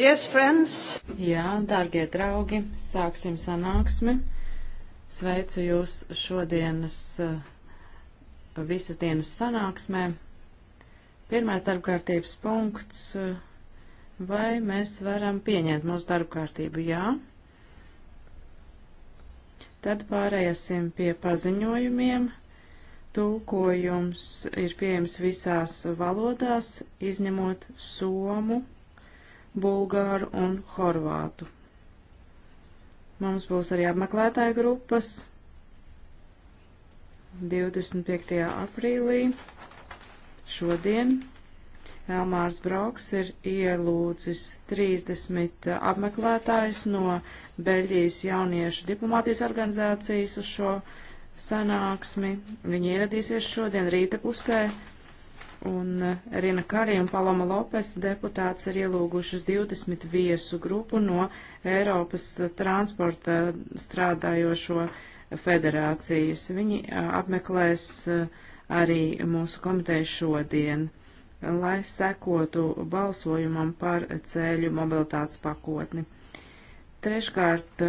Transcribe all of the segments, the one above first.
Yes, friends. Jā, dārgie draugi, sāksim sanāksmi. Sveicu jūs šodienas eh, visas dienas sanāksmē. Pirmais darbkārtības punkts. Eh, vai mēs varam pieņemt mūsu darbkārtību? Jā. Tad pārējāsim pie paziņojumiem. Tūkojums ir pieejams visās valodās, izņemot somu bulgāru un horvātu. Mums būs arī apmeklētāja grupas 25. aprīlī šodien. Elmārs Brauks ir ielūdzis 30 eh, apmeklētājus no Beļģijas jauniešu diplomātijas organizācijas uz šo sanāksmi. Viņi ieradīsies šodien rīta pusē un eh, Rina Karī un Paloma Lopes deputāts ir ielūgušas 20 viesu grupu no Eiropas eh, transporta strādājošo federācijas. Viņi eh, apmeklēs arī mūsu komiteju šodien, lai sekotu balsojumam par ceļu mobilitātes pakotni. Treškārt,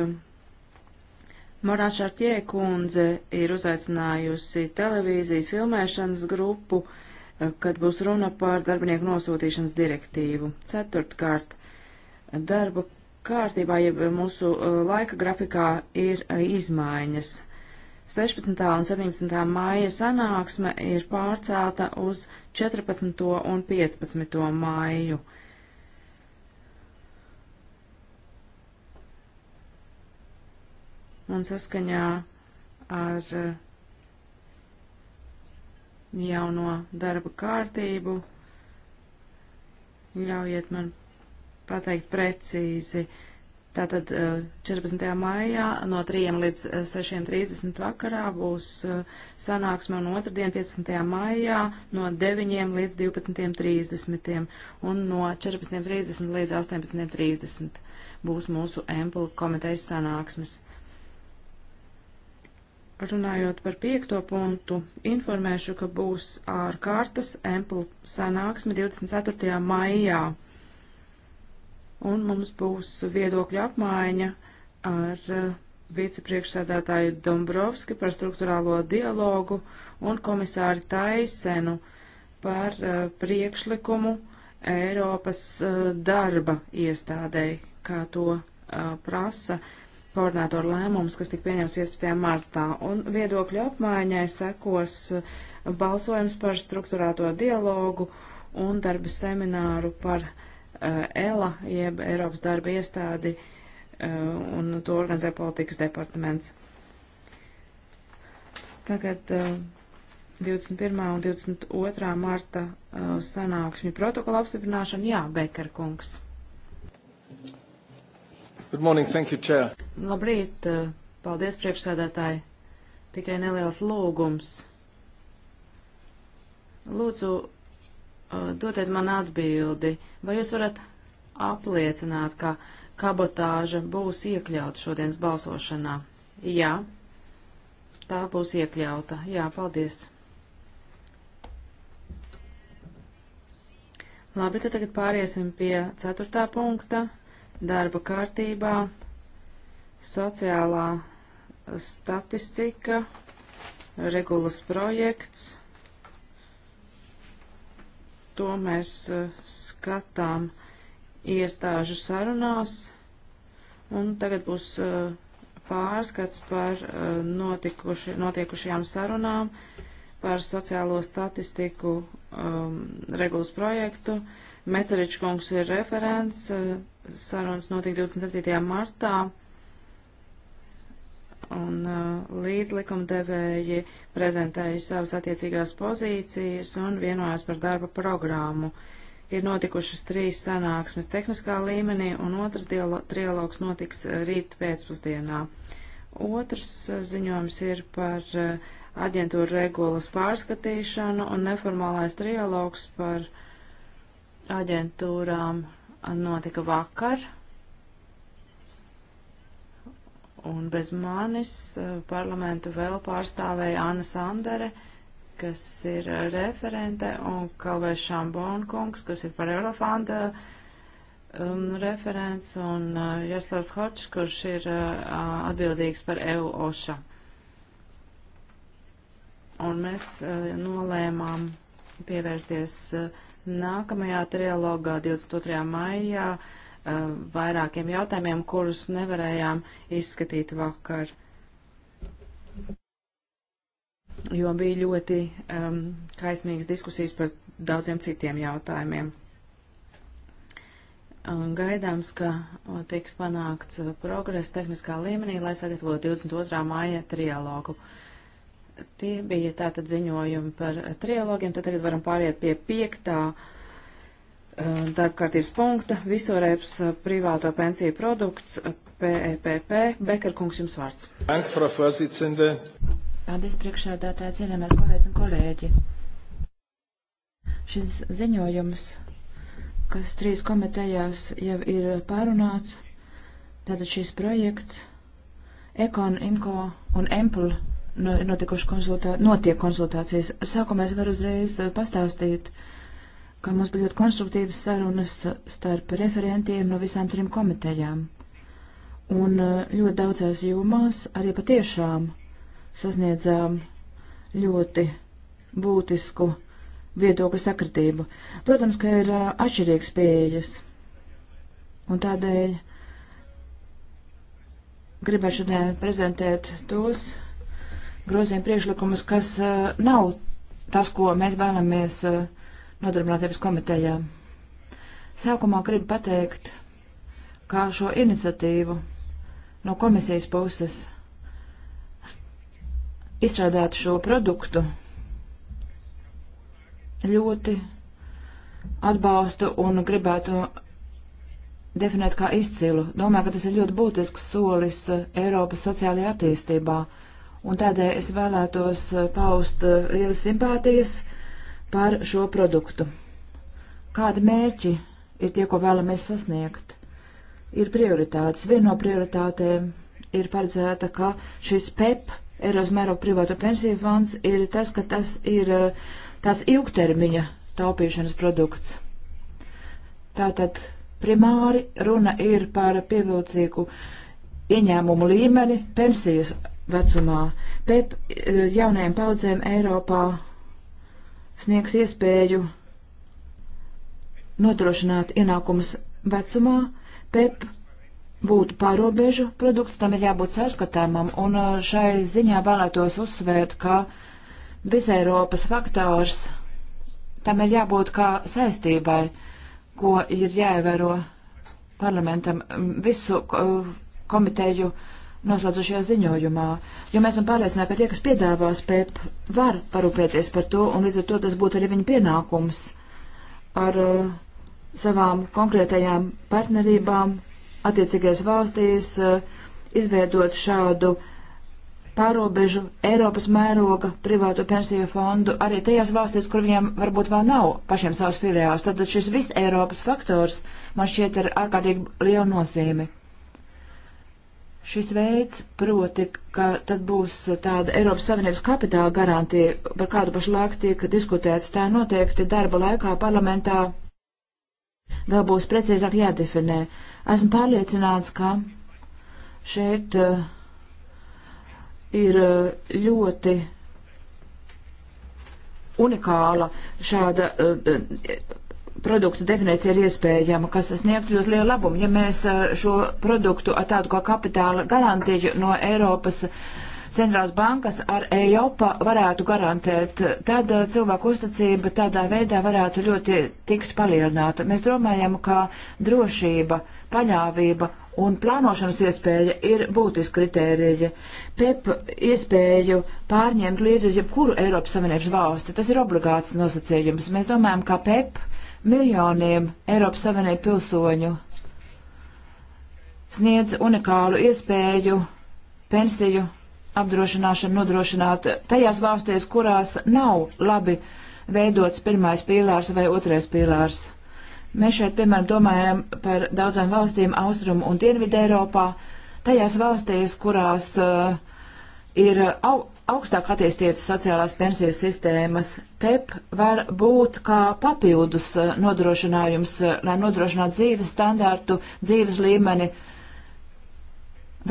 Morāns Šartie kundze ir uzaicinājusi televīzijas filmēšanas grupu uh, kad būs runa par darbinieku nosūtīšanas direktīvu. Ceturtkārt, darba kārtībā, jeb mūsu uh, laika grafikā ir uh, izmaiņas. 16. un 17. māja sanāksme ir pārcelta uz 14. un 15. māju. Un saskaņā ar uh, jauno darba kārtību. Ļaujiet man pateikt precīzi. Tātad 14. Eh, maijā no 3 līdz 6.30 eh, vakarā būs eh, sanāksme un otrdien 15. maijā no 9 līdz 12.30 un no 14.30 līdz 18.30 būs mūsu Empula komitejas sanāksmes. Runājot par piekto punktu, informēšu, ka būs ārkārtas Emplu sanāksme 24. maijā, un mums būs viedokļu apmaiņa ar eh, vicepriekšsēdētāju Dombrovski par struktūrālo dialogu un komisāri Taisenu par eh, priekšlikumu Eiropas eh, darba iestādēji, kā to prasa koordinātoru lēmums, kas tika pieņems 15. martā, un viedokļu apmaiņai sekos uh, balsojums par struktūrāto dialogu un darba semināru par uh, ELA, jeb Eiropas darba iestādi, uh, un to organizē politikas departaments. Tagad uh, 21. un 22. marta uh, sanāksmi protokola apstiprināšana. Jā, Bekar kungs. Good morning, thank you, Chair. Labrīt, eh, paldies priekšsēdētāji. Tikai neliels lūgums. Lūdzu, eh, dodiet man atbildi, vai jūs varat apliecināt, ka kabotāža būs iekļauta šodienas balsošanā? Jā, tā būs iekļauta. Jā, paldies. Labi, tad tagad pāriesim pie ceturtā punkta darba kārtībā sociālā statistika, regulas projekts. To mēs eh, skatām iestāžu sarunās, un tagad būs eh, pārskats par eh, notikuši, notiekušajām sarunām par sociālo statistiku um, regulas projektu. Meceričkungs ir referents, uh, Sarunas notika 27. martā, un uh, līdz likumdevēji prezentēja savas attiecīgās pozīcijas un vienojās par darba programmu. Ir notikušas trīs sanāksmes tehniskā līmenī, un otrs trialogs notiks uh, rīt pēcpusdienā. Otrs uh, ziņojums ir par aģentūra regulas pārskatīšanu un neformālais trialogs par aģentūrām notika vakar. Un bez manis eh, parlamentu vēl pārstāvēja Anna Sandere, kas ir eh, referente, un Kalvē Šambona kungs, kas ir par Eurofanda um, referents, un uh, Jaslavs Hočs, kurš ir uh, atbildīgs par EU OŠA. Un mēs uh, nolēmām pievērsties uh, Nākamajā trialogā 22. maijā eh, vairākiem jautājumiem, kurus nevarējām izskatīt vakar, jo bija ļoti um, kaismīgas diskusijas par daudziem citiem jautājumiem. Un gaidāms, ka tiks panākts eh, progress tehniskā līmenī, lai sagatavotu 22. māja trialogu. Uh, Tie bija tātad ziņojumi par eh, trilogiem, tad tagad varam pāriet pie piektā eh, darbkārtības punkta - visorēps eh, privāto pensiju produkts PEPP. Bekarkungs, jums vārds. Paldies, priekšsēdētāji, cienījamās kolēģis un kolēģi. Šis ziņojums, kas trīs komitejās jau ir pārunāts, tātad šis projekts Ekon, Inko un Empl notikuši konsultā, notiek konsultācijas. Sākumā es varu uzreiz eh, pastāstīt, ka mums bija ļoti konstruktīvas sarunas starp referentiem no visām trim komitejām. Un eh, ļoti daudzās jomās arī patiešām sasniedzām ļoti būtisku viedokļu sakritību. Protams, ka ir eh, atšķirīgs pieejas. Un tādēļ gribētu šodien prezentēt tos grozījuma priekšlikumus, kas nav tas, ko mēs vēlamies nodarbinātības komitejā. Sākumā gribu pateikt, kā šo iniciatīvu no komisijas puses izstrādāt šo produktu ļoti atbalstu un gribētu definēt kā izcilu. Domāju, ka tas ir ļoti būtisks solis Eiropas sociālajā attīstībā. Uh, un tādēļ es vēlētos eh, paust eh, lielas simpātijas par šo produktu. Kādi mērķi ir tie, ko vēlamies sasniegt? Ir prioritātes. Viena no prioritātēm ir paredzēta, ka šis PEP, e Eiropas mēroga privāto pensiju fonds, ir tas, ka tas ir eh, tāds ilgtermiņa taupīšanas produkts. Tātad primāri runa ir par pievilcīgu ieņēmumu līmeni pensijas vecumā. PEP eh, jaunajām paudzēm Eiropā sniegs iespēju nodrošināt ienākumus vecumā. PEP būtu pārobežu produkts, tam ir jābūt saskatāmam, un eh, šai ziņā vēlētos uzsvērt, ka visai Eiropas faktors tam ir jābūt kā saistībai, ko ir jāievēro parlamentam visu eh, komiteju uh, noslēdzošajā ziņojumā, jo mēs esam pārliecināti, ka tie, kas piedāvās PEP, var parūpēties par to, un līdz ar to tas būtu arī viņa pienākums ar uh, savām konkrētajām partnerībām attiecīgais valstīs uh, izveidot šādu pārobežu Eiropas mēroga privāto pensiju fondu arī tajās valstīs, kur viņiem varbūt vēl nav pašiem savas filiāls. Tad šis viss Eiropas faktors man šķiet ir ārkārtīgi liela nozīme šis veids, proti, ka tad būs tāda Eiropas Savienības kapitāla garantija, par kādu pašlaik tiek diskutēts, tā noteikti darba laikā parlamentā vēl būs precīzāk jādefinē. Esmu pārliecināts, ka šeit eh, ir eh, ļoti unikāla šāda eh, produktu definīcija ir iespējama, kas sniegtu ļoti lielu labumu, ja mēs šo produktu ar tādu kā kapitāla garantiju no Eiropas centrālās bankas ar EIOPA varētu garantēt, tad cilvēku uzticība tādā veidā varētu ļoti tikt palielināta. Mēs domājam, ka drošība, paļāvība un plānošanas iespēja ir būtiski kritērija. PEP iespēju pārņemt līdzi uz jebkuru Eiropas Savienības valsti, tas ir obligāts nosacījums. Mēs domājam, ka PEP uh, miljoniem Eiropas Savienību pilsoņu sniedz unikālu iespēju pensiju apdrošināšanu nodrošināt tajās valstīs, kurās nav labi veidots pirmais pīlārs vai otrais pīlārs. Mēs šeit, piemēram, domājam par daudzām valstīm Austrumu un Dienvidu Eiropā, tajās valstīs, kurās uh, ir uh, au, augstāk attīstītas sociālās pensijas sistēmas. PEP var būt kā papildus uh, nodrošinājums, uh, lai nodrošinātu dzīves standārtu, dzīves līmeni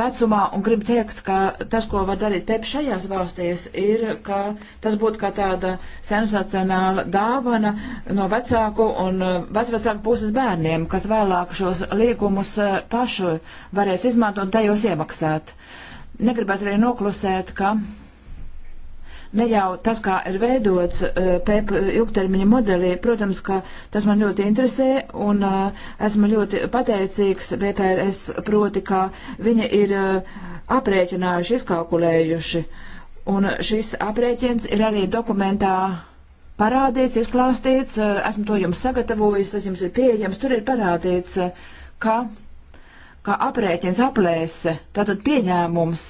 vecumā. Un gribu teikt, ka tas, ko var darīt PEP šajās valstīs, ir, ka tas būtu kā tāda sensacionāla dāvana no vecāku un vecvecāku puses bērniem, kas vēlāk šos līgumus pašu varēs izmantot un tajos iemaksāt. Uh, negribētu arī noklusēt, ka ne jau tas, kā ir veidots eh, PEP eh, ilgtermiņa modelī, protams, ka tas man ļoti interesē un eh, esmu ļoti pateicīgs VPRS, proti, ka viņi ir aprēķinājuši, izkalkulējuši. Un šis aprēķins ir arī dokumentā parādīts, izklāstīts, esmu to jums sagatavojis, tas jums ir pieejams, tur ir parādīts, ka kā aprēķins aplēse, tātad pieņēmums,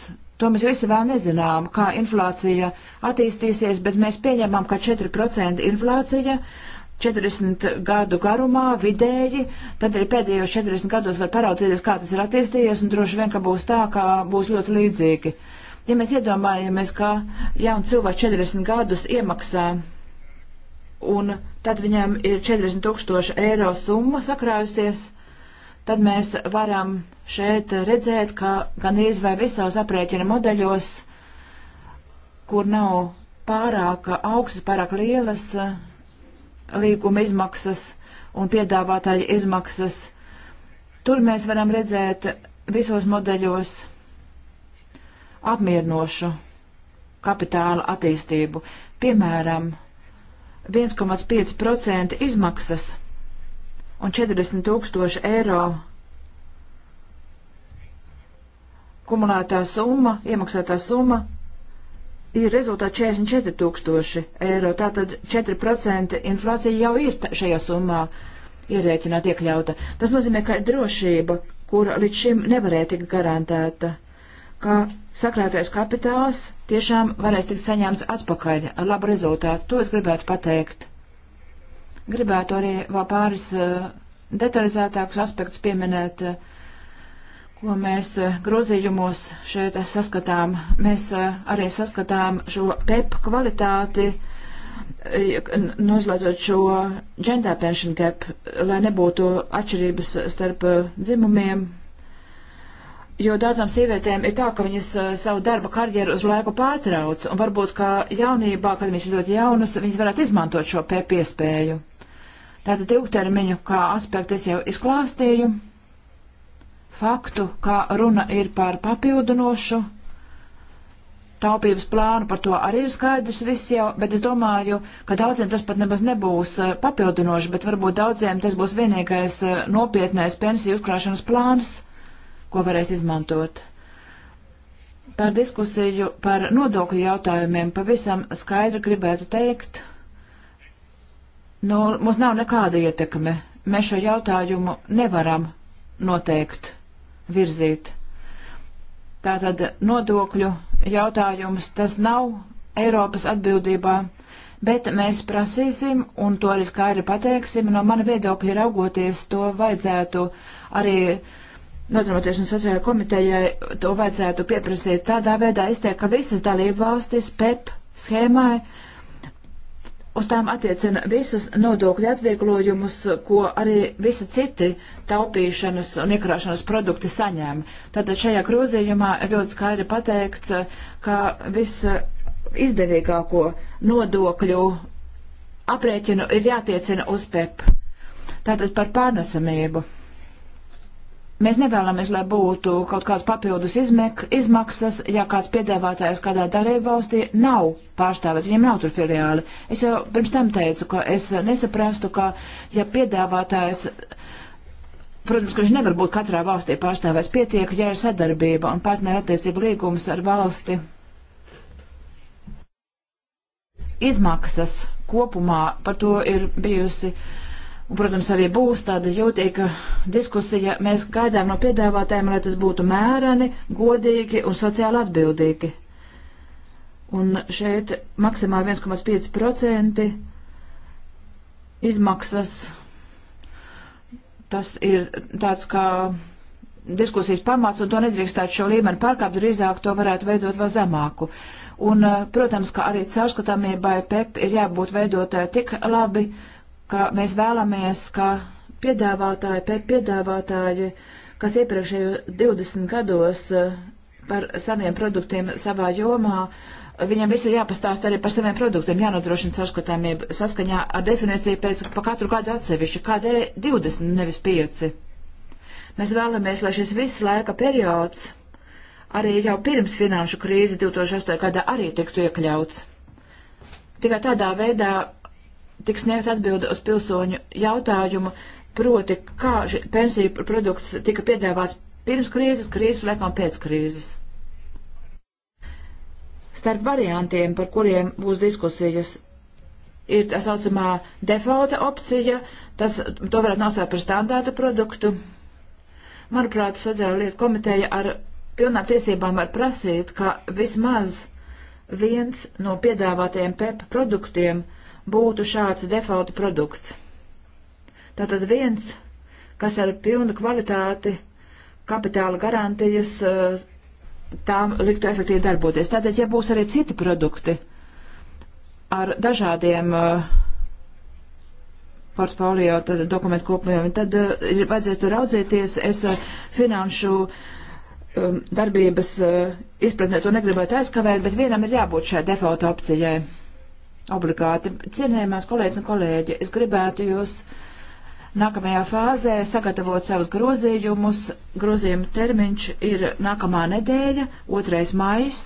to mēs visi vēl nezinām, kā inflācija attīstīsies, bet mēs pieņemam, ka 4% inflācija 40 gadu garumā vidēji, tad arī pēdējos 40 gados var paraudzīties, kā tas ir attīstījies, un droši vien, ka būs tā, ka būs ļoti līdzīgi. Ja mēs iedomājamies, ka jauns cilvēks 40 gadus iemaksā, un tad viņam ir 40 tūkstoši eiro summa sakrājusies, tad mēs varam šeit redzēt, ka gan izvai visos aprēķina modeļos, kur nav pārāk augstas, pārāk lielas eh, līguma izmaksas un piedāvātāja izmaksas, tur mēs varam redzēt visos modeļos apmierinošu kapitāla attīstību. Piemēram, 1,5% izmaksas un 40 tūkstoši eiro kumulētā summa, iemaksātā summa ir rezultāts 44 tūkstoši eiro. Tātad 4% inflācija jau ir šajā summā ierēķināt iekļauta. Tas nozīmē, ka ir drošība, kura līdz šim nevarēja tikt garantēta, ka sakrātais kapitāls tiešām varēs tikt saņemts atpakaļ ar labu rezultātu. To es gribētu pateikt. Gribētu arī vēl pāris eh, detalizētākus aspektus pieminēt, eh, ko mēs eh, grozījumos šeit saskatām. Mēs arī saskatām šo PEP e kvalitāti, noslēdzot nu, šo gender pension gap, lai nebūtu atšķirības starp dzimumiem. Mm Jo daudzām sievietēm ir tā, ka viņas eh, savu darba karjeru uz laiku pārtrauc, un varbūt, ka jaunībā, kad viņas ir ļoti jaunas, viņas varētu izmantot šo PP spēju. Tātad ilgtermiņu kā aspektu es jau izklāstīju, faktu, kā runa ir par papildinošu taupības plānu, par to arī ir skaidrs viss jau, bet es domāju, ka daudziem tas pat nemaz nebūs eh, papildinoši, bet varbūt daudziem tas būs vienīgais eh, nopietnais pensiju uzkrāšanas plāns ko varēs izmantot. Par diskusiju par nodokļu jautājumiem pavisam skaidri gribētu teikt, nu, mums nav nekāda ietekme. Mēs šo jautājumu nevaram noteikt, virzīt. Tātad nodokļu jautājums tas nav Eiropas atbildībā, bet mēs prasīsim, un to arī skaidri pateiksim, no mana viedokļa raugoties, to vajadzētu arī uh, Nodarbinātiešanas sociālajai komitejai to vajadzētu pieprasīt tādā veidā izteikt, ka visas dalība valstis PEP schēmai uz tām attiecina visus nodokļu atvieglojumus, ko arī visi citi taupīšanas un iekrāšanas produkti saņēma. Tātad šajā grozījumā ir ļoti skaidri pateikts, ka visa izdevīgāko nodokļu aprēķinu ir jātiecina uz PEP. Tātad par pārnesamību Mēs nevēlamies, lai būtu kaut kāds papildus izmek, izmaksas, ja kāds piedāvātājs kādā dalību valstī nav pārstāvēts, viņam nav tur filiāli. Es jau pirms tam teicu, ka es nesaprastu, ka ja piedāvātājs, protams, ka viņš nevar būt katrā valstī pārstāvēts, pietiek, ja ir sadarbība un partnerattiecība līgums ar valsti. Izmaksas kopumā par to ir bijusi Un, protams, arī būs tāda jūtīga diskusija. Mēs gaidām no piedāvātājiem, lai tas būtu mēreni, godīgi un sociāli atbildīgi. Un šeit maksimāli 1,5% izmaksas. Tas ir tāds kā diskusijas pamats, un to nedrīkstētu šo līmeni pārkāpt, drīzāk to varētu veidot vēl zemāku. Un, protams, ka arī caurskatāmībai PEP ir jābūt veidotai eh, tik labi, uh, ka mēs vēlamies, ka piedāvātāji, piedāvātāji, kas iepriekšējo 20 gados eh, par saviem produktiem savā jomā, viņam viss ir jāpastāst arī par saviem produktiem, jānodrošina saskatāmība saskaņā ar definīciju pēc pa katru gadu atsevišķi, kādēļ 20, nevis 5. Mēs vēlamies, lai šis viss laika periods arī jau pirms finanšu krīzes 2008. gadā arī tiktu iekļauts. Tikai tādā veidā tiks sniegt atbildi uz pilsoņu jautājumu, proti, kā pensiju produkts tika piedāvāts pirms krīzes, krīzes laikam pēc krīzes. Starp variantiem, par kuriem būs diskusijas, ir tā saucamā defaulta opcija, tas, to varētu nosaukt par standārta produktu. Manuprāt, sociāla lieta komiteja ar pilnām tiesībām var prasīt, ka vismaz viens no piedāvātajiem PEP e produktiem – būtu šāds default produkts. Tātad viens, kas ar pilnu kvalitāti kapitāla garantijas eh, tām liktu efektīvi darboties. Tātad, ja būs arī citi produkti ar dažādiem uh, portfolio tad, dokumentu kopumiem. Tad eh, ir uh, vajadzētu tur raudzīties. Es uh, finanšu um, darbības uh, izpratnē to negribētu aizkavēt, bet vienam ir jābūt šai default opcijai obligāti. Cienējumās kolēģis un kolēģi, es gribētu jūs nākamajā fāzē sagatavot savus grozījumus. Grozījuma termiņš ir nākamā nedēļa, 2. maijs.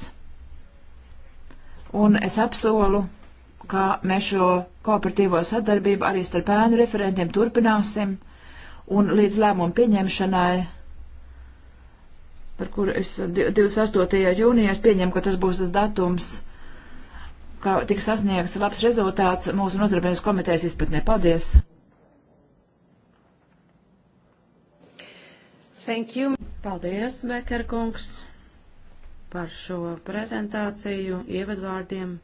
Un es apsolu, ka mēs šo kooperatīvo sadarbību arī starp ēnu referentiem turpināsim. Un līdz lēmumu pieņemšanai, par kuru es 28. jūnijā pieņemu, ka tas būs tas datums, ka tiks sasniegts labs rezultāts mūsu nodarbības komitejas izpratnē. Paldies! Thank you. Paldies, Bekerkungs, par šo prezentāciju, ievadvārdiem.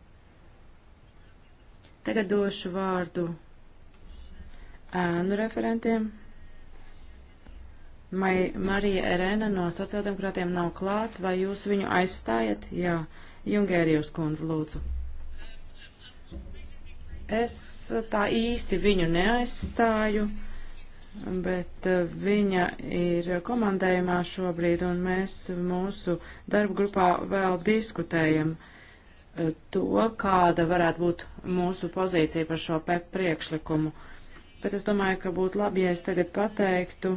Tagad došu vārdu ēnu referentiem. Mai Marija Erēna no sociāldemokrātiem nav klāt, vai jūs viņu aizstājat? Jā, Jungērijus kundze, lūdzu. Es eh, tā īsti viņu neaizstāju, bet eh, viņa ir komandējumā šobrīd, un mēs mūsu darba grupā vēl diskutējam eh, to, kāda varētu būt mūsu pozīcija par šo PEP e priekšlikumu. Bet es domāju, ka būtu labi, ja es tagad pateiktu,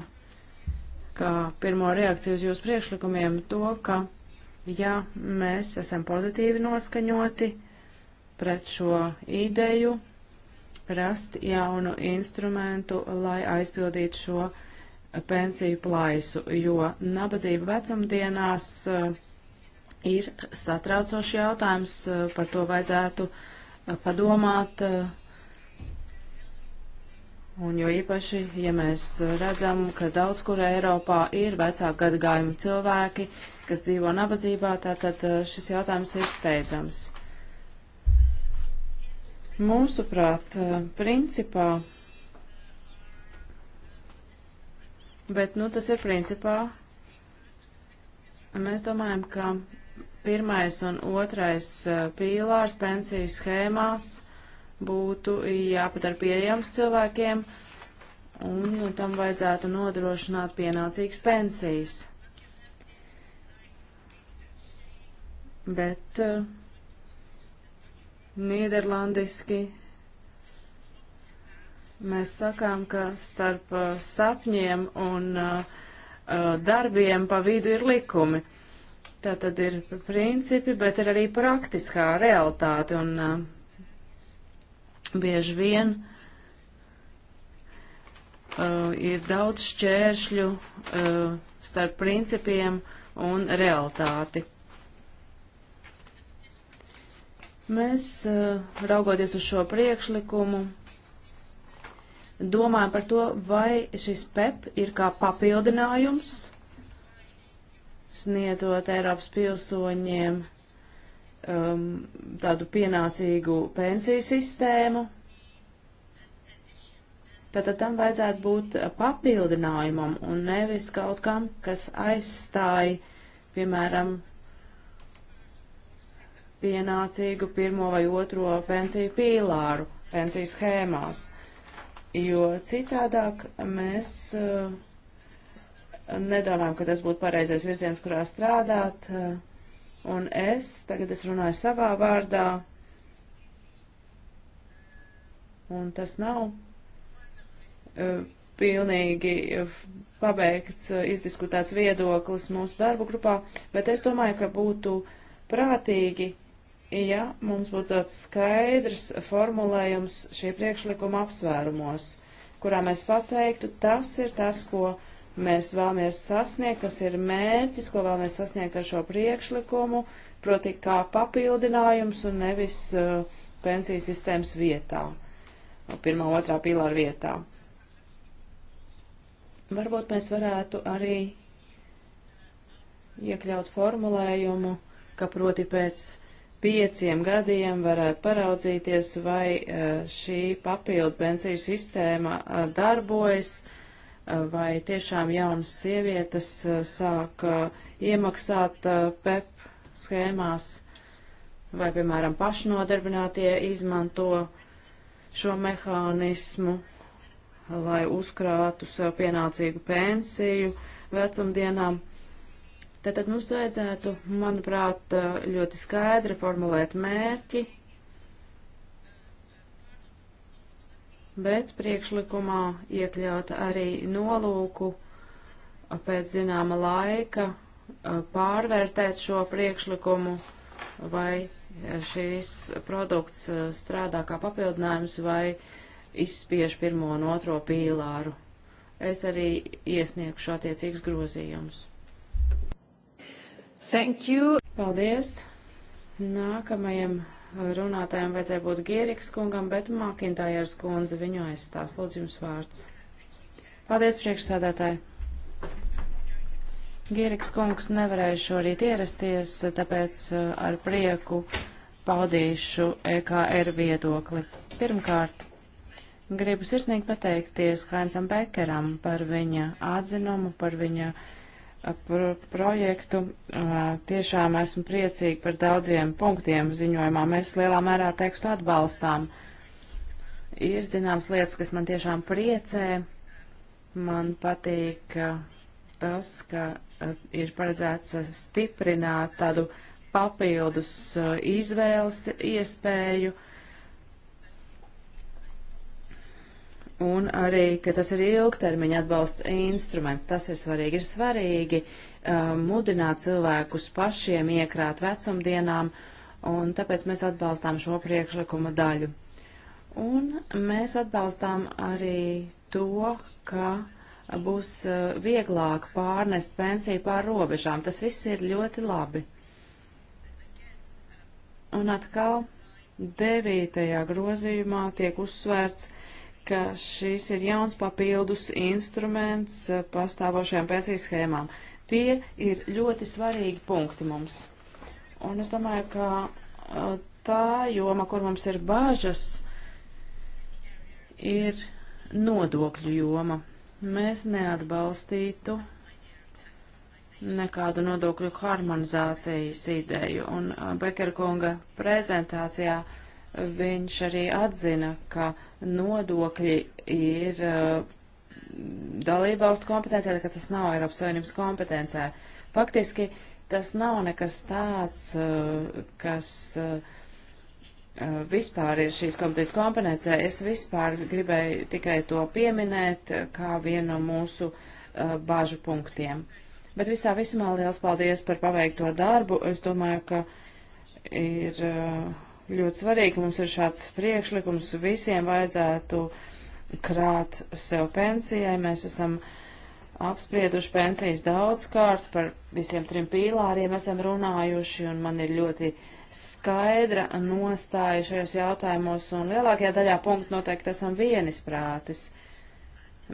kā pirmo reakciju uz jūsu priekšlikumiem to, ka, ja mēs esam pozitīvi noskaņoti, pret šo ideju rast jaunu instrumentu, lai aizpildītu šo pensiju plaisu, jo nabadzība vecumdienās eh, ir satraucošs jautājums, eh, par to vajadzētu eh, padomāt. Un jo īpaši, ja mēs redzam, ka daudz kur Eiropā ir vecāku gadagājumu cilvēki, kas dzīvo nabadzībā, tātad šis jautājums ir steidzams. Mūsuprāt, eh, principā, bet, nu, tas ir principā, mēs domājam, ka pirmais un otrais eh, pīlārs pensiju schēmās būtu jāpadara pieejams cilvēkiem, un tam vajadzētu nodrošināt pienācīgas pensijas. Bet uh, Nīderlandiski mēs sakām, ka starp uh, sapņiem un uh, uh, darbiem pa vidu ir likumi. Tā tad ir principi, bet ir arī praktiskā realitāte un uh, bieži vien uh, ir daudz šķēršļu uh, starp principiem un realitāti. Mēs, raugoties uz šo priekšlikumu, domājam par to, vai šis PEP ir kā papildinājums, sniedzot Eiropas pilsoņiem um, tādu pienācīgu pensiju sistēmu. Tātad tam vajadzētu būt papildinājumam un nevis kaut kam, kas aizstāja, piemēram, pienācīgu pirmo vai otro pensiju pīlāru pensiju schēmās, jo citādāk mēs uh, nedomājam, ka tas būtu pareizais virziens, kurā strādāt, uh, un es, tagad es runāju savā vārdā, un tas nav uh, pilnīgi pabeigts, izdiskutēts viedoklis mūsu darbu grupā, bet es domāju, ka būtu prātīgi uh, ja mums būtu tāds skaidrs formulējums šī priekšlikuma apsvērumos, kurā mēs pateiktu, tas ir tas, ko mēs vēlamies sasniegt, kas ir mērķis, ko vēlamies sasniegt ar šo priekšlikumu, proti kā papildinājums un nevis uh, pensiju sistēmas vietā, pirmā, otrā pīlāra vietā. Varbūt mēs varētu arī iekļaut formulējumu, ka proti pēc pieciem gadiem varētu paraudzīties, vai eh, šī papildu pensiju sistēma eh, darbojas, eh, vai tiešām jaunas sievietes sāk iemaksāt PEP schēmās, vai, piemēram, pašnodarbinātie izmanto šo mehānismu, lai uzkrātu sev pienācīgu pensiju vecumdienām. Tātad mums vajadzētu, manuprāt, ļoti skaidri formulēt mērķi, bet priekšlikumā iekļaut arī nolūku pēc zināma laika pārvērtēt šo priekšlikumu, vai šīs produkts strādā kā papildinājums vai izspiež pirmo un otro pīlāru. Es arī iesniegšu attiecīgus grozījumus. Thank you. Paldies. Nākamajam runātājiem vajadzēja būt Gieriks kungam, bet Mākintājers kundze viņu aizstās. Lūdzu jums vārds. Paldies, priekšsādātāji. Gieriks kungs nevarēja šorīt ierasties, tāpēc uh, ar prieku paudīšu EKR viedokli. Pirmkārt, gribu sirsnīgi pateikties Hainsam Bekeram par viņa atzinumu, par viņa uh, pro projektu. Tiešām esmu priecīgi par daudziem punktiem ziņojumā. Mēs lielā mērā tekstu atbalstām. Ir zināmas lietas, kas man tiešām priecē. Man patīk tas, ka ir paredzēts stiprināt tādu papildus izvēles iespēju uh, un arī, ka tas ir ilgtermiņa atbalsta instruments. Tas ir svarīgi. Ir svarīgi uh, mudināt cilvēkus pašiem iekrāt vecumdienām, un tāpēc mēs atbalstām šo priekšlikuma daļu. Un mēs atbalstām arī to, ka būs uh, vieglāk pārnest pensiju pār robežām. Tas viss ir ļoti labi. Un atkal devītajā grozījumā tiek uzsvērts, ka šis ir jauns papildus instruments eh, pastāvošajām pensijas schēmām. Tie ir ļoti svarīgi punkti mums. Un es domāju, ka eh, tā joma, kur mums ir bāžas, ir nodokļu joma. Mēs neatbalstītu nekādu nodokļu harmonizācijas ideju. Un eh, Bekera kunga prezentācijā uh, viņš arī atzina, ka nodokļi ir uh, dalībvalstu kompetencē, ka tas nav Eiropas Savienības kompetencē. Faktiski tas nav nekas tāds, uh, kas uh, vispār ir šīs komitejas kompetencē. Es vispār gribēju tikai to pieminēt kā vienu no mūsu bāžu punktiem. Bet visā visumā liels paldies par paveikto darbu. Es domāju, ka ir. Uh, Ļoti svarīgi, ka mums ir šāds priekšlikums, visiem vajadzētu krāt sev pensijai. Mēs esam apsprieduši pensijas daudzkārt, par visiem trim pīlāriem esam runājuši, un man ir ļoti skaidra nostāja šajos jautājumos, un lielākajā daļā punktu noteikti esam vienisprātis. prātis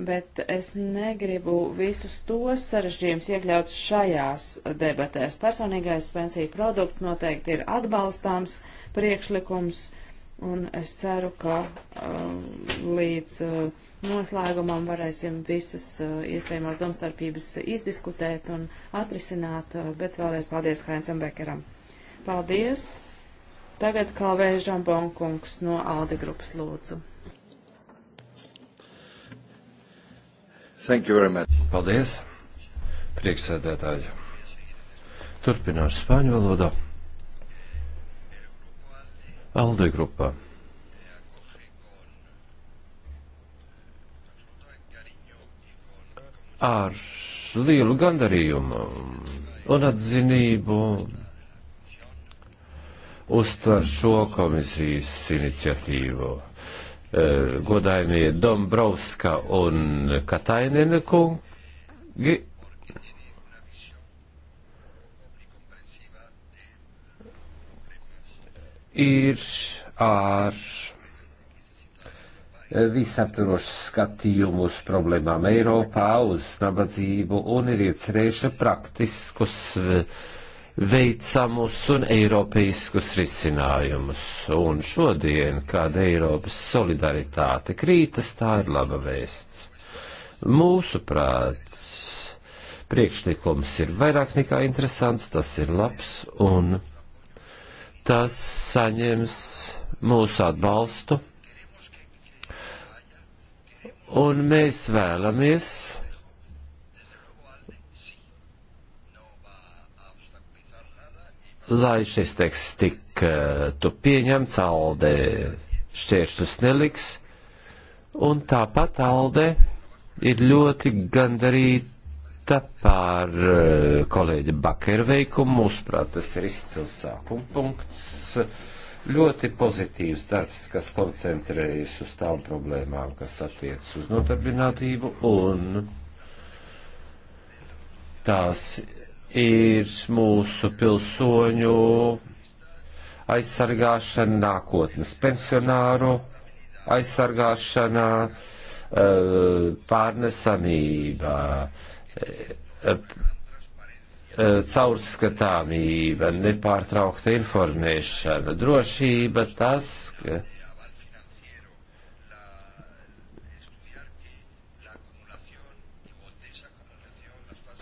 bet es negribu visus tos sarežģījumus iekļaut šajās debatēs. Personīgais pensiju produkts noteikti ir atbalstāms priekšlikums, un es ceru, ka um, līdz uh, noslēgumam varēsim visas uh, iespējamās domstarpības izdiskutēt un atrisināt, uh, bet vēlreiz paldies Haincam Bekeram. Paldies! Tagad kā vēžam Bonkungs no Aldi grupas lūdzu. Thank you very much. Paldies, priekšsēdētāji. Turpināšu spāņu valodā. Alde grupā. Ar lielu gandarījumu un atzinību uztver šo komisijas iniciatīvu Eh, godājumie Dombrovska un Katainina kungi. Ir ar visaptvarošu skatījumu uz problēmām Eiropā, uz nabadzību un ir iecerējuši praktiskus uh, veicamus un eiropeiskus risinājumus. Un šodien, kad Eiropas solidaritāte krītas, tā ir laba vēsts. Mūsuprāt, priekšlikums ir vairāk nekā interesants, tas ir labs un tas saņems mūsu atbalstu. Un mēs vēlamies, lai šis teksts tiktu eh, pieņemts, Alde šķēršļus neliks, un tāpat Alde ir ļoti gandarīta pār eh, kolēģi Bakeru veikumu. Mūsuprāt, tas ir izcils sākuma punkts. Ļoti pozitīvs darbs, kas koncentrējas uz tām problēmām, kas attiecas uz nodarbinātību un tās ir mūsu pilsoņu aizsargāšana, nākotnes pensionāru aizsargāšana, eh, pārnesamība, eh, eh, caurskatāmība, nepārtraukta informēšana, drošība, tas, ka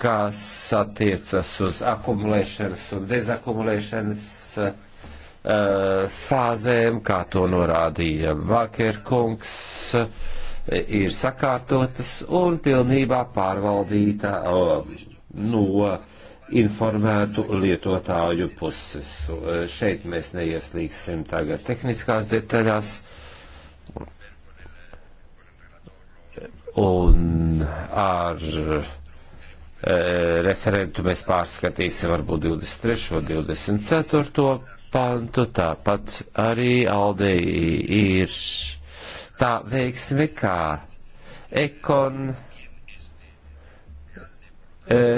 kas attiecas uz akumulēšanas un dezakumulēšanas uh, fāzēm, kā to norādīja Vakerkungs, ir sakārtotas un pilnībā pārvaldīta uh, no informētu lietotāju puses. Uh, šeit mēs neieslīgsim tagad tehniskās detaļās. Un ar E, referentu mēs pārskatīsim varbūt 23. un 24. pantu, tāpat arī Alde ir tā veiksme kā ekon e,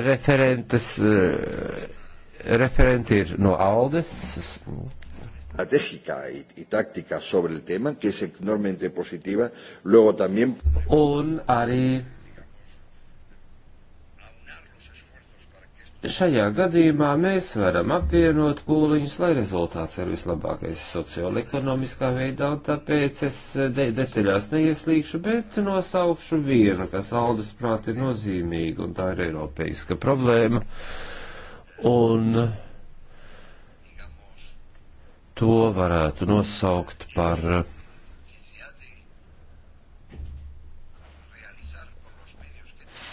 referentes, e, referenti ir no Aldes, estratégica y, y táctica sobre el tema, que es enormemente positiva. Luego también. Un, Ari, Šajā gadījumā mēs varam apvienot pūliņus, lai rezultāts ir vislabākais socioekonomiskā veidā, un tāpēc es de detaļās neieslīgšu, bet nosaukšu vienu, kas Aldas prāt ir nozīmīga, un tā ir eiropeiska problēma. Un to varētu nosaukt par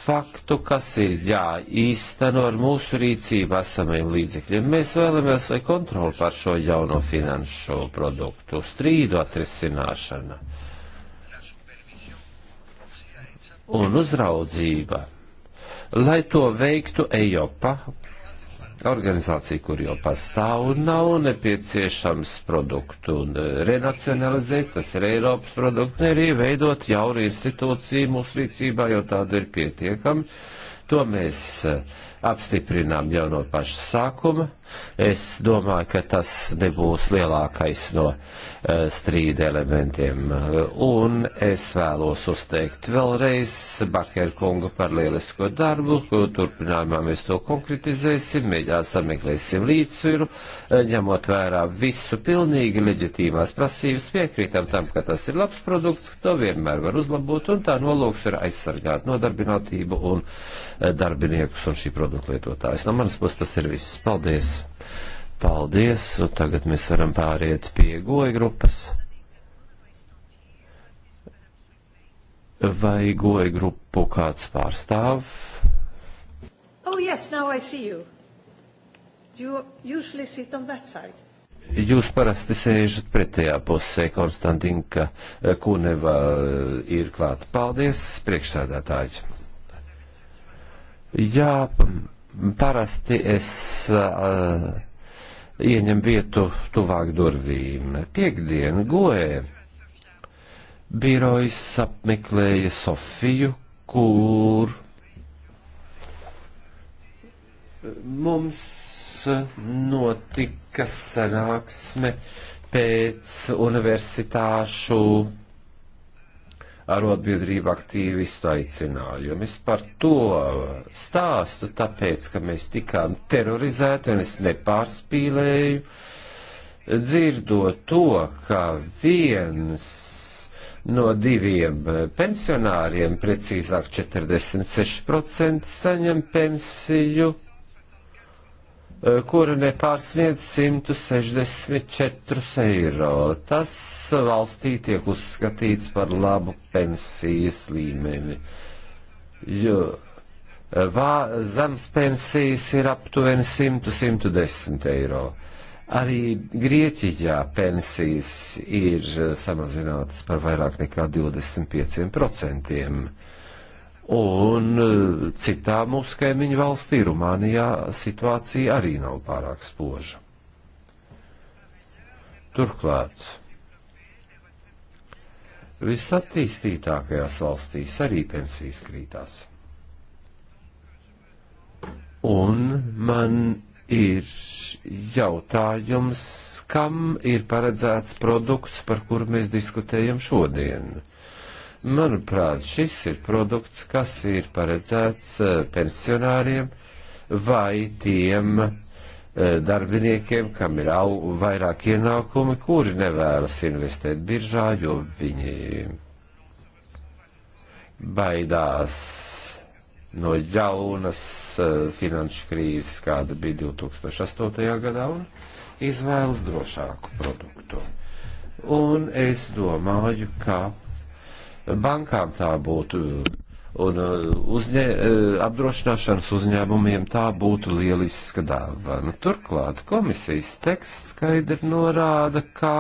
faktu, kas ir jāīsteno ar mūsu rīcību esamajiem līdzekļiem. Mēs vēlamies, lai kontroli pār šo jauno finanšu produktu strīdu atrisināšana un uzraudzība, lai to veiktu Eiropa organizācija, kur jau pastāv, nav nepieciešams produktu un e, renacionalizēt, tas ir Eiropas produkti, un arī veidot jaunu institūciju mūsu rīcībā, jo tāda ir pietiekami. To mēs uh, apstiprinām jau no paša sākuma. Es domāju, ka tas nebūs lielākais no uh, strīda elementiem. Un es vēlos uzteikt vēlreiz Bakeru kungu par lielisko darbu, turpinājumā mēs to konkretizēsim, mēģināsim meklēsim līdzsviru, eh, ņemot vērā visu pilnīgi leģitīmās prasības, piekrītam tam, ka tas ir labs produkts, to vienmēr var uzlabot, un tā nolūks ir aizsargāt nodarbinātību un eh, darbiniekus un šī produkta produktu lietotājs. No manas puses tas ir viss. Paldies! Paldies! Un tagad mēs varam pāriet pie goja grupas. Vai goja grupu kāds pārstāv? Oh, yes, now I see you. You usually sit on that side. Jūs parasti sēžat pretējā pusē, Konstantinka Kuneva eh, ir klāta. Paldies, priekšsēdētāji! Jā, parasti es uh, ieņem vietu tuvāk durvīm. Piektdien goē birojs apmeklēja Sofiju, kur mums notika sanāksme pēc universitāšu arotbiedrību aktīvistu aicinājumu. Es par to stāstu, tāpēc, ka mēs tikām terorizēti un es nepārspīlēju, dzirdot to, ka viens no diviem pensionāriem, precīzāk 46%, saņem pensiju Eh, kura nepārsniedz 164 eiro. Tas valstī tiek uzskatīts par labu pensijas līmeni, jo eh, vā, zemes pensijas ir aptuveni 100-110 eiro. Arī Grieķijā pensijas ir eh, samazinātas par vairāk nekā 25% un eh, citā mūsu kaimiņu valstī, Rumānijā, situācija arī nav pārāk spoža. Turklāt visattīstītākajās valstīs arī pensijas krītās. Un man ir jautājums, kam ir paredzēts produkts, par kuru mēs diskutējam šodien Manuprāt, šis ir produkts, kas ir paredzēts eh, pensionāriem vai tiem eh, darbiniekiem, kam ir au, vairāk ienākumi, kuri nevēlas investēt biržā, jo viņi baidās no jaunas eh, finanšu krīzes, kāda bija 2008. gadā, un izvēlas drošāku produktu. Un es domāju, ka bankām tā būtu un uh, uzņē, uh, apdrošināšanas uzņēmumiem tā būtu lieliska dāvana. Turklāt komisijas teksts skaidri norāda, kā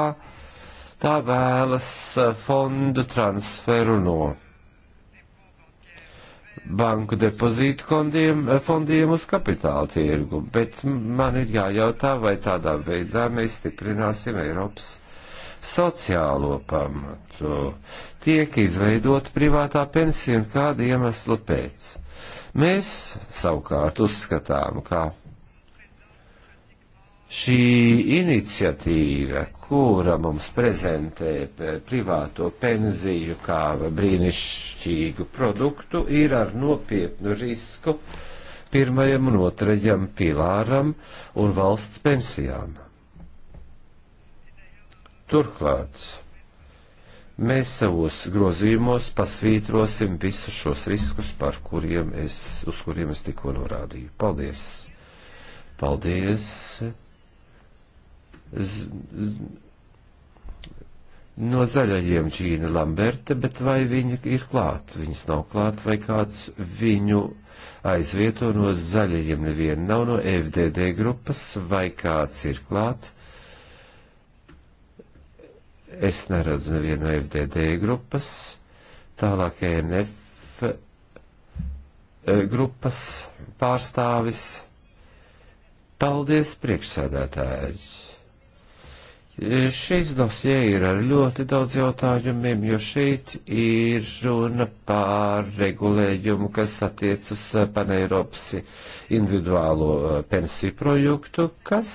tā vēlas uh, fondu transferu no banku depozītu kondiem, fondiem uz kapitāla tirgu, bet man ir jājautā, vai tādā veidā mēs stiprināsim Eiropas sociālo pamatu, tiek izveidota privātā pensija un kāda iemesla pēc. Mēs savukārt uzskatām, ka šī iniciatīva, kura mums prezentē privāto pensiju kā brīnišķīgu produktu, ir ar nopietnu risku pirmajam un otrajam pilāram un valsts pensijām. Turklāt mēs savos grozījumos pasvītrosim visus šos riskus, par kuriem es, uz kuriem es tikko norādīju. Paldies! Paldies! Z, z, no zaļajiem Džīna Lamberta, bet vai viņa ir klāt? Viņas nav klāt, vai kāds viņu aizvieto no zaļajiem nevienu nav no FDD grupas, vai kāds ir klāt? Es neredzu nevienu FDD grupas, tālāk ENF eh, grupas pārstāvis. Paldies, priekšsēdētājs! Šis dosie ir ar ļoti daudz jautājumiem, jo šeit ir runa pār regulējumu, kas attiec uz eh, Paneiropas individuālo eh, pensiju projektu, kas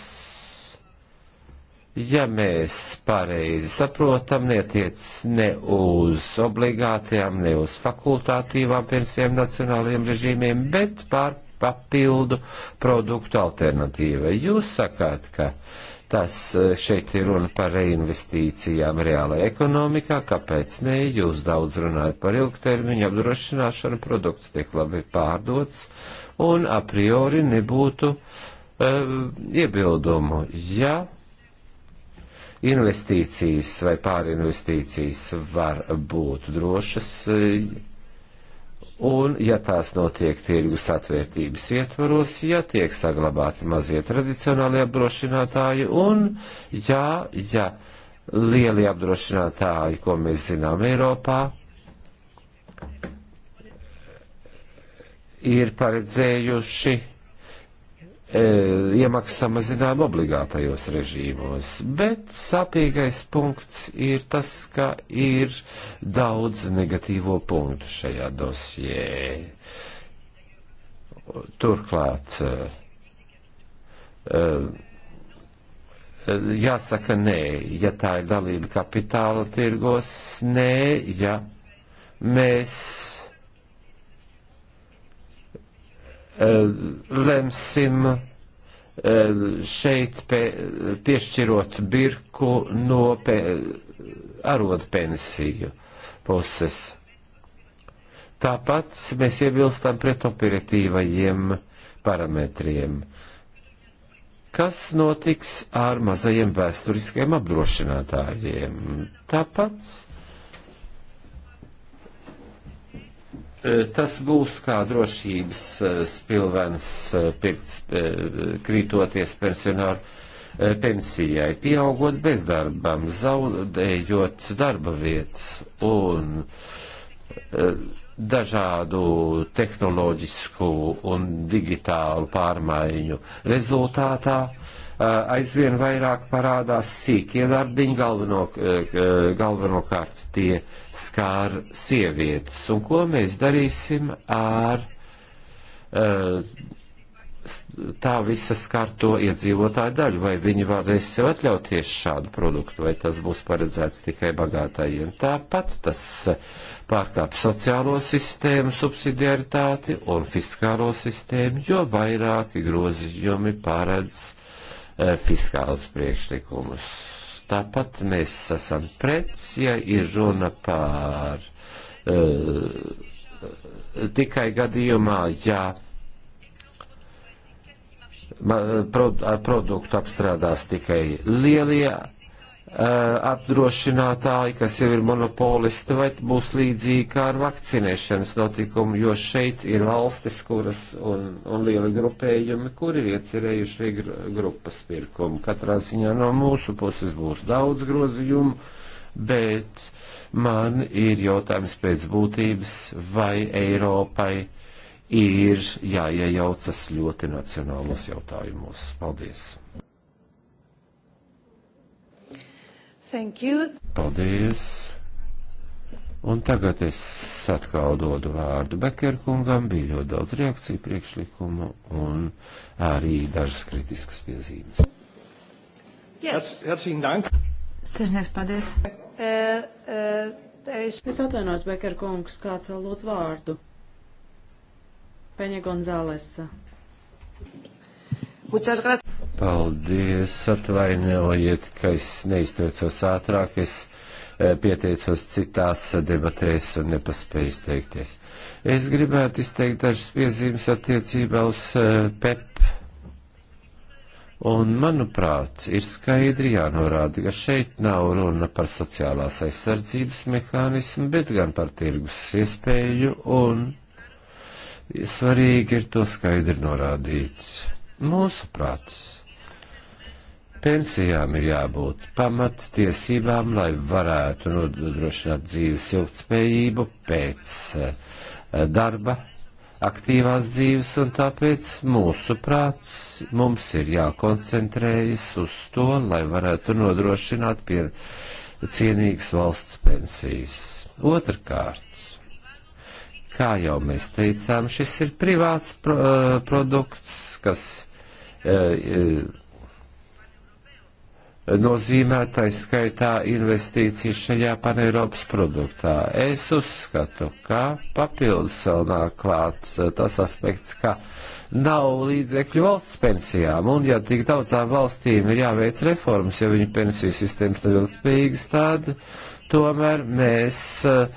ja mēs pareizi saprotam, netiec ne uz obligātajām, ne uz fakultātīvām pensijām nacionālajiem režīmiem, bet pār papildu produktu alternatīva. Jūs sakāt, ka tas eh, šeit ir runa par reinvestīcijām reālajā ekonomikā, kāpēc ne? Jūs daudz runājat par ilgtermiņu apdrošināšanu, produkts tiek labi pārdots un a priori nebūtu uh, iebildumu. Ja investīcijas vai pārinvestīcijas var būt drošas, un, ja tās notiek tirgus atvērtības ietvaros, ja tiek saglabāti mazie tradicionāli apdrošinātāji, un, ja, ja lieli apdrošinātāji, ko mēs zinām Eiropā, ir paredzējuši E, iemaksas samazinājuma obligātajos režīmos. Bet sāpīgais punkts ir tas, ka ir daudz negatīvo punktu šajā dosjē. Turklāt e, e, jāsaka nē, ja tā ir dalība kapitāla tirgos, nē, ja mēs Eh, lemsim eh, šeit pie, piešķirot birku no pe, arodu pensiju puses. Tāpat mēs iebilstam pret operatīvajiem parametriem. Kas notiks ar mazajiem vēsturiskiem apdrošinātājiem? Tāpat E, tas būs kā drošības e, spilvens e, pirkt, krītoties pensionāru pensijai, pieaugot bezdarbam, zaudējot darba vietas un dažādu tehnoloģisku un digitālu pārmaiņu rezultātā uh, Eh, aizvien vairāk parādās sīkie darbiņi, galveno, eh, eh, galvenokārt tie skār sievietes. Un ko mēs darīsim ar tā visa skarto iedzīvotāju daļu, vai viņi varēs sev atļauties šādu produktu, vai tas būs paredzēts tikai bagātājiem. Tāpat tas pārkāp sociālo sistēmu, subsidiaritāti un fiskālo sistēmu, jo vairāki grozījumi paredz Eh, fiskālus priekšlikumus. Tāpat mēs esam pret, ja ir runa par uh, tikai gadījumā, ja eh, produktu apstrādās tikai lielie Eh, apdrošinātāji, kas jau ir monopolisti, vai būs līdzīgi kā ar vakcinēšanas notikumu, jo šeit ir valstis, kuras un, un liela grupējumi, kuri ir iecerējuši grupas pirkumu. Katrā ziņā no mūsu puses būs daudz grozījumu, bet man ir jautājums pēc būtības, vai Eiropai ir jāiejaucas ļoti nacionālos jautājumos. Paldies! Thank you. Paldies. Un tagad es atkal dodu vārdu Bekerkungam, bija ļoti daudz reakciju priekšlikumu un arī dažas kritiskas piezīmes. Yes. Herzlichen Dank. Sirsnieks, paldies. Uh, uh, es... es atvainos, Bekerkungs, kāds vēl lūdz vārdu. Peņa Gonzālesa. Muchas gracias. Paldies, atvainojiet, ka es neizteicos ātrāk, es eh, pieteicos citās debatēs un nepaspēju izteikties. Es gribētu izteikt dažas piezīmes attiecībā uz eh, PEP. Un, manuprāt, ir skaidri jānorāda, ka šeit nav runa par sociālās aizsardzības mehānismu, bet gan par tirgus iespēju, un svarīgi ir to skaidri norādīt. Mūsu prāts Pensijām ir jābūt pamattiesībām, lai varētu nodrošināt dzīves ilgtspējību pēc eh, darba, aktīvās dzīves, un tāpēc mūsu prāts mums ir jākoncentrējas uz to, lai varētu nodrošināt pie cienīgas valsts pensijas. Otrkārt, kā jau mēs teicām, šis ir privāts pro, eh, produkts, kas. E, e, nozīmētais skaitā investīcijas šajā paneiropas produktā. Es uzskatu, ka papildus vēl nāk klāt eh, tas aspekts, ka nav līdzekļu valsts pensijām, un ja tik daudzām valstīm ir jāveic reformas, ja viņu pensiju sistēmas nav ilgspējīgas, tad tomēr mēs uh,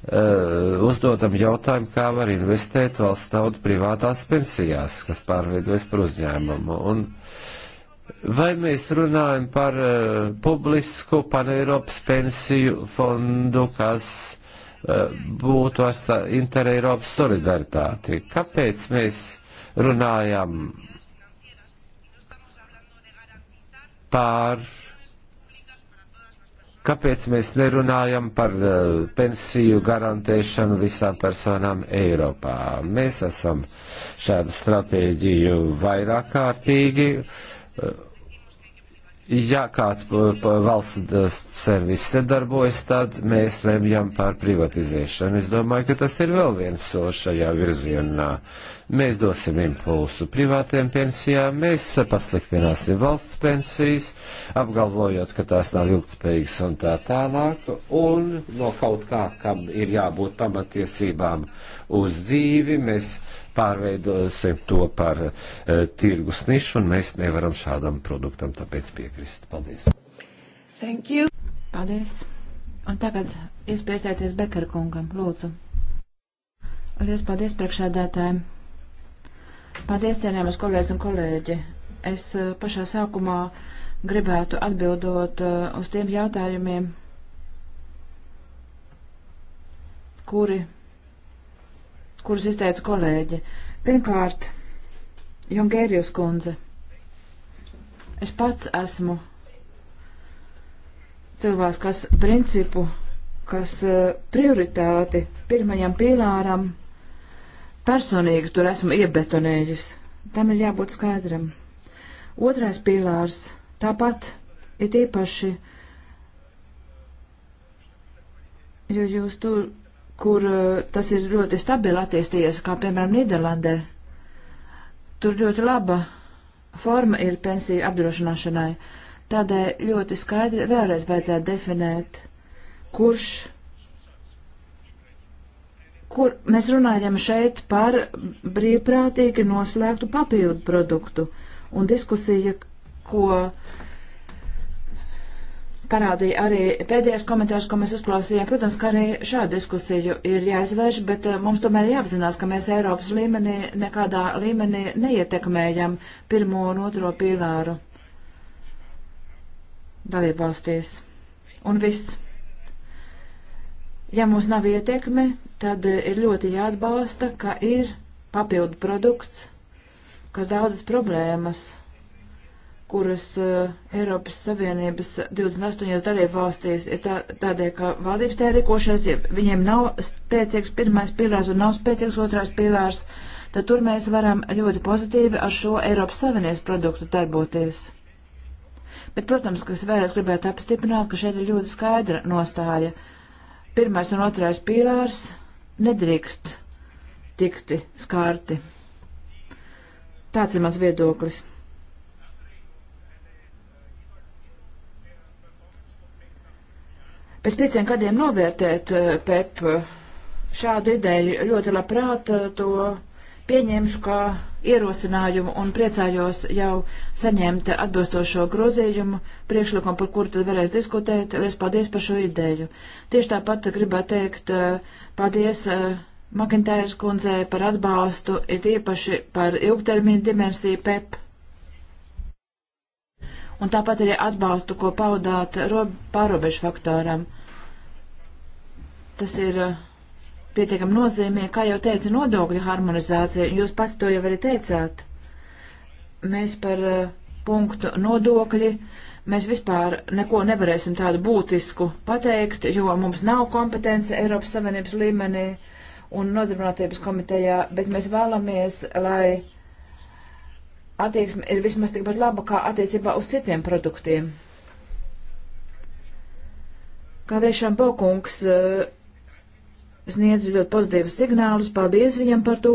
Uh, uzdodam jautājumu, kā var investēt valsts naudu privātās pensijās, kas pārveidojas par uzņēmumu. Un uh, Vai mēs runājam par uh, publisku paneiropas pensiju fondu, kas uh, būtu ar intereiropas solidaritāti? Kāpēc mēs runājam par. Kāpēc mēs nerunājam par uh, pensiju garantēšanu visām personām Eiropā? Mēs esam šādu stratēģiju vairāk kārtīgi. Uh, ja kāds valsts eh, servis nedarbojas, tad mēs lemjam par privatizēšanu. Es domāju, ka tas ir vēl viens solis šajā virzienā. Mēs dosim impulsu privātiem pensijām, mēs pasliktināsim valsts pensijas, apgalvojot, ka tās nav ilgspējīgas un tā tālāk, un no kaut kā, kam ir jābūt pamatiesībām uz dzīvi, mēs pārveidosim to par uh, tirgus nišu, un mēs nevaram šādam produktam tāpēc piekrist. Paldies! Thank you! Paldies! Un tagad iespējas tēties Bekara kungam, lūdzu. Liels paldies priekšādātājiem! Paldies, cienījamies kolēģis un kolēģi. Es eh, pašā sākumā gribētu atbildot eh, uz tiem jautājumiem, kuri, kurus izteica kolēģi. Pirmkārt, Jungērijus kundze. Es pats esmu cilvēks, kas principu, kas eh, prioritāti pirmajam pīlāram personīgi tur esmu iebetonējis. Tam ir jābūt skaidram. Otrais pīlārs tāpat ir īpaši, jo jūs tur, kur eh, tas ir ļoti stabili attīstījies, kā piemēram Nīderlandē, tur ļoti laba forma ir pensiju apdrošināšanai. Tādēļ ļoti skaidri vēlreiz vajadzētu definēt, kurš kur mēs runājam šeit par brīvprātīgi noslēgtu papildu produktu. Un diskusija, ko parādīja arī pēdējais komentārs, ko mēs uzklausījām, protams, ka arī šādu diskusiju ir jāizvērš, bet eh, mums tomēr jāapzinās, ka mēs Eiropas līmenī nekādā līmenī neietekmējam pirmo un otro pīlāru dalību valstīs. Un viss ja mums nav ietekme, tad eh, ir ļoti jāatbalsta, ka ir papildu produkts, kas daudzas problēmas, kuras uh, Eiropas Savienības 28 dalību valstīs ir tā, tādēļ, ka valdības tā ir rīkošanas, ja viņiem nav spēcīgs pirmais pilārs un nav spēcīgs otrais pilārs, tad tur mēs varam ļoti pozitīvi ar šo Eiropas Savienības produktu darboties. Bet, protams, ka es vēlreiz gribētu apstiprināt, ka šeit ir ļoti skaidra nostāja. Uh, pirmais un otrais pīlārs nedrīkst tikti skārti. Tāds ir mans viedoklis. Pēc pieciem gadiem novērtēt eh, PEP šādu ideju ļoti labprāt eh, to pieņemšu kā ierosinājumu un priecājos jau saņemt atbilstošo grozījumu, priekšlikumu, par kuru tad varēs diskutēt. Lies paldies par šo ideju. Tieši tāpat gribētu teikt eh, paldies eh, Makintājas kundzē par atbalstu, it īpaši par ilgtermiņu dimensiju PEP. E un tāpat arī atbalstu, ko paudāt pārobežu faktoram. Tas ir uh, pietiekam nozīmīgi, kā jau teica, nodokļu harmonizācija. Jūs pati to jau arī teicāt. Mēs par uh, punktu nodokļi, mēs vispār neko nevarēsim tādu būtisku pateikt, jo mums nav kompetence Eiropas Savienības līmenī un nodarbinātības komitejā, bet mēs vēlamies, lai attieksme ir vismaz tikpat laba kā attiecībā uz citiem produktiem. Kā viešām Bokungs uh, sniedz ļoti pozitīvas signālus. Paldies viņam par to,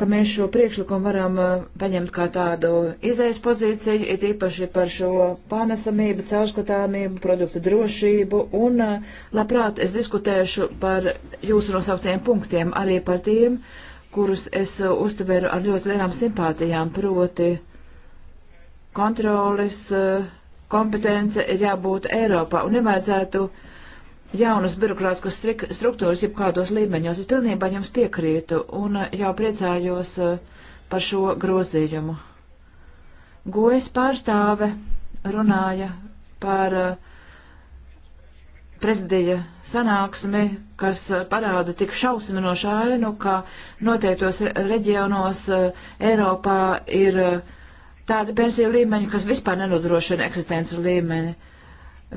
ka mēs šo priekšlikumu varam uh, paņemt kā tādu izējas pozīciju, it īpaši par šo pārnesamību, caurskatāmību, produktu drošību un uh, labprāt es diskutēšu par jūsu nosauktiem punktiem, arī par tiem, kurus es uh, uztveru ar ļoti lielām simpātijām, proti kontrolis, kompetence ir jābūt Eiropā un nevajadzētu ja jaunas birokrātiskas struktūras jebkādos līmeņos. Es pilnībā jums piekrītu un uh, jau priecājos uh, par šo grozījumu. Gojas pārstāve runāja par uh, prezidija sanāksmi, kas parāda tik šausminošu ainu, ka noteiktos reģionos Eiropā ir tādi pensiju līmeņi, kas vispār nenodrošina eksistences līmeni. Uh,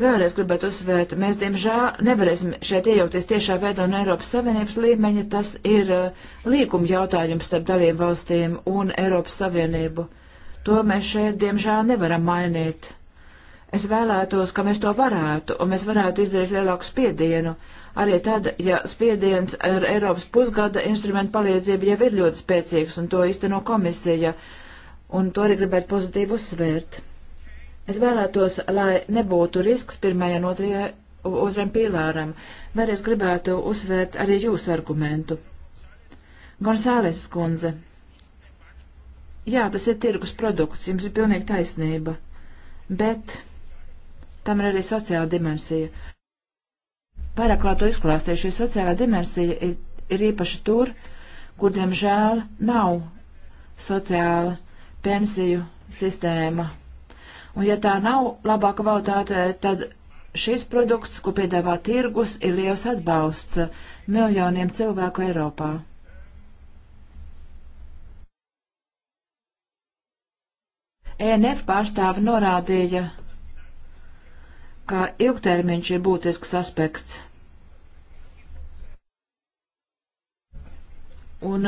Vēlreiz gribētu uzsvērt, mēs diemžēl nevarēsim šeit iejaukties tiešā veidā no Eiropas Savienības līmeņa. Tas ir eh, līguma jautājums starp dalību valstīm un Eiropas Savienību. To mēs šeit diemžēl nevaram mainīt. Es vēlētos, ka mēs to varētu, un mēs varētu izdarīt lielāku spiedienu. Arī tad, ja spiediens ar Eiropas pusgada instrumentu palīdzību jau ir ļoti spēcīgs, un to īsteno komisija, un to arī gribētu pozitīvi uzsvērt. Es vēlētos, lai nebūtu risks pirmajam un otrajam, otrajam pīlāram. Vēlreiz gribētu uzsvērt arī jūsu argumentu. Gonzāles skundze. Jā, tas ir tirgus produkts, jums ir pilnīgi taisnība, bet tam ir arī sociāla dimensija. Pārāk klāt to izklāstīju, šī sociālā dimensija ir, ir īpaši tur, kur, diemžēl, nav sociāla pensiju sistēma Un ja tā nav labā kvalitāte, tad šis produkts, ko piedāvā tirgus, ir liels atbalsts miljoniem cilvēku Eiropā. ENF pārstāve norādīja, ka ilgtermiņš ir būtisks aspekts un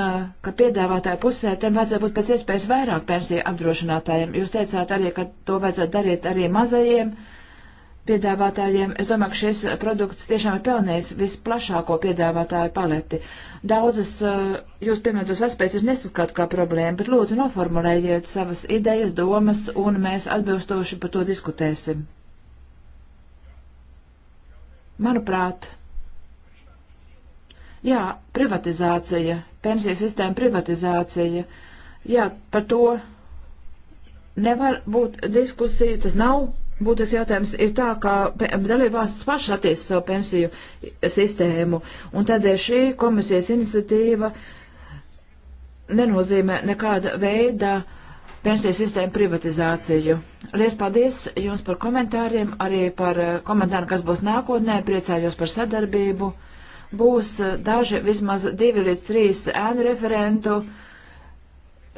ka piedāvātāju pusē tiem vajadzētu būt pēc iespējas vairāk pensiju apdrošinātājiem. Jūs teicāt arī, ka to vajadzētu darīt arī mazajiem piedāvātājiem. Es domāju, ka šis produkts tiešām ir pelnījis visplašāko piedāvātāju paleti. Daudzas jūs pieminētos aspektus es neskatu kā problēmu, bet lūdzu noformulējiet savas idejas, domas, un mēs atbilstoši par to diskutēsim. Manuprāt, Jā, privatizācija, pensiju sistēma privatizācija. Jā, par to nevar būt diskusija, tas nav būtisks jautājums. Ir tā, ka dalībvalstis paši attīst savu pensiju sistēmu, un tādēļ šī komisijas iniciatīva nenozīmē nekāda veida pensiju sistēmu privatizāciju. Lies paldies jums par komentāriem, arī par eh, komentāru, kas būs nākotnē. Priecājos par sadarbību būs eh, daži vismaz divi līdz trīs ēnu referentu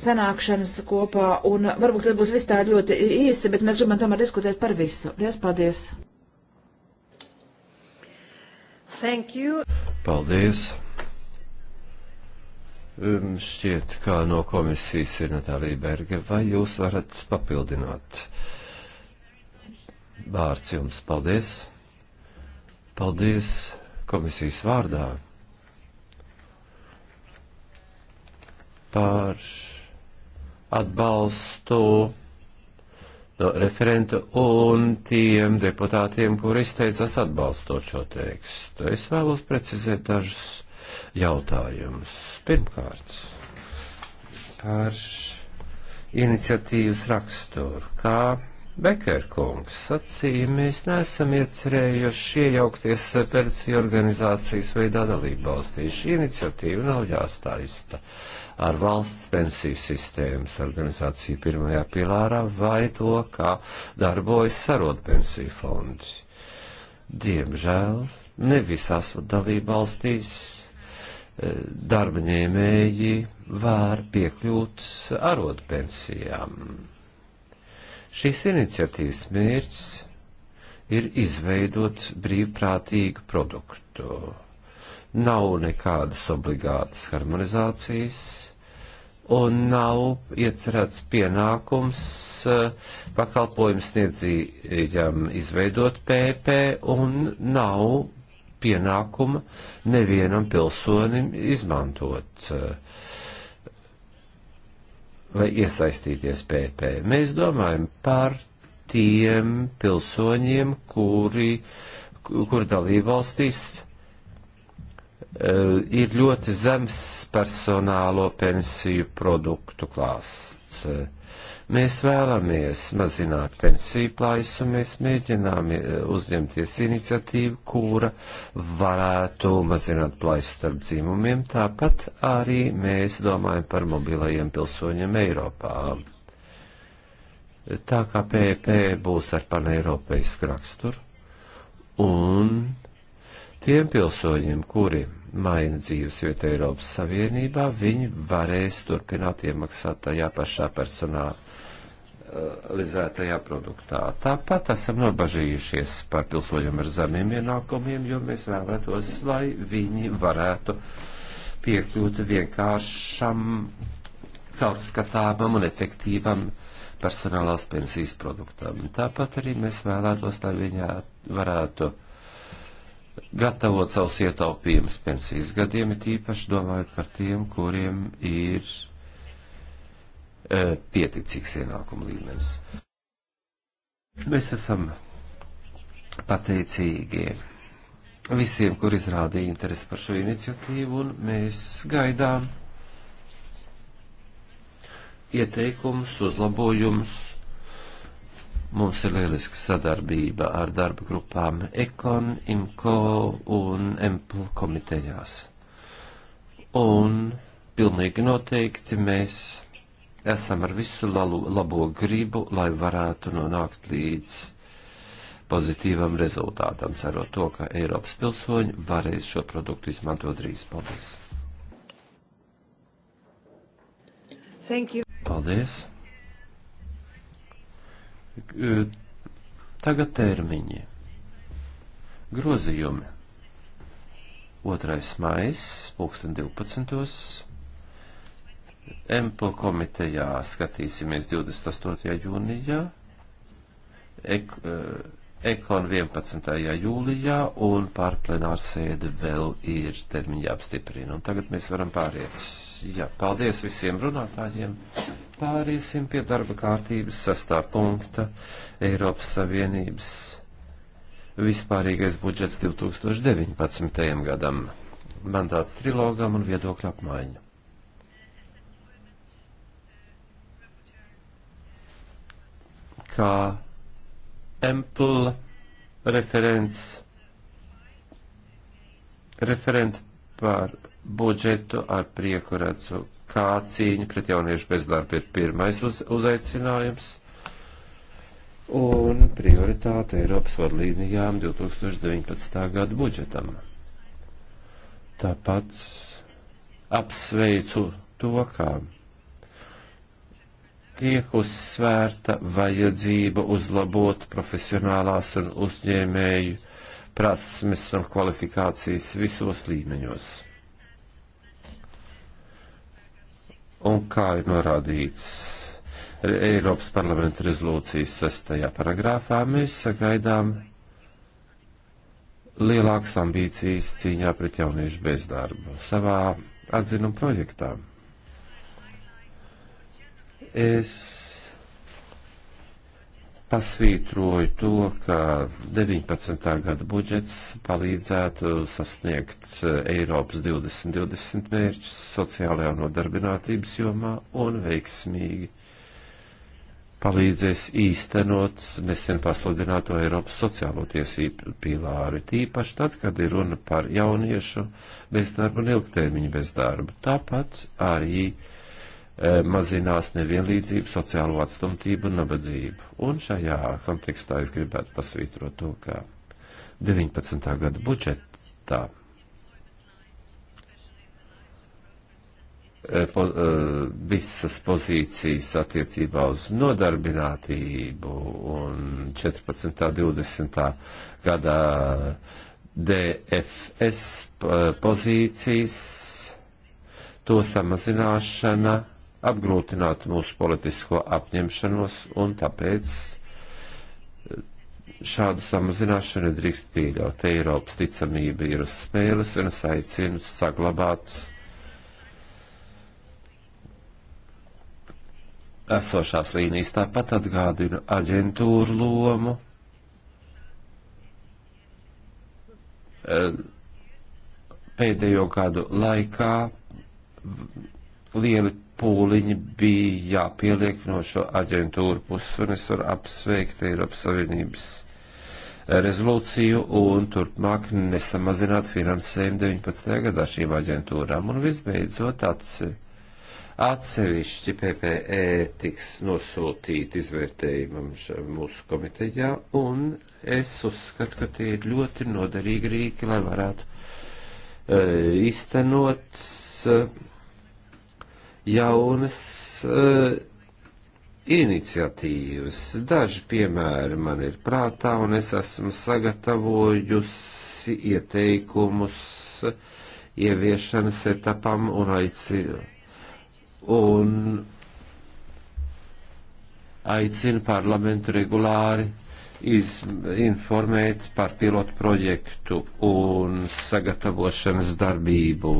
sanākšanas kopā, un varbūt tas būs viss tā ļoti īsi, bet mēs gribam tomēr diskutēt par visu. Lies paldies! Thank you! Paldies! Šķiet, kā no komisijas ir Natālija Berge, vai jūs varat papildināt? Vārds jums, paldies! Paldies! komisijas vārdā par atbalstu no referenta un tiem deputātiem, kur izteicās atbalstot šo tekstu. Es vēlos precizēt dažus jautājumus. Pirmkārt, par iniciatīvas raksturu, kā Bekerkungs sacīja, mēs neesam iecerējuši iejaukties perci organizācijas veidā dalību valstīs. Šī iniciatīva nav jāstāista ar valsts pensiju sistēmas organizāciju pirmajā pilārā vai to, kā darbojas sarotpensiju fondi. Diemžēl ne visās dalību valstīs eh, darba ņēmēji var piekļūt arotpensijām Šīs iniciatīvas mērķis ir izveidot brīvprātīgu produktu. Nav nekādas obligātas harmonizācijas, un nav iecerēts pienākums eh, pakalpojums sniedzījām izveidot PP, un nav pienākuma nevienam pilsonim izmantot uh, vai iesaistīties PP. Mēs domājam par tiem pilsoņiem, kuri, kur dalībvalstīs e, ir ļoti zems personālo pensiju produktu klāsts. Mēs vēlamies mazināt pensiju plaisu, mēs mēģinām eh, uzņemties iniciatīvu, kura varētu mazināt plaisu starp dzimumiem, tāpat arī mēs domājam par mobilajiem pilsoņiem Eiropā. Tā kā PP būs ar paneiropeisku raksturu, un tiem pilsoņiem, kuri maina dzīvesvietu Eiropas Savienībā, viņi varēs turpināt iemaksāt tajā pašā personā realizētajā produktā. Tāpat esam nobažījušies par pilsoņiem ar zemiem ienākumiem, jo mēs vēlētos, lai viņi varētu piekļūt vienkāršam, caurskatāmam un efektīvam personālās pensijas produktam. Tāpat arī mēs vēlētos, lai viņi varētu gatavot savus ietaupījumus pensijas gadiem, it īpaši domājot par tiem, kuriem ir Eh, pieticīgs ienākuma līmenis. Mēs esam pateicīgi visiem, kur izrādīja interesi par šo iniciatīvu, un mēs gaidām ieteikumus, uzlabojumus. Mums ir lieliska sadarbība ar darba grupām Ekon, IMCO un EMPL komitejās. Un pilnīgi noteikti mēs esam ar visu lalu, labo gribu, lai varētu nonākt līdz pozitīvam rezultātam, cerot to, ka Eiropas pilsoņi varēs šo produktu izmantot drīz. Paldies! Paldies! Tagad termiņi. Grozījumi. 2. maijs, 2012. Empl komitejā skatīsimies 28. jūnijā, ek, eh, Ekon 11. jūlijā un par plenārsēdi vēl ir termiņa apstiprina. Un tagad mēs varam pāriet. Jā, paldies visiem runātājiem. Pāriesim pie darba kārtības sastā punkta Eiropas Savienības vispārīgais budžets 2019. gadam. Mandāts trilogam un viedokļu apmaiņu. kā Empl referents, referent par budžetu ar prieku redzu, kā cīņa pret jauniešu bezdarbu ir pirmais uz, uzaicinājums un prioritāte Eiropas vadlīnijām 2019. gada budžetam. Tāpat apsveicu to, kā tiek uzsvērta vajadzība uzlabot profesionālās un uzņēmēju prasmes un kvalifikācijas visos līmeņos. Un kā ir norādīts Eiropas parlamenta rezolūcijas sastajā paragrāfā, mēs sagaidām lielākas ambīcijas cīņā pret jauniešu bezdarbu savā atzinuma projektām. Es pasvītroju to, ka 19. gada budžets palīdzētu sasniegt eh, Eiropas 2020 mērķus sociālajā nodarbinātības jomā un veiksmīgi palīdzēs īstenot nesen pasludināto Eiropas sociālo tiesību pīlāru, tīpaši tad, kad ir runa par jauniešu bezdarbu un ilgtermiņu bezdarbu. Tāpat arī uh, E, mazinās nevienlīdzību, sociālo atstumtību un nabadzību. Un šajā kontekstā es gribētu pasvītrot to, ka 19. gada budžetā e, po, e, visas pozīcijas attiecībā uz nodarbinātību un 14. 20. gadā DFS pozīcijas, to samazināšana apgrūtinātu mūsu politisko apņemšanos, un tāpēc eh, šādu samazināšanu nedrīkst pieļaut. Eiropas ticamība ir uz spēles, un es aicinu saglabāt esošās līnijas. Tāpat atgādinu aģentūru lomu. Eh, pēdējo gadu laikā lieli pūliņi bija jāpieliek no šo aģentūru puses, un es varu apsveikt Eiropas Savienības rezolūciju un turpmāk nesamazināt finansējumu 19. gadā šīm aģentūrām. Un visbeidzot, atse, atsevišķi PPE tiks nosūtīti izvērtējumam mūsu komitejā, un es uzskatu, ka tie ir ļoti noderīgi rīki, lai varētu uh, iztenot uh, jaunas uh, iniciatīvas. Daži piemēri man ir prātā, un es esmu sagatavojusi ieteikumus eh, ieviešanas etapam un aicinu. Un aicinu parlamentu regulāri iz, informēt par pilotu projektu un sagatavošanas darbību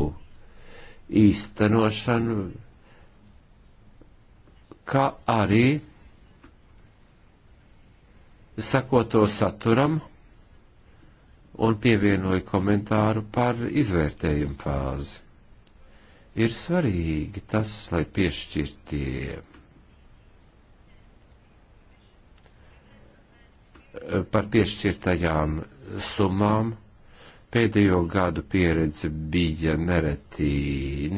īstenošanu kā arī sakot to saturam un pievienoju komentāru par izvērtējumu fāzi. Ir svarīgi tas, lai piešķirtie par piešķirtajām summām pēdējo gadu pieredze bija nereti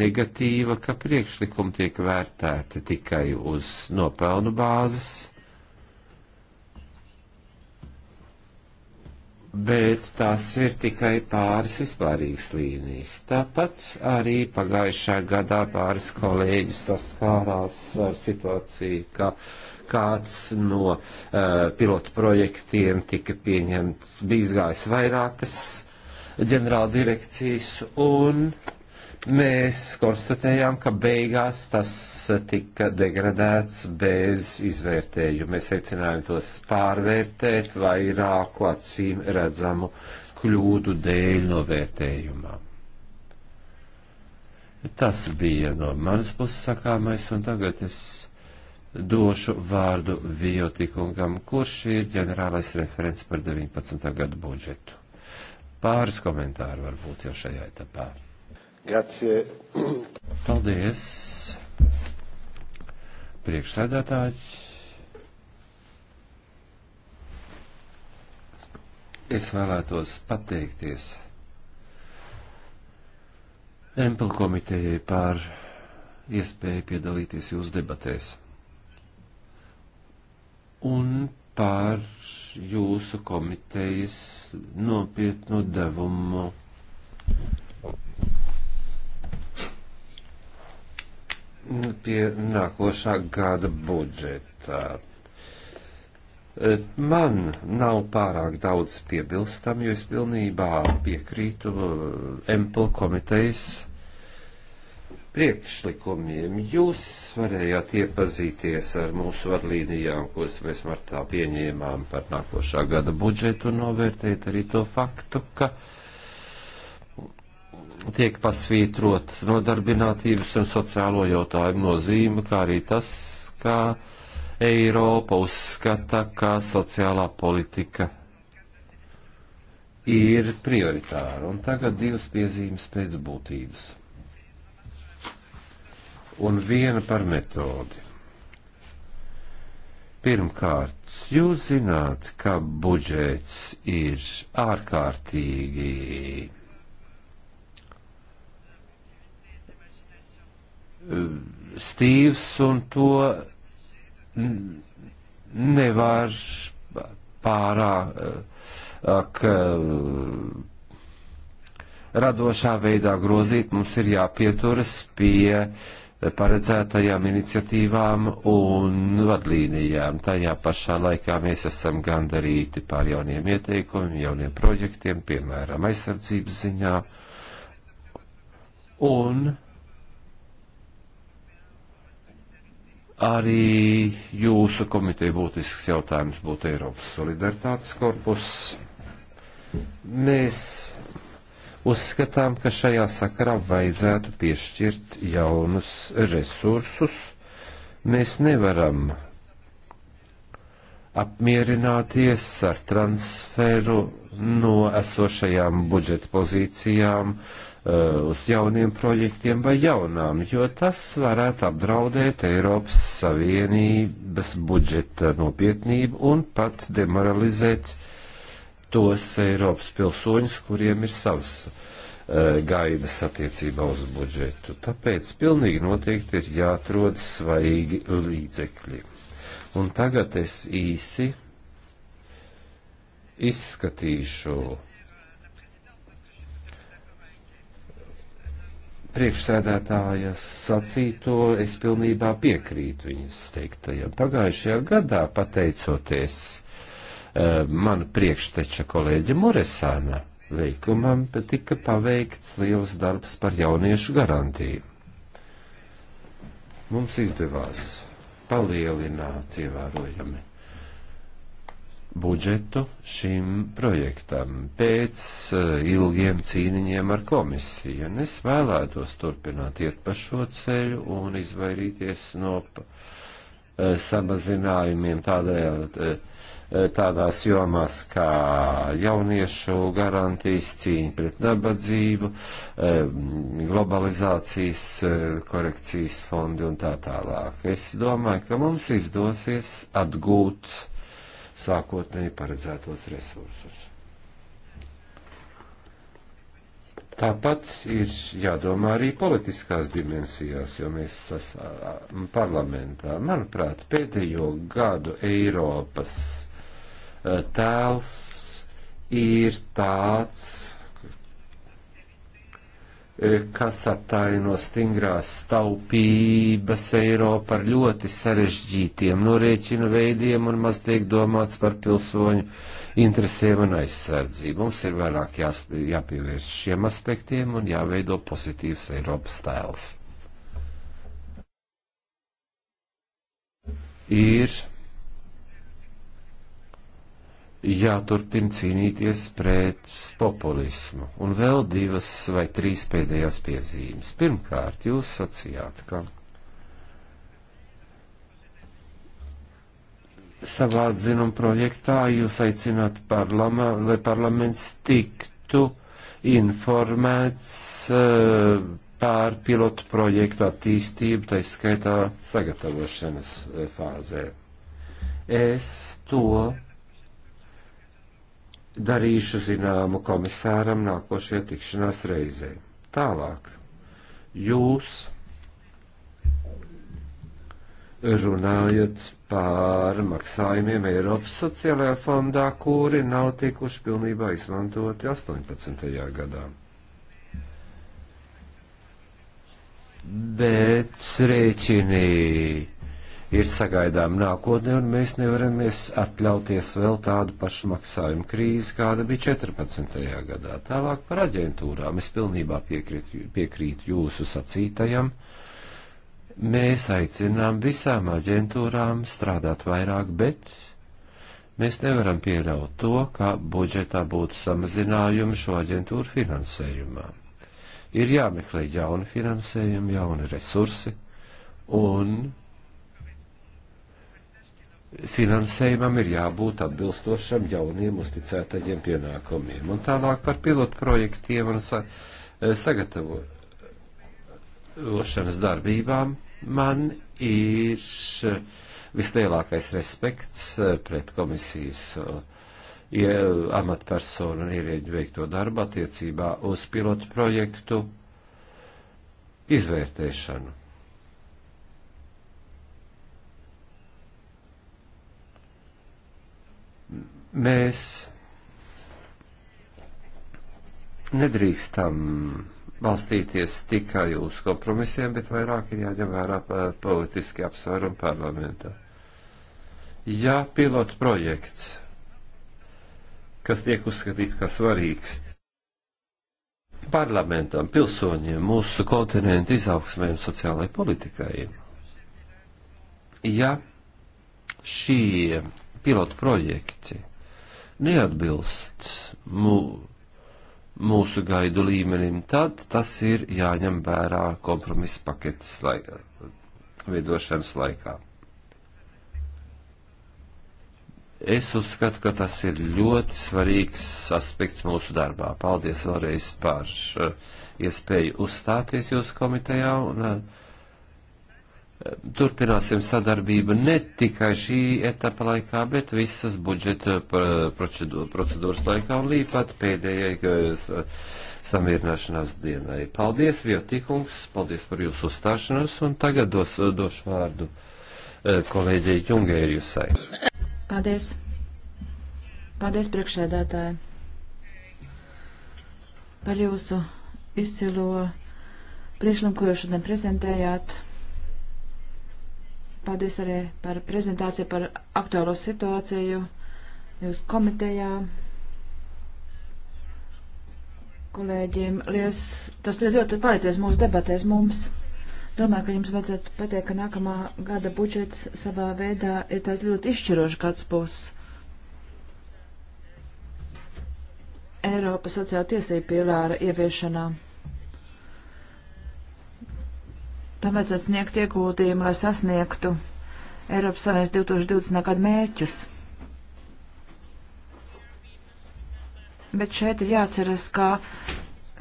negatīva, ka priekšlikumi tiek vērtēti tikai uz nopelnu bāzes, bet tās ir tikai pāris vispārīgas līnijas. Tāpat arī pagājušā gadā pāris kolēģis saskārās ar situāciju, ka kāds no uh, pilotu projektiem tika pieņemts, bija izgājis vairākas ģenerāla direkcijas, un mēs konstatējām, ka beigās tas tika degradēts bez izvērtējuma. Mēs aicinājām tos pārvērtēt vairāku acīm redzamu kļūdu dēļ novērtējumā. Tas bija no manas puses sakāmais, un tagad es došu vārdu Viotikungam, kurš ir ģenerālais referents par 19. gadu budžetu. Pāris komentāri varbūt jau šajā etapā. Grazie. Paldies. Priekšsēdētājs. Es vēlētos pateikties Empel komitejai par iespēju piedalīties jūsu debatēs un par jūsu komitejas nopietnu devumu. Nu, pie nākošā gada budžeta. Eh, man nav pārāk daudz piebilstam, jo es pilnībā piekrītu Empel eh, komitejas priekšlikumiem. Jūs varējāt iepazīties ar mūsu vadlīnijām, kuras mēs martā pieņēmām par nākošā gada budžetu un novērtēt arī to faktu, ka tiek pasvītrots nodarbinātības un sociālo jautājumu nozīme, kā arī tas, kā Eiropa uzskata, kā sociālā politika ir prioritāra. Un tagad divas piezīmes pēc būtības un viena par metodi. Pirmkārt, jūs zināt, ka budžets ir ārkārtīgi stīvs un to nevar pārāk radošā veidā grozīt. Mums ir jāpieturas pie uh, paredzētajām iniciatīvām un vadlīnijām. Tajā pašā laikā mēs esam gandarīti par jauniem ieteikumiem, jauniem projektiem, piemēram, aizsardzības ziņā. Un arī jūsu komiteja būtisks jautājums būtu Eiropas solidaritātes korpus. Mēs Uzskatām, ka šajā sakarā vajadzētu piešķirt jaunus resursus. Mēs nevaram apmierināties ar transferu no esošajām budžeta pozīcijām eh, uz jauniem projektiem vai jaunām, jo tas varētu apdraudēt Eiropas Savienības budžeta nopietnību un pat demoralizēt tos Eiropas pilsoņus, kuriem ir savas uh, gaidas attiecībā uz budžetu. Tāpēc pilnīgi noteikti ir jāatrod svaigi līdzekļi. Un tagad es īsi izskatīšu priekšsēdētāja sacīto, es pilnībā piekrītu viņas teiktajam. Pagājušajā gadā, pateicoties Eh, man priekšteča kolēģa Moresāna veikumam tika paveikts liels darbs par jauniešu garantiju. Mums izdevās palielināt ievērojami budžetu šim projektam pēc eh, ilgiem cīniņiem ar komisiju, un es vēlētos turpināt iet pa šo ceļu un izvairīties no eh, samazinājumiem tādējādi Eh, tādās jomās kā jauniešu garantijas, cīņa pret nabadzību, eh, globalizācijas eh, korekcijas fondi un tā tālāk. Es domāju, ka mums izdosies atgūt sākotnēji paredzētos resursus. Tāpat ir jādomā arī politiskās dimensijās, jo mēs esam parlamentā. Manuprāt, pēdējo gadu Eiropas tēls ir tāds, kas attaino stingrās staupības Eiropu ar ļoti sarežģītiem norēķinu veidiem un maz tiek domāts par pilsoņu interesēm un aizsardzību. Mums ir vairāk jās, jāpievērš šiem aspektiem un jāveido pozitīvs Eiropas tēls. Ir jāturpina cīnīties pret populismu. Un vēl divas vai trīs pēdējās piezīmes. Pirmkārt, jūs sacījāt, ka savā atzinuma projektā jūs aicināt parlamā, lai parlaments tiktu informēts uh, pār pilotu projektu attīstību, tai skaitā sagatavošanas eh, fāzē. Es to darīšu zināmu komisāram nākošajā tikšanās reizē. Tālāk. Jūs runājot par maksājumiem Eiropas sociālajā fondā, kuri nav tikuši pilnībā izmantoti 18. gadā. Bet rēķinī ir sagaidām nākotne, un mēs nevaramies atļauties vēl tādu pašu maksājumu krīzi, kāda bija 14. gadā. Tālāk par aģentūrām es pilnībā piekrītu piekrīt jūsu sacītajam. Mēs aicinām visām aģentūrām strādāt vairāk, bet Mēs nevaram pieļaut to, ka budžetā būtu samazinājumi šo aģentūru finansējumā. Ir jāmeklē jauni finansējumi, jauni resursi, un finansējumam ir jābūt atbilstošam jauniem uzticētajiem pienākumiem. Un tālāk par pilotu projektiem un sa eh, sagatavošanas darbībām man ir eh, vislielākais respekts eh, pret komisijas ja amatpersonu un ierieģu veikto darbu attiecībā uz pilotu projektu izvērtēšanu Mēs nedrīkstam balstīties tikai uz kompromisiem, bet vairāk ir jāņem vērā politiski apsvērumi parlamentā. Ja pilotu projekts, kas tiek uzskatīts kā svarīgs parlamentam, pilsoņiem, mūsu kontinentu izaugsmēm, sociālajai politikai, ja šie pilotu projekti neatbilst mū, mūsu gaidu līmenim, tad tas ir jāņem vērā kompromisa paketes lai, veidošanas laikā. Es uzskatu, ka tas ir ļoti svarīgs aspekts mūsu darbā. Paldies vēlreiz par uh, iespēju uzstāties jūsu komitejā un uh, Turpināsim sadarbību ne tikai šī etapa laikā, bet visas budžeta procedūras laikā un līpat pēdējai samierināšanās dienai. Paldies, Viotikungs, paldies par jūsu uzstāšanos un tagad dos, došu vārdu e, kolēģei Jungērjusai. Paldies. Paldies, priekšsēdētāji, par jūsu izcilo priekšlikumu, ko jūs šodien prezentējāt Paldies arī par prezentāciju par aktuālo situāciju jūs komitejā. Kolēģiem, lies, tas ļoti palīdzēs mūsu debatēs mums. Domāju, ka jums vajadzētu pateikt, ka nākamā gada budžets savā veidā ir tāds ļoti izšķirošs gads būs. Eiropas sociāla tiesība pielāra ieviešanā. Tam vajadzētu sniegt ieguldījumu, lai sasniegtu Eiropas Savienības 2020. gada mērķus. Bet šeit ir jāatceras, ka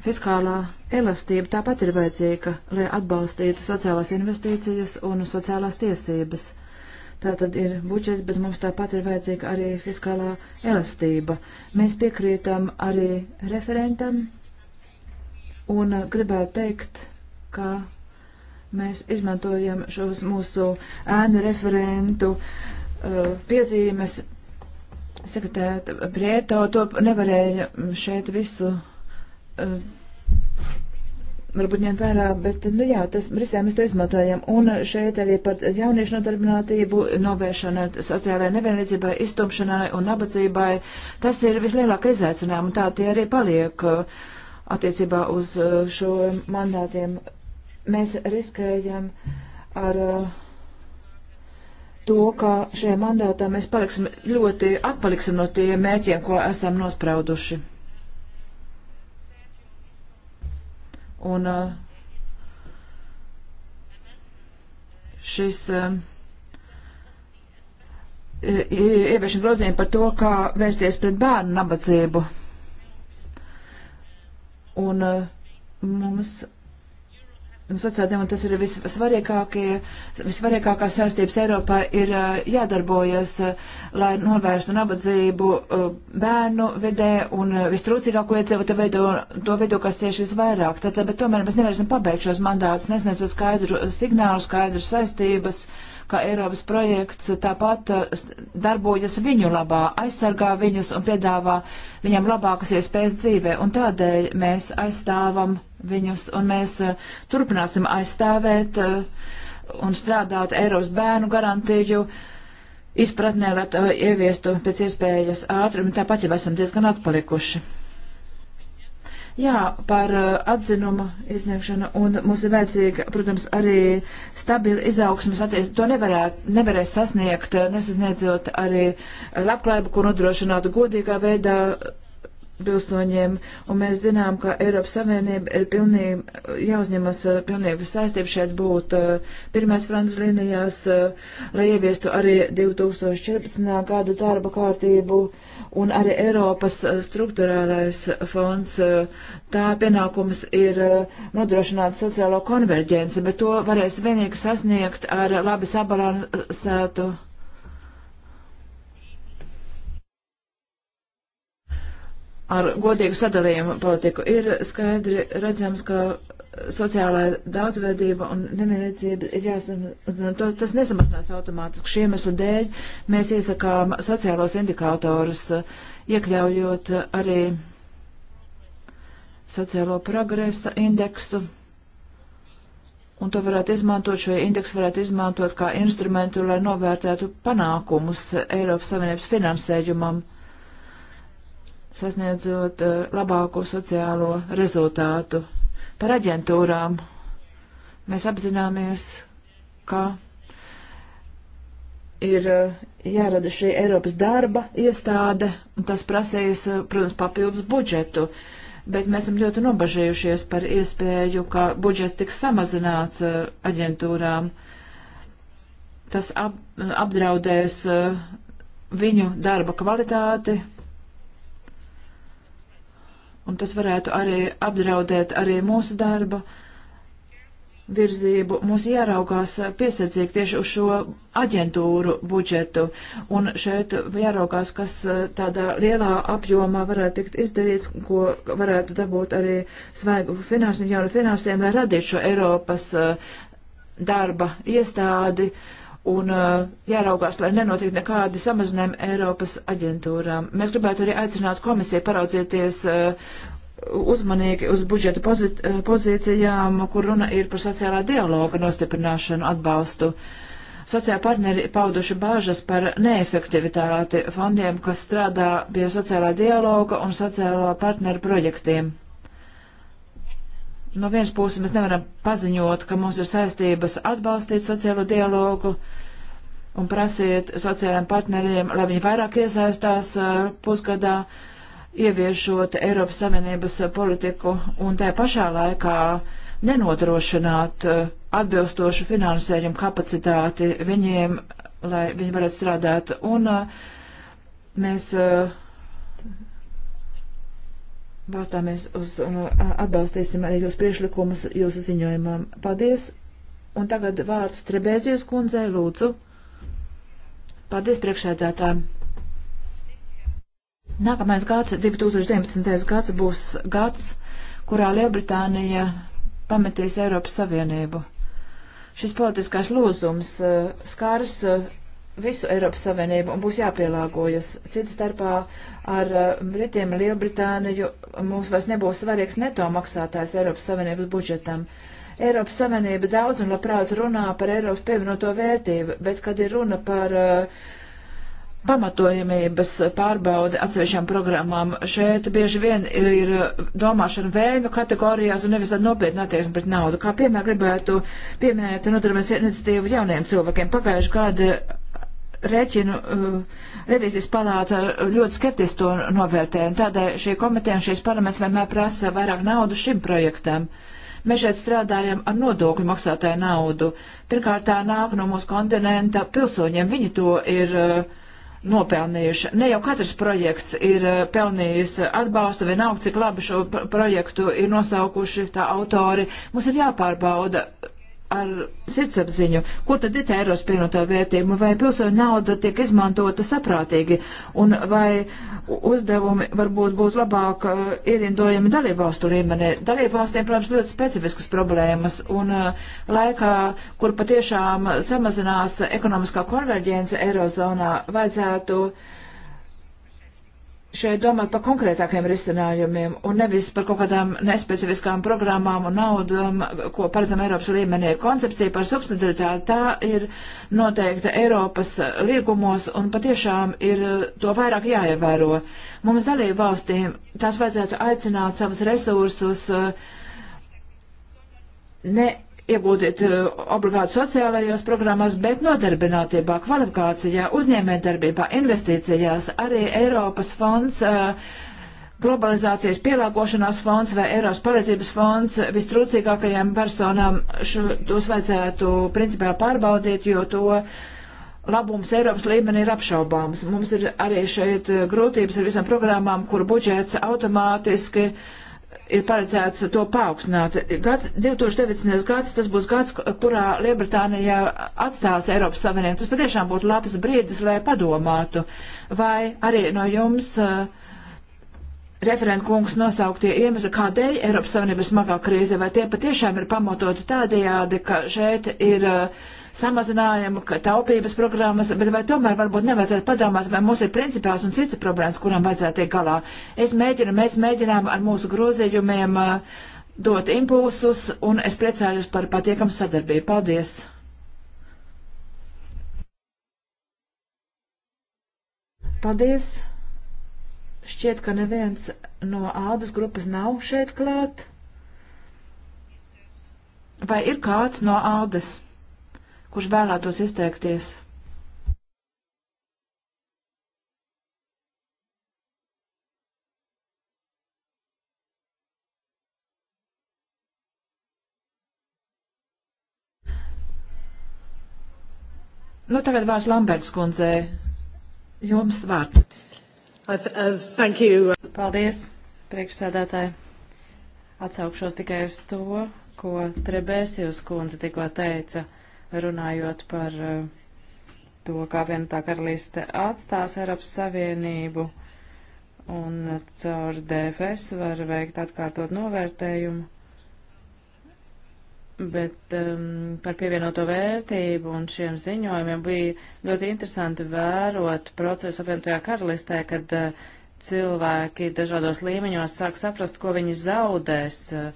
fiskālā elastība tāpat ir vajadzīga, lai atbalstītu sociālās investīcijas un sociālās tiesības. Tā tad ir budžets, bet mums tāpat ir vajadzīga arī fiskālā elastība. Mēs piekrītam arī referentam un gribētu teikt, ka Mēs izmantojam šos mūsu ēnu referentu uh, piezīmes. Sekretēta Prieto to nevarēja šeit visu uh, varbūt ņemt vērā, bet, nu jā, tas Brisē mēs to izmantojam. Un šeit arī par jauniešu nodarbinātību, novēršanai, sociālajai nevienlīdzībai, iztumšanai un nabadzībai. Tas ir vislielākais izaicinājums, un tā tie arī paliek uh, attiecībā uz uh, šo mandātiem mēs riskējam ar uh, to, ka šajā mandātā mēs paliksim ļoti atpaliksim no tiem mērķiem, ko esam nosprauduši. Un uh, šis uh, ieviešana grozījumi par to, kā vērsties pret bērnu nabadzību. Un uh, mums Un nu, sacēdiem, un tas ir visvarīgākā saistības Eiropā, ir jādarbojas, lai novērstu nabadzību bērnu vidē un vistrūcīgāko iedzīvotu veidu, to veidu, kas cieši visvairāk. Tātad, bet tomēr mēs nevarēsim pabeigt šos mandātus, nesniedzot skaidru signālu, skaidras saistības, ka Eiropas projekts tāpat darbojas viņu labā, aizsargā viņus un piedāvā viņam labākas iespējas dzīvē. Un tādēļ mēs aizstāvam viņus, un mēs eh, turpināsim aizstāvēt eh, un strādāt Eiropas bērnu garantiju izpratnē, lai to ieviestu pēc iespējas ātri, un tāpat jau esam diezgan atpalikuši. Jā, par eh, atzinumu izniegšanu, un mums ir vajadzīga, protams, arī stabila izaugsmas attiecība. To nevarētu, nevarēs sasniegt, nesasniedzot arī labklājību, ko nodrošinātu godīgā veidā pilsoņiem, un mēs zinām, ka Eiropas Savienība ir pilnīgi jāuzņemas eh, pilnības saistība šeit būt eh, pirmais frontes līnijās, eh, lai ieviestu arī 2014. gada darba kārtību un arī Eiropas struktūrālais fonds. Tā pienākums ir nodrošināt sociālo konverģenci, bet to varēs vienīgi sasniegt ar labi sabalansētu ar godīgu sadalījumu politiku. Ir skaidri redzams, ka sociālā daudzveidība un nemierniecība ir jāsam, to, tas nesamazinās automātiski. Šiem eslu dēļ mēs iesakām sociālos indikātorus, iekļaujot arī sociālo progresa indeksu. Un to varētu izmantot, šo indeksu varētu izmantot kā instrumentu, lai novērtētu panākumus Eiropas Savienības finansējumam sasniedzot eh, labāko sociālo rezultātu. Par aģentūrām mēs apzināmies, ka ir eh, jārada šī Eiropas darba iestāde, un tas prasīs, eh, protams, papildus budžetu, bet mēs esam ļoti nobažījušies par iespēju, ka budžets tiks samazināts aģentūrām. Tas ap, apdraudēs viņu darba kvalitāti, un tas varētu arī apdraudēt arī mūsu darba virzību. Mums jāraugās piesardzīgi tieši uz šo aģentūru budžetu, un šeit jāraugās, kas e, tādā lielā apjomā varētu tikt izdarīts, ko varētu dabūt arī svaigu finansēm, jaunu finansēm, lai radītu šo Eiropas e, darba iestādi. Uh, un uh, jāraugās, lai nenotiek nekādi samazinājumi Eiropas aģentūrām. Mēs gribētu arī aicināt komisiju paraudzieties uh, eh, uzmanīgi uz budžeta pozit, uh, pozīcijām, kur runa ir par sociālā dialoga nostiprināšanu atbalstu. Sociālā partneri pauduši bāžas par neefektivitāti fondiem, kas strādā pie sociālā dialoga un sociālā partneru projektiem. No vienas puses mēs nevaram paziņot, ka mums ir saistības atbalstīt sociālo dialogu, uh, un prasiet sociālajiem partneriem, lai viņi vairāk iesaistās uh, pusgadā, ieviešot Eiropas Savienības politiku un tajā pašā laikā nenodrošināt uh, atbilstošu finansējumu kapacitāti viņiem, lai viņi varētu strādāt. Un uh, mēs balstāmies uz un atbalstīsim arī jūs priešlikumus jūsu ziņojumam. Paldies! Un tagad vārds Trebēzijas kundzei lūdzu. Paldies priekšsēdētājiem! Nākamais gads, 2019. gads, būs gads, kurā Lielbritānija pametīs Eiropas Savienību. Šis politiskais lūzums eh, skars eh, visu Eiropas Savienību un būs jāpielāgojas. Cits starpā ar eh, Britiem Lielbritāniju mums vairs nebūs svarīgs neto maksātājs Eiropas Savienības budžetam. Uh, Eiropas Savienība daudz un labprāt runā par Eiropas pievienoto vērtību, bet kad ir runa par uh, pamatojamības pārbaudi atsevišķām programmām, šeit bieži vien ir, ir uh, domāšana vēļņu kategorijās un nevis tāda nopietna attieksme pret naudu. Kā piemēram gribētu pieminēt nodarbības iniciatīvu jauniem cilvēkiem. Pagājuši gadu rēķinu uh, revizijas palāta ļoti skeptiski to novērtē, un tādēļ šī komiteja un šīs parlaments vienmēr prasa vairāk naudu šim projektam. Uh, Mēs šeit strādājam ar nodokļu maksātāju naudu. Pirmkārt, tā nāk no mūsu kontinenta pilsoņiem. Viņi to ir uh, nopelnījuši. Ne jau katrs projekts ir eh, pelnījis atbalstu, vienalga, cik labi šo projektu ir nosaukuši tā autori. Mums ir jāpārbauda ar sirdsapziņu, kur tad ir tā Eiropas pievienotā vērtība, vai pilsoņu nauda tiek izmantota saprātīgi, un vai uzdevumi varbūt būs labāk uh, ierindojami dalībvalstu līmenī. Dalībvalstiem, protams, ļoti specifiskas problēmas, un uh, laikā, kur patiešām samazinās ekonomiskā konverģence Eirozonā, vajadzētu uh, šeit domāt par konkrētākiem risinājumiem un nevis par kaut kādām nespecifiskām programmām un naudām, ko paredzam Eiropas līmenī. Koncepcija par subsidiaritāti tā ir noteikta Eiropas līgumos un patiešām ir to vairāk jāievēro. Mums dalību valstīm tās vajadzētu aicināt savus resursus uh, ne iegūtiet eh, obligāti sociālajās programmās, bet nodarbinātībā, kvalifikācijā, uzņēmējdarbībā, investīcijās arī Eiropas fonds. Eh, globalizācijas pielāgošanās fonds vai Eiropas paredzības fonds vistrūcīgākajām personām šo, tos vajadzētu principā pārbaudīt, jo to uh, labums Eiropas līmenī ir apšaubāms. Mums ir arī šeit eh, grūtības ar visām programmām, kur budžets automātiski uh, ir paredzēts to paaugstināt. Gads, 2019. gads, tas būs gads, kurā Lielbritānija atstās Eiropas Savienību. Tas patiešām būtu labs brīdis, lai padomātu, vai arī no jums uh, referenta kungs nosauktie iemesli, kādēļ Eiropas Savienība ir smagā krīze, vai tie patiešām ir pamatoti tādējādi, ka šeit ir. Uh, samazinājumu, taupības programmas, bet vai tomēr varbūt nevajadzētu padomāt, vai mums ir principāls un citas problēmas, kurām vajadzētu tiek galā. Es mēģinu, mēs mēģinām ar mūsu grozījumiem uh, dot impulsus, un es priecājos par patiekamu sadarbību. Paldies! Paldies! Šķiet, ka neviens no ādas grupas nav šeit klāt. Vai ir kāds no ādas? kurš vēlētos izteikties. Nu, tagad vārds Lamberts kundzei. Jums vārds. Uh, thank you. Paldies, priekšsēdētāji. Atsaukšos tikai uz to, ko Trebēsijus kundze tikko teica. Uh, runājot par eh, to, kā vienotā karalīste atstās Eiropas Savienību un caur DFS var veikt atkārtot novērtējumu. Bet um, par pievienoto vērtību un šiem ziņojumiem bija ļoti interesanti vērot procesu apvienotajā karalistē, kad uh, cilvēki dažādos līmeņos sāk saprast, ko viņi zaudēs, uh,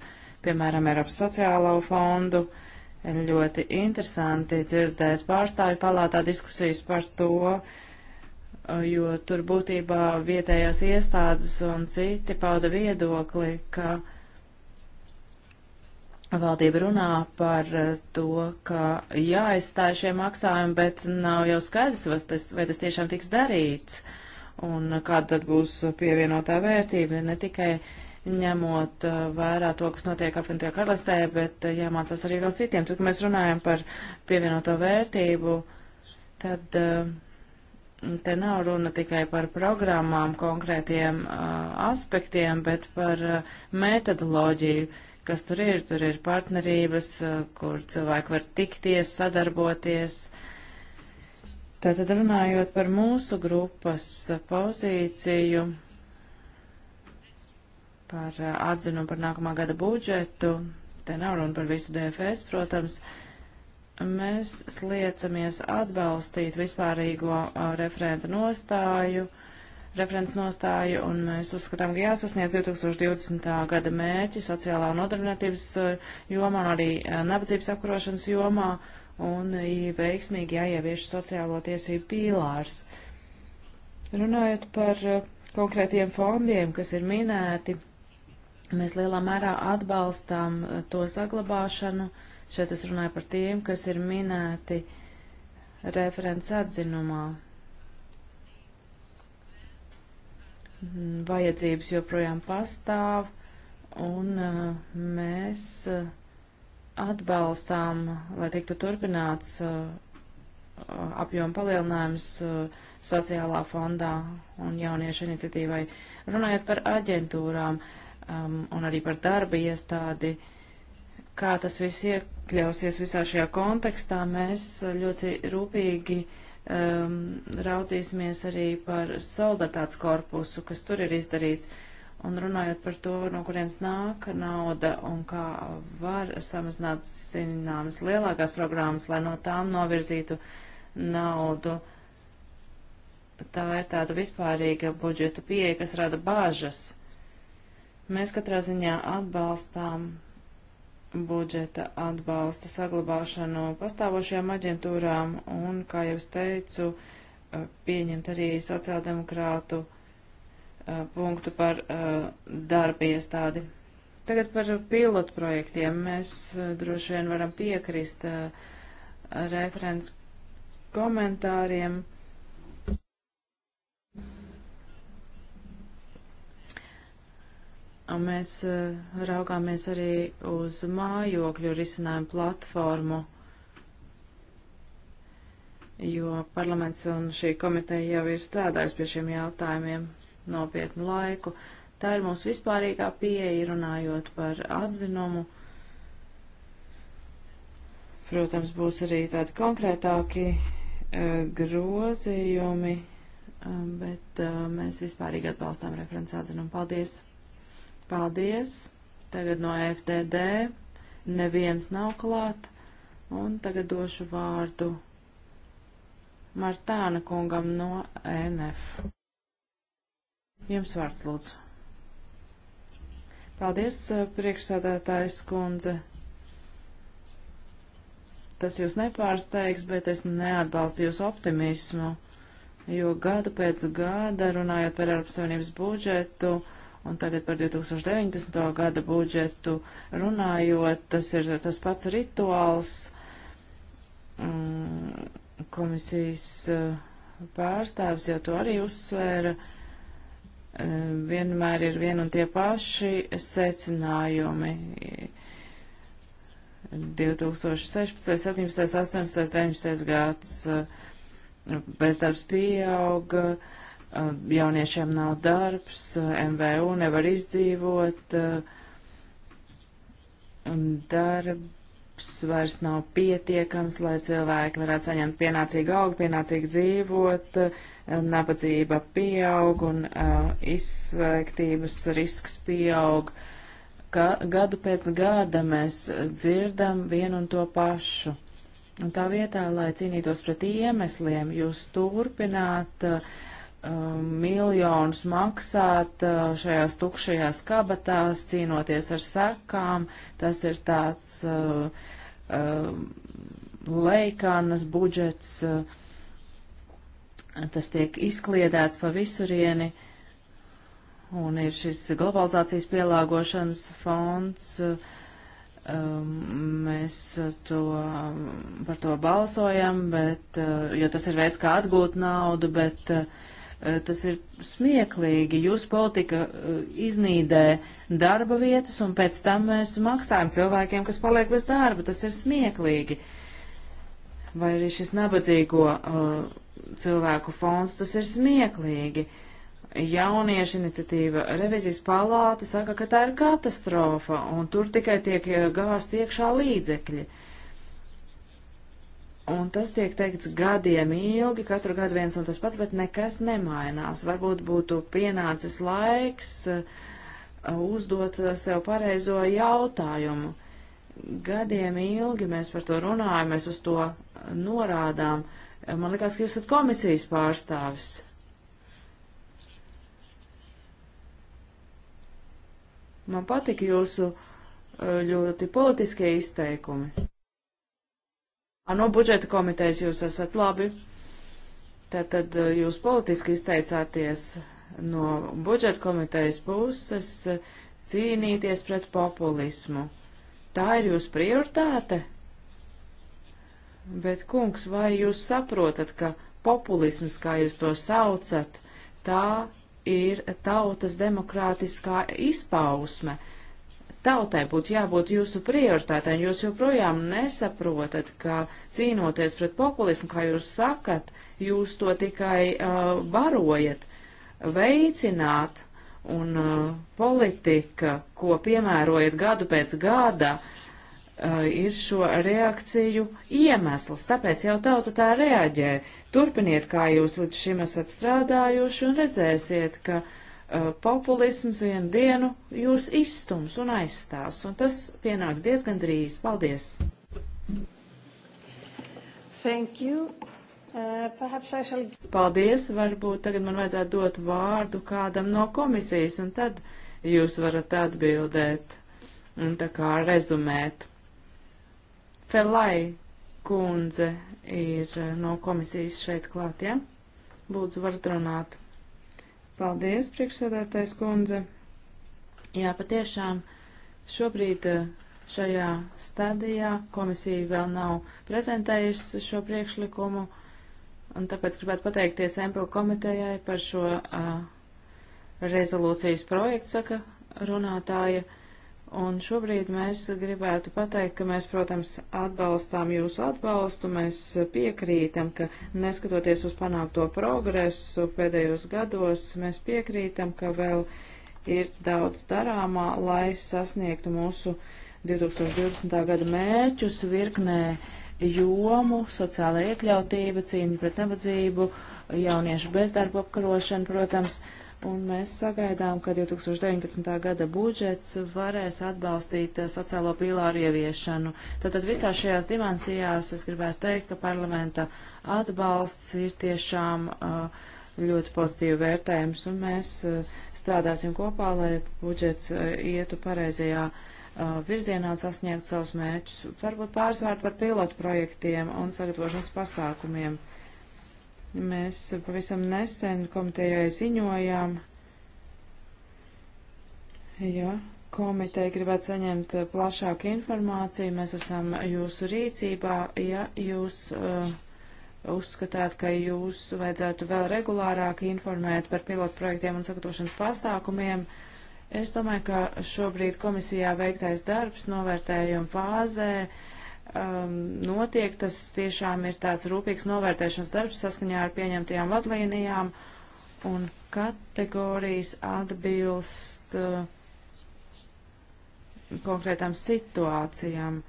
piemēram, Eiropas sociālo fondu, uh, Ļoti interesanti dzirdēt pārstāju palātā diskusijas par to, jo tur būtībā vietējās iestādes un citi pauda viedokli, ka Valdība runā par to, ka jāaizstāj šie maksājumi, bet nav jau skaidrs, vai tas, vai tas tiešām tiks darīts un kāda tad būs pievienotā vērtība ne tikai ņemot uh, vērā to, kas notiek apvienotajā karalistē, bet uh, jāmācās arī no citiem. Tur, kad mēs runājam par pievienoto vērtību, tad uh, te nav runa tikai par programmām, konkrētiem aspektiem, bet par metodoloģiju, kas tur ir. Tur ir partnerības, kur cilvēki var tikties, sadarboties. Tātad runājot par mūsu grupas pozīciju, par eh, atzinumu par nākamā gada budžetu. Te nav runa par visu DFS, protams. Mēs sliecamies atbalstīt vispārīgo eh, referenta nostāju, referents nostāju, un mēs uzskatām, ka jāsasniedz 2020. gada mērķi sociālā nodarbinātības eh, jomā, arī nabadzības apkarošanas jomā, un veiksmīgi jāievieš sociālo tiesību pīlārs. Runājot par konkrētiem fondiem, kas ir minēti, Mēs lielā mērā atbalstām eh, to saglabāšanu. Šeit es runāju par tiem, kas ir minēti referents atzinumā. Mm, vajadzības joprojām pastāv, un eh, mēs eh, atbalstām, lai tiktu turpināts apjoma palielinājums sociālā fondā un jauniešu iniciatīvai. Runājot par aģentūrām, uh, um, un arī par darba iestādi. Kā tas viss iekļausies visā šajā kontekstā, mēs ļoti rūpīgi um, raudzīsimies arī par soldatāts korpusu, kas tur ir izdarīts, un runājot par to, no kurienes nāk nauda un kā var samazināt zināmas lielākās programmas, lai no tām novirzītu naudu. Tā ir tāda vispārīga budžeta pieeja, kas rada bāžas Mēs katrā ziņā atbalstām budžeta atbalsta saglabāšanu pastāvošajām aģentūrām un, kā jau es teicu, pieņemt arī sociāldemokrātu punktu par darba iestādi. Tagad par pilotu projektiem. Mēs droši vien varam piekrist referents komentāriem. Uh, mēs eh, raugāmies arī uz mājokļu risinājumu platformu, jo parlaments un šī komiteja jau ir strādājusi pie šiem jautājumiem nopietnu laiku. Tā ir mūsu vispārīgā pieeja runājot par atzinumu. Protams, būs arī tādi konkrētāki eh, grozījumi, eh, bet mēs vispārīgi atbalstām referents atzinumu. Paldies! Paldies. Tagad no FDD neviens nav klāt. Un tagad došu vārdu Martāna kungam no NF. Jums vārds lūdzu. Paldies, priekšsādātājs kundze. Tas jūs nepārsteigs, bet es neatbalstu jūsu optimismu, jo gadu pēc gada, runājot par Eiropas Savienības budžetu, Un tagad par 2019. gada budžetu runājot, tas ir tas pats rituāls mm, komisijas eh, pārstāvis, jo to arī uzsvēra, eh, vienmēr ir vien un tie paši secinājumi. 2016, 17, 18, 19 gads eh, bezdarbs pieauga jauniešiem nav darbs, MVU nevar izdzīvot, darbs vairs nav pietiekams, lai cilvēki varētu saņemt pienācīgu algu, pienācīgi dzīvot, nabadzība pieaug un izsveiktības risks pieaug. Ka gadu pēc gada mēs dzirdam vienu un to pašu. Un tā vietā, lai cīnītos pret iemesliem, jūs turpināt uh, Um, miljonus maksāt uh, šajās tukšajās kabatās, cīnoties ar sekām. Tas ir tāds uh, uh, um, leikānas budžets, uh, tas tiek izkliedēts pa visurieni, un ir šis globalizācijas pielāgošanas fonds. Uh, um, mēs to, par to balsojam, bet, uh, jo tas ir veids, kā atgūt naudu, bet uh, Eh, tas ir smieklīgi. Jūsu politika eh, iznīdē darba vietas, un pēc tam mēs maksājam cilvēkiem, kas paliek bez darba. Tas ir smieklīgi. Vai arī šis nabadzīgo uh, cilvēku fonds, tas ir smieklīgi. Jauniešu iniciatīva revizijas palāta saka, ka tā ir katastrofa, un tur tikai tiek gāzt iekšā līdzekļi. Uh, Un tas tiek teikts gadiem ilgi, katru gadu viens un tas pats, bet nekas nemainās. Varbūt būtu pienācis laiks uh, uzdot sev pareizo jautājumu. Gadiem ilgi mēs par to runājam, mēs uz to norādām. Man liekas, ka jūs esat komisijas pārstāvis. Man patika jūsu uh, ļoti politiskie izteikumi no budžeta komitejas jūs esat labi. Tātad eh, jūs politiski izteicāties no budžeta komitejas puses eh, cīnīties pret populismu. Tā ir jūsu prioritāte? Bet, kungs, vai jūs saprotat, ka populisms, kā jūs to saucat, tā ir tautas demokrātiskā izpausme? Uh, tautai būtu jābūt jūsu prioritātei, un jūs joprojām nesaprotat, ka cīnoties pret populismu, kā jūs sakat, jūs to tikai uh, barojat, veicināt, un uh, politika, ko piemērojat gadu pēc gada, uh, ir šo reakciju iemesls, tāpēc jau tauta tā reaģē. Turpiniet, kā jūs līdz šim esat strādājuši, un redzēsiet, ka uh, Uh, populisms vienu dienu jūs izstums un aizstās, un tas pienāks diezgan drīz. Paldies! Thank you. Uh, shall... Paldies, varbūt tagad man vajadzētu dot vārdu kādam no komisijas, un tad jūs varat atbildēt un tā kā rezumēt. Felai kundze ir uh, no komisijas šeit klāt, ja? Lūdzu, varat runāt. Paldies, priekšsēdētais kundze. Jā, patiešām šobrīd eh, šajā stadijā komisija vēl nav prezentējusi šo priekšlikumu, un tāpēc gribētu pateikties Empelu komitejai par šo uh, rezolūcijas projektu, saka runātāja. Uh, Un šobrīd mēs gribētu pateikt, ka mēs, protams, atbalstām jūsu atbalstu, mēs piekrītam, ka neskatoties uz panākto progresu pēdējos gados, mēs piekrītam, ka vēl ir daudz darāmā, lai sasniegtu mūsu 2020. gada mērķus virknē jomu, sociāla iekļautība, cīņa pret nabadzību, jauniešu bezdarba apkarošana, protams. Uh, un mēs sagaidām, ka 2019. gada budžets varēs atbalstīt eh, sociālo pīlāru ieviešanu. Tātad visās šajās dimensijās es gribētu teikt, ka parlamenta atbalsts ir tiešām eh, ļoti pozitīvi vērtējums, un mēs eh, strādāsim kopā, lai budžets ietu pareizajā virzienā un sasniegtu savus mērķus. Varbūt pāris vārdu par pilotu projektiem un sagatavošanas pasākumiem. Mēs pavisam nesen komitejai ziņojām, ja komiteja gribētu saņemt plašāku informāciju, mēs esam jūsu rīcībā, ja jūs uh, uzskatāt, ka jūs vajadzētu vēl regulārāk informēt par pilotu projektiem un sagatavošanas pasākumiem. Es domāju, ka šobrīd komisijā veiktais darbs novērtējuma fāzē uh, um, notiek, tas tiešām ir tāds rūpīgs novērtēšanas darbs saskaņā ar pieņemtajām vadlīnijām, un kategorijas atbilst uh, konkrētām situācijām.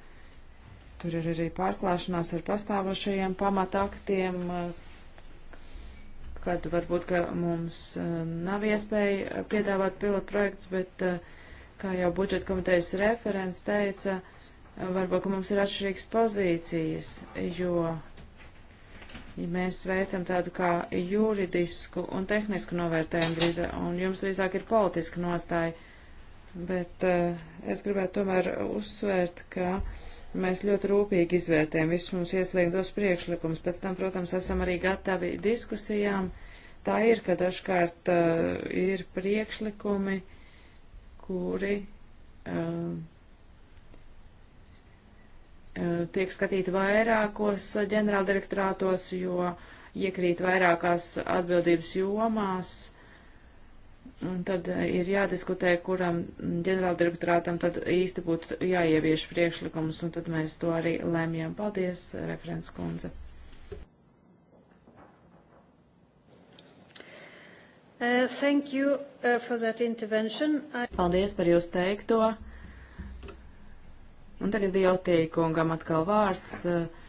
Tur ir arī pārklāšanās ar pastāvošajiem pamataktiem, uh, kad varbūt, ka mums uh, nav iespēja piedāvāt pilotu projekts, bet, uh, kā jau budžeta komitejas referents teica, uh, varbūt, ka mums ir atšķirīgas pozīcijas, jo ja mēs veicam tādu kā juridisku un tehnisku novērtējumu drīzāk, un jums drīzāk ir politiska nostāja, bet uh, es gribētu tomēr uzsvērt, ka mēs ļoti rūpīgi izvērtējam visus mums iesliegtos priekšlikumus, pēc tam, protams, esam arī gatavi diskusijām. Tā ir, ka dažkārt uh, ir priekšlikumi, kuri. Uh, Eh, tiek skatīti vairākos ģenerāldirektorātos, jo iekrīt vairākās atbildības jomās. Un tad eh, ir jādiskutē, kuram ģenerāldirektorātam tad īsti būtu jāievieš priekšlikums, un tad mēs to arī lemjam. Paldies, referents kundze. Uh, thank you uh, for that intervention. I... Paldies par jūs teikto. Un tagad bija jautīkungam atkal vārds, uh,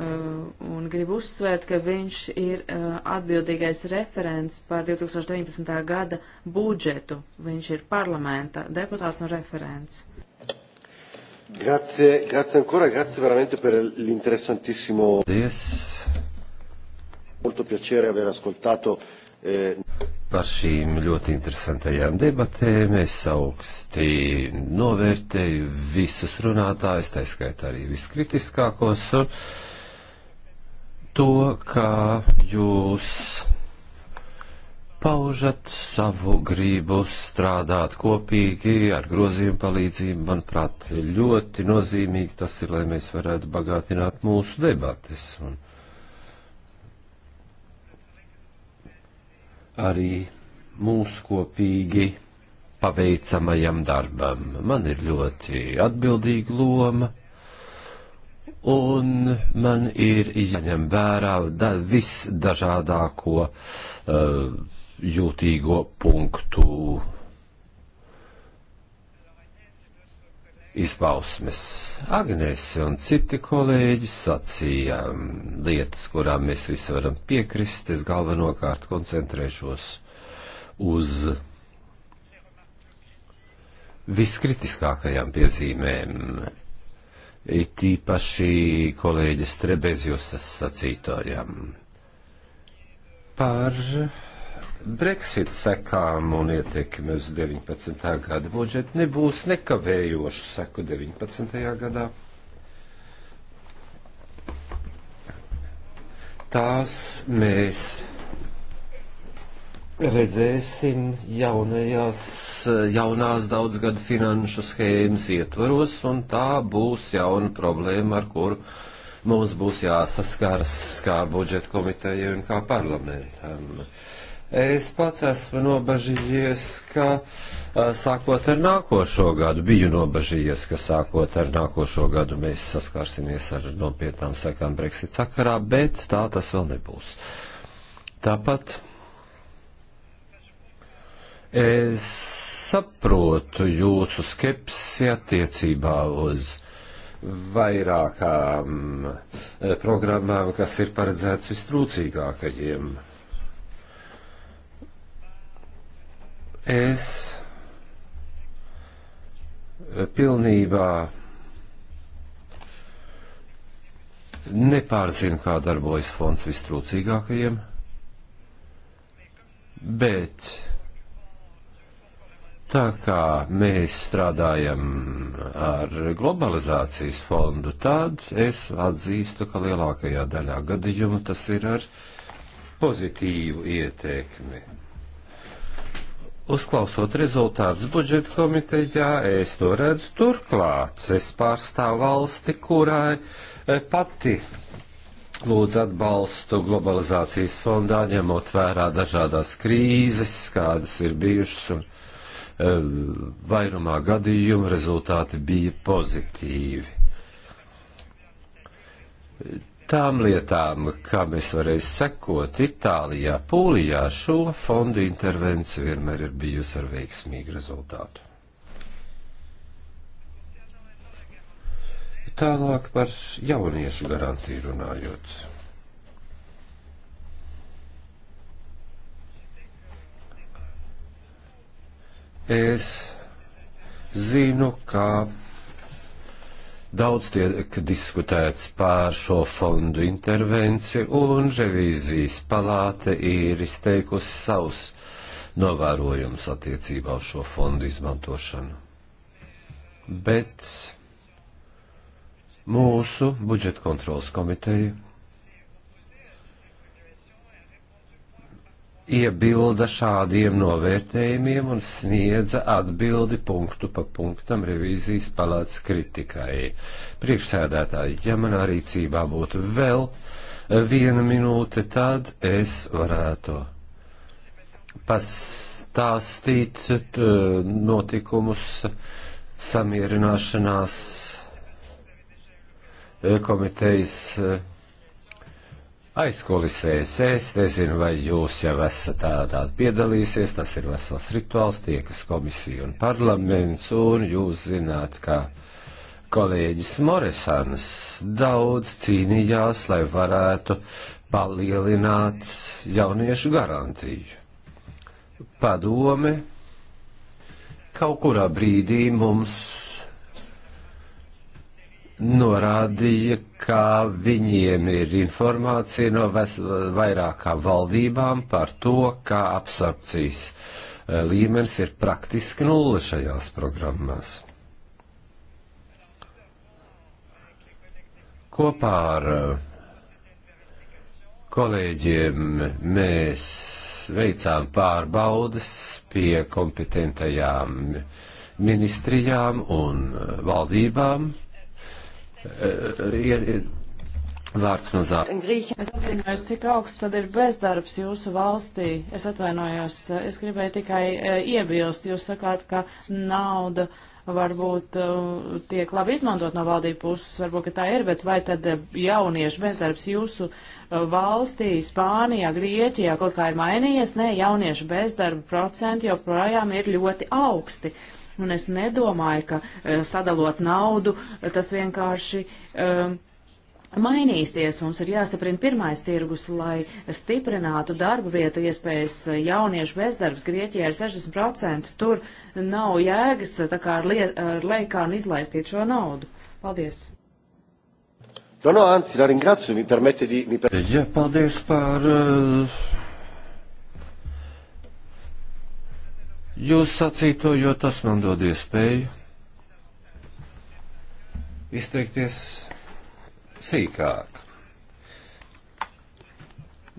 uh, un gribu uzsvērt, ka viņš ir uh, atbildīgais referents par 2019. gada budžetu. Viņš ir parlamenta deputāts un referents. Grazie, grazie ancora, grazie veramente per l'interessantissimo. Yes. Molto piacere aver ascoltato Par šīm ļoti interesantajām debatēm es augstī novērtēju visus runātājus, tā skaitā arī viskritiskākos, un to, kā jūs paužat savu gribu strādāt kopīgi ar grozījumu palīdzību, manuprāt, ļoti nozīmīgi tas ir, lai mēs varētu bagātināt mūsu debates. Un arī mūsu kopīgi paveicamajam darbam. Man ir ļoti atbildīga loma. Un man ir jāņem vērā da, visdažādāko uh, jūtīgo punktu izpausmes. Agnēs un citi kolēģi sacīja um, lietas, kurām mēs visi varam piekrist. Es galvenokārt koncentrēšos uz viskritiskākajām piezīmēm. It īpaši kolēģis Trebezjusas sacītojam par Brexit sekām un ietekmi uz 19. gada budžetu nebūs nekavējošu seku 19. gadā. Tās mēs redzēsim jaunajās, jaunās daudzgada finanšu schēmas ietvaros, un tā būs jauna problēma, ar kuru mums būs jāsaskaras kā budžeta komitejai un kā parlamentam. Uh, Es pats esmu nobažījies, ka sākot ar nākošo gadu, biju nobažījies, ka sākot ar nākošo gadu mēs saskārsimies ar nopietnām sekām Brexit sakarā, bet tā tas vēl nebūs. Tāpat es saprotu jūsu skepsi attiecībā uz vairākām programmām, kas ir paredzēts vistrūcīgākajiem Es eh, pilnībā nepārzinu, kā darbojas fonds vistrūcīgākajiem, bet tā kā mēs strādājam ar globalizācijas fondu, tad es atzīstu, ka lielākajā daļā gadījumu tas ir ar pozitīvu ietekmi. Uzklausot rezultātus budžeta komitejā, es to redzu turklāt. Es pārstāvu valsti, kurai eh, pati lūdz atbalstu globalizācijas fondā, ņemot vērā dažādās krīzes, kādas ir bijušas, un e, vairumā gadījumu rezultāti bija pozitīvi tām lietām, kā mēs varēs sekot Itālijā, Pūlijā, šo fondu intervence vienmēr ir bijusi ar veiksmīgu rezultātu. Tālāk par jauniešu garantiju runājot. Es zinu, ka Daudz tiek diskutēts pār šo fondu intervenci, un revīzijas palāte ir izteikusi savus novērojumus attiecībā uz šo fondu izmantošanu. Bet mūsu budžeta kontrolas komiteja iebilda šādiem novērtējumiem un sniedza atbildi punktu pa punktam revīzijas palāts kritikai. Priekšsēdētāji, ja manā rīcībā būtu vēl eh, viena minūte, tad es varētu pastāstīt eh, notikumus samierināšanās eh, komitejas aizkulisēs. Es nezinu, vai jūs jau esat tādā piedalīsies, tas ir vesels rituāls, tiekas komisija un parlaments, un jūs zināt, ka kolēģis Morisans daudz cīnījās, lai varētu palielināt jauniešu garantiju. Padome kaut kurā brīdī mums norādīja, ka viņiem ir informācija no vairākām valdībām par to, kā absorpcijas eh, līmenis ir praktiski nulle šajās programmās. Kopā ar eh, kolēģiem mēs veicām pārbaudas pie kompetentajām ministrijām un eh, valdībām Vārds no zāles. Es atzinājos, cik augsts tad ir bezdarbs jūsu valstī. Es atvainojos, es gribēju tikai iebilst. Jūs sakāt, ka nauda varbūt tiek labi izmantot no valdību puses, varbūt, ka tā ir, bet vai tad jauniešu bezdarbs jūsu valstī, Spānijā, Grieķijā kaut kā ir mainījies? Nē, jauniešu bezdarba procenti joprojām ir ļoti augsti. Uh, Un es nedomāju, ka eh, sadalot naudu, eh, tas vienkārši um, mainīsies. Mums ir jāstiprina pirmais tirgus, lai stiprinātu darba vietu iespējas jauniešu bezdarbs. Grieķijā ir 60%. Tur nav jēgas tā kā ar, liet, ar leikānu izlaistīt šo naudu. Paldies! No, no, anzi, la ringrazio, mi permette di... Mi per... Ja, paldies par uh, jūs sacīto, jo tas man dod iespēju izteikties sīkāk.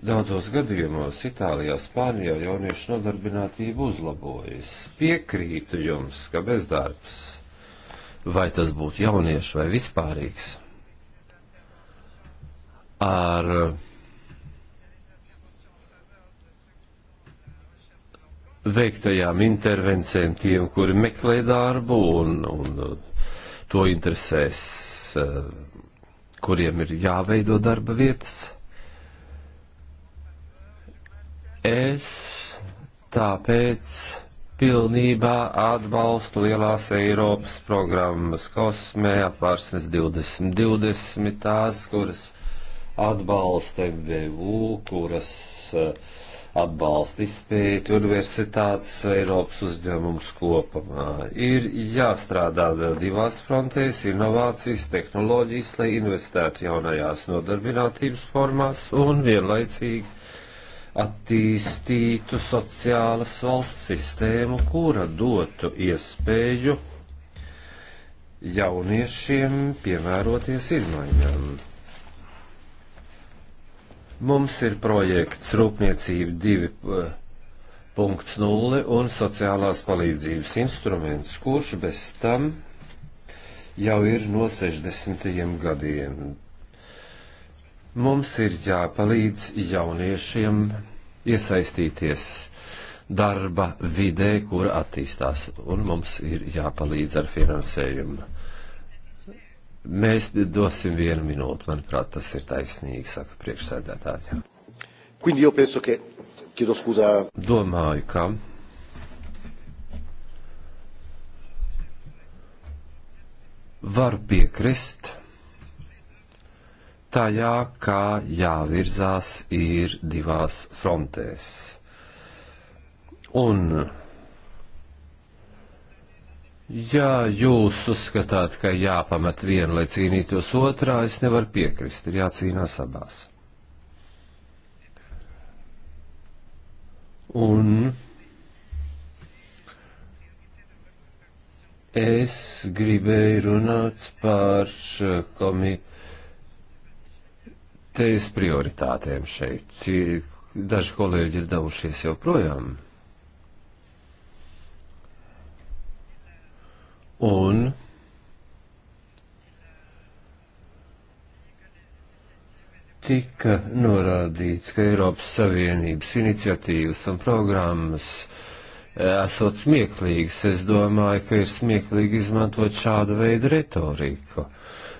Daudzos gadījumos Itālijā, Spānijā jauniešu nodarbinātība uzlabojas. Piekrītu jums, ka bezdarbs, vai tas būtu jauniešu vai vispārīgs, ar uh, veiktajām intervencēm tiem, kuri meklē darbu un, un uh, to interesēs, uh, kuriem ir jāveido darba vietas. Es tāpēc pilnībā atbalstu lielās Eiropas programmas kosmē apvārsnes 2020, tās, kuras atbalsta MVU, kuras uh, atbalsta izpēti universitātes Eiropas uzņēmums kopumā. Ir jāstrādā divās frontēs - inovācijas, tehnoloģijas, lai investētu jaunajās nodarbinātības formās un vienlaicīgi attīstītu sociālas valsts sistēmu, kura dotu iespēju jauniešiem piemēroties izmaiņām. Mums ir projekts Rūpniecība 2.0 eh, un sociālās palīdzības instruments, kurš bez tam jau ir no 60. gadiem. Mums ir jāpalīdz jauniešiem iesaistīties darba vidē, kur attīstās, un mums ir jāpalīdz ar finansējumu. Mēs dosim vienu minūtu, manuprāt, tas ir taisnīgi, saka priekšsēdētāji. Quindi io penso che, chiedo scusa. Domāju, ka. Varu piekrist tajā, kā jāvirzās ir divās frontēs. Un Ja jūs uzskatāt, ka jāpamet viena, lai cīnītos otrā, es nevaru piekrist, ir jācīnās abās. Un es gribēju runāt par komitejas prioritātēm šeit. Daži kolēģi ir devušies jau projām. un tika norādīts, ka Eiropas Savienības iniciatīvas un programmas eh, esot smieklīgas. Es domāju, ka ir smieklīgi izmantot šādu veidu retoriku.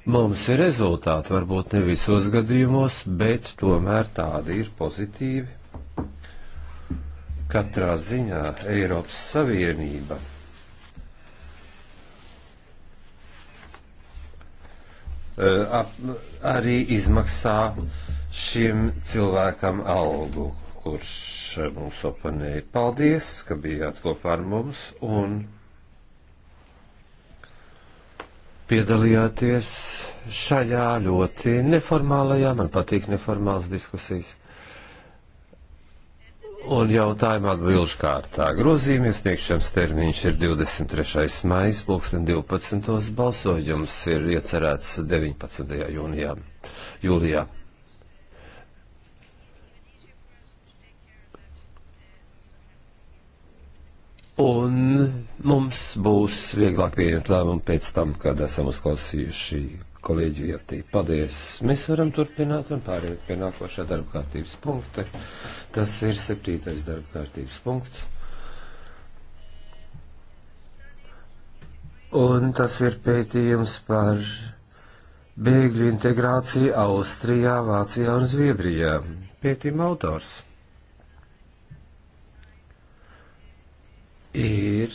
Mums ir rezultāti, varbūt ne visos gadījumos, bet tomēr tādi ir pozitīvi. Katrā ziņā Eiropas Savienība ap, arī izmaksā šim cilvēkam algu, kurš mums oponēja. Paldies, ka bijāt kopā ar mums un piedalījāties šajā ļoti neformālajā, man patīk neformāls diskusijas. Un jautājuma atbilžu kārtā. Grozījuma iesniegšanas termiņš ir 23. maijas, pulksten 12. balsojums ir iecerēts 19. jūnijā, jūlijā. Un mums būs vieglāk pieņemt lēmumu pēc tam, kad esam uzklausījuši kolēģi vietī. Paldies! Mēs varam turpināt un pāriet pie nākošā darba kārtības punkta. Tas ir septītais darba kārtības punkts. Un tas ir pētījums par bēgļu integrāciju Austrijā, Vācijā un Zviedrijā. Pētījuma autors ir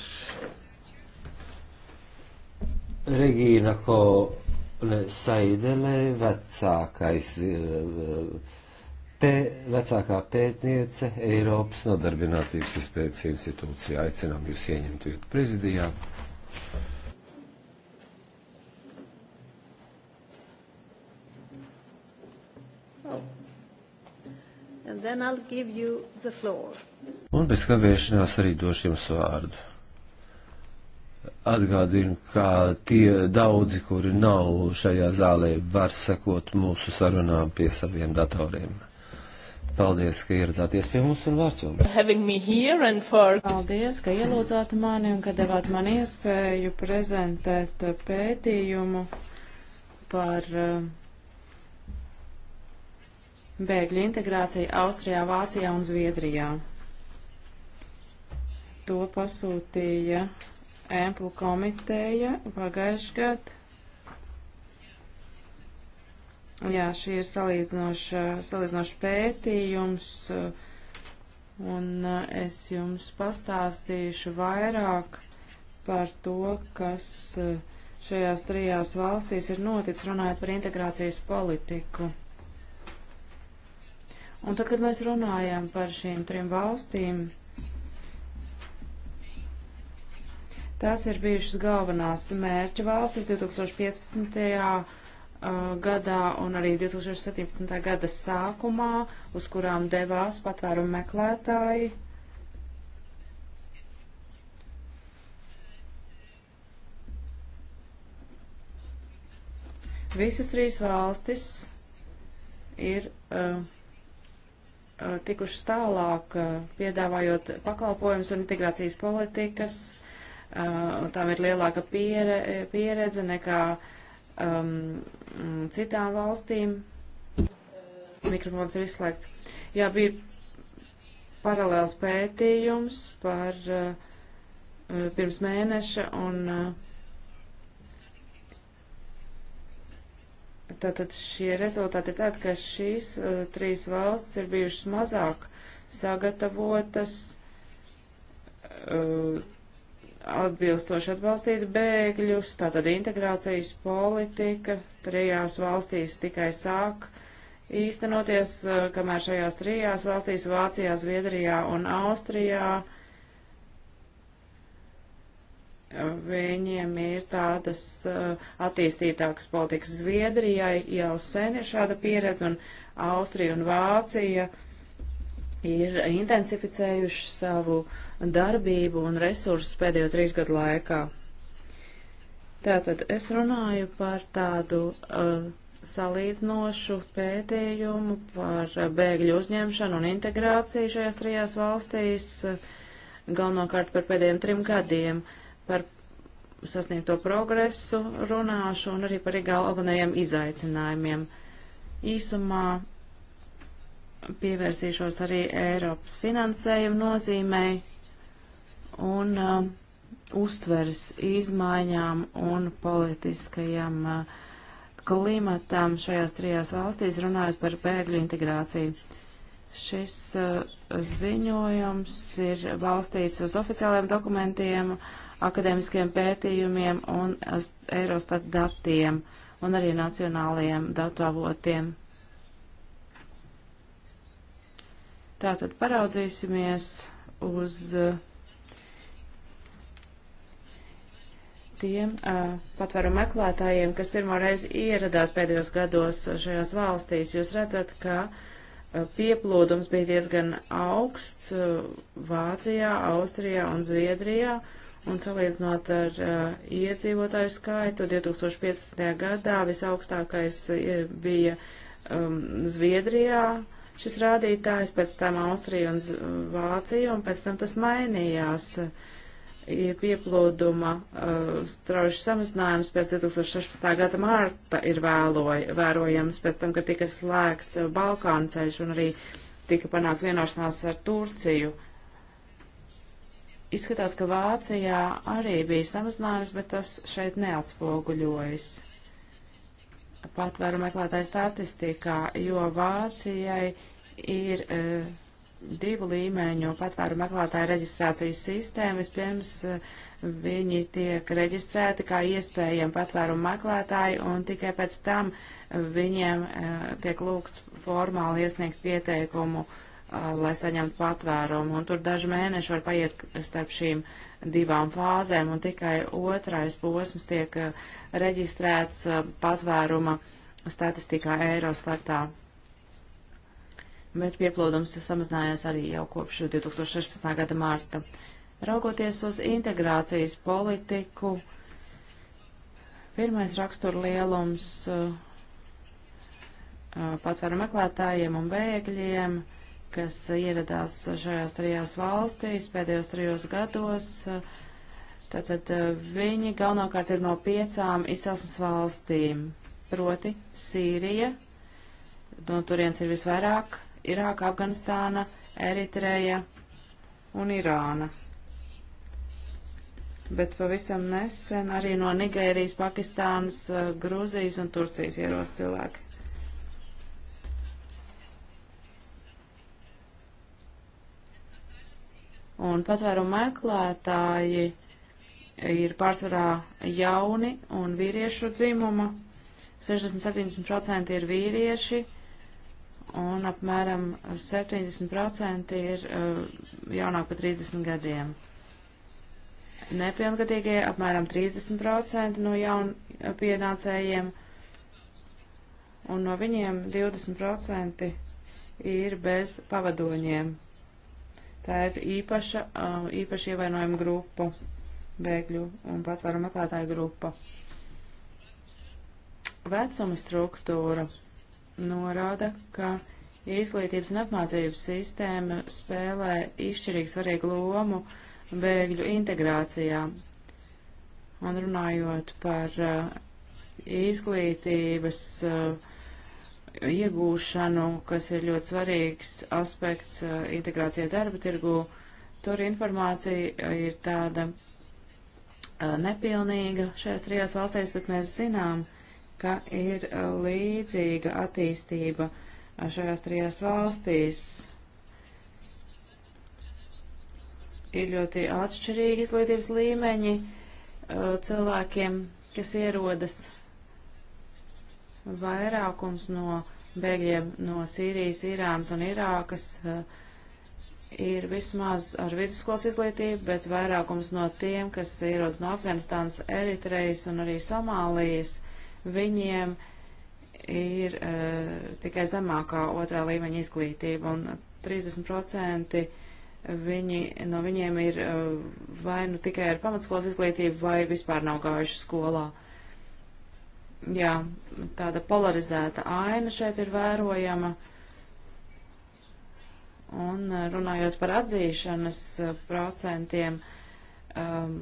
Regīna Ko Saidelē vecākais, eh, pē, vecākā pētniece Eiropas nodarbinātības izpētes institūcija. Aicinām jūs ieņemt vietu prezidijā. Un bez kavēšanās arī došu jums vārdu. Atgādinu, ka tie daudzi, kuri nav šajā zālē, var sekot mūsu sarunām pie saviem datoriem. Paldies, ka ieradāties pie mums un vārds jums. For... Paldies, ka ielūdzāt mani un ka devāt man iespēju prezentēt uh, pētījumu par uh, bēgļu integrāciju Austrijā, Vācijā un Zviedrijā. To pasūtīja ēmplu komiteja pagājuši gadu. Jā, šī ir salīdzinoša pētījums, un uh, es jums pastāstīšu vairāk par to, kas uh, šajās trijās valstīs ir noticis, runājot par integrācijas politiku. Un tad, kad mēs runājam par šīm trim valstīm, Tās ir bijušas galvenās mērķa valstis 2015. Uh, gadā un arī 2017. gada sākumā, uz kurām devās patvērumu meklētāji. Visas trīs valstis ir uh, uh tikušas tālāk, uh, piedāvājot pakalpojumus un integrācijas politikas uh, Uh, un tām ir lielāka piere, pieredze nekā um, citām valstīm. Mikrofons ir izslēgts. Jā, bija paralēls pētījums par uh, pirms mēneša un uh, tātad šie rezultāti ir tādi, ka šīs uh, trīs valstis ir bijušas mazāk sagatavotas. Uh, atbilstoši atbalstīt bēgļus, tātad integrācijas politika trijās valstīs tikai sāk īstenoties, eh, kamēr šajās trijās valstīs - Vācijā, Zviedrijā un Austrijā viņiem ir tādas uh, attīstītākas politikas. Zviedrijai jau sen ir šāda pieredze, un Austrija un Vācija ir intensificējuši savu darbību un resursus pēdējo trīs gadu laikā. Tātad es runāju par tādu uh, salīdzinošu pētījumu par bēgļu uzņemšanu un integrāciju šajās trijās valstīs, uh, galvenokārt par pēdējiem trim gadiem, par sasniegto progresu runāšu un arī par galvenajiem izaicinājumiem. Īsumā pievērsīšos arī Eiropas finansējuma nozīmei un uh, uztveres izmaiņām un politiskajam uh, klimatam šajās trijās valstīs, runājot par bēgļu integrāciju. Šis uh, ziņojums ir balstīts uz oficiāliem dokumentiem, akadēmiskiem pētījumiem un uh, Eurostat datiem un arī nacionālajiem datu avotiem. Tātad paraudzīsimies uz uh, tiem uh, patvēru meklētājiem, kas pirmo reizi ieradās pēdējos gados šajās valstīs. Jūs redzat, ka uh, pieplūdums bija diezgan augsts uh, Vācijā, Austrijā un Zviedrijā, un salīdzinot ar uh, iedzīvotāju skaitu, 2015. gadā visaugstākais uh, bija um, Zviedrijā, šis rādītājs, pēc tam Austrija un Vācija, un pēc tam tas mainījās. Pieplūduma uh, strauji samazinājums pēc 2016. gada mārta ir vēloj, vērojams pēc tam, kad tika slēgts uh, Balkānu ceļš un arī tika panākt vienošanās ar Turciju. Izskatās, ka Vācijā arī bija samazinājums, bet tas šeit neatspoguļojas patvēru meklētāju statistikā, jo Vācijai ir e, divu līmeņu patvēru meklētāju reģistrācijas sistēma. Vispirms e, viņi tiek reģistrēti kā iespējami patvēru meklētāji, un tikai pēc tam eh, viņiem e, tiek lūgts formāli iesniegt pieteikumu, e, lai saņemtu patvērumu. Un tur daži mēneši var paiet starp šīm. E, divām fāzēm, un tikai otrais posms tiek eh, reģistrēts eh, patvēruma statistikā Eirostatā. Bet pieplūdums samazinājās arī jau kopš 2016. gada mārta. Raugoties uz integrācijas politiku, pirmais rakstura lielums eh, patvēru meklētājiem un bēgļiem uh, kas ieradās šajās trijās valstīs pēdējos trijos gados. Tātad eh, viņi galvenokārt ir no piecām izcelsmes valstīm, proti Sīrija, no turienes ir visvairāk, Irāka, Afganistāna, Eritreja un Irāna. Bet pavisam nesen arī no Nigērijas, Pakistānas, eh, Grūzijas un Turcijas ierodas cilvēki. Un patvērumu meklētāji ir pārsvarā jauni un vīriešu dzimuma. 60-70% ir vīrieši un apmēram 70% ir eh, jaunāk par 30 gadiem. Nepilngadīgie apmēram 30% no jaunpienācējiem un no viņiem 20% ir bez pavadoņiem. Tā ir īpaša, uh, īpaši ievainojuma grupa, bēgļu un patvēru meklētāju grupa. Vecuma struktūra norāda, ka izglītības un apmācības sistēma spēlē izšķirīgi svarīgu lomu bēgļu integrācijā. Un runājot par uh, izglītības uh, iegūšanu, kas ir ļoti svarīgs aspekts uh, integrācijai darba tirgu. Tur informācija uh, ir tāda uh, nepilnīga šajās trijās valstīs, bet mēs zinām, ka ir līdzīga attīstība šajās trijās valstīs. Ir ļoti atšķirīgi izglītības līmeņi cilvēkiem, kas ierodas Vairākums no bēgļiem no Sīrijas, Irānas un Irākas eh, ir vismaz ar vidusskolas izglītību, bet vairākums no tiem, kas ierodas no Afganistānas, Eritrejas un arī Somālijas, viņiem ir uh, tikai zemākā otrā līmeņa izglītība, un 30% viņi, no viņiem ir uh, vai nu tikai ar pamatskolas izglītību, vai vispār nav gājuši skolā. Uh, jā, tāda polarizēta aina šeit ir vērojama. Un eh, runājot par atzīšanas eh, procentiem, um,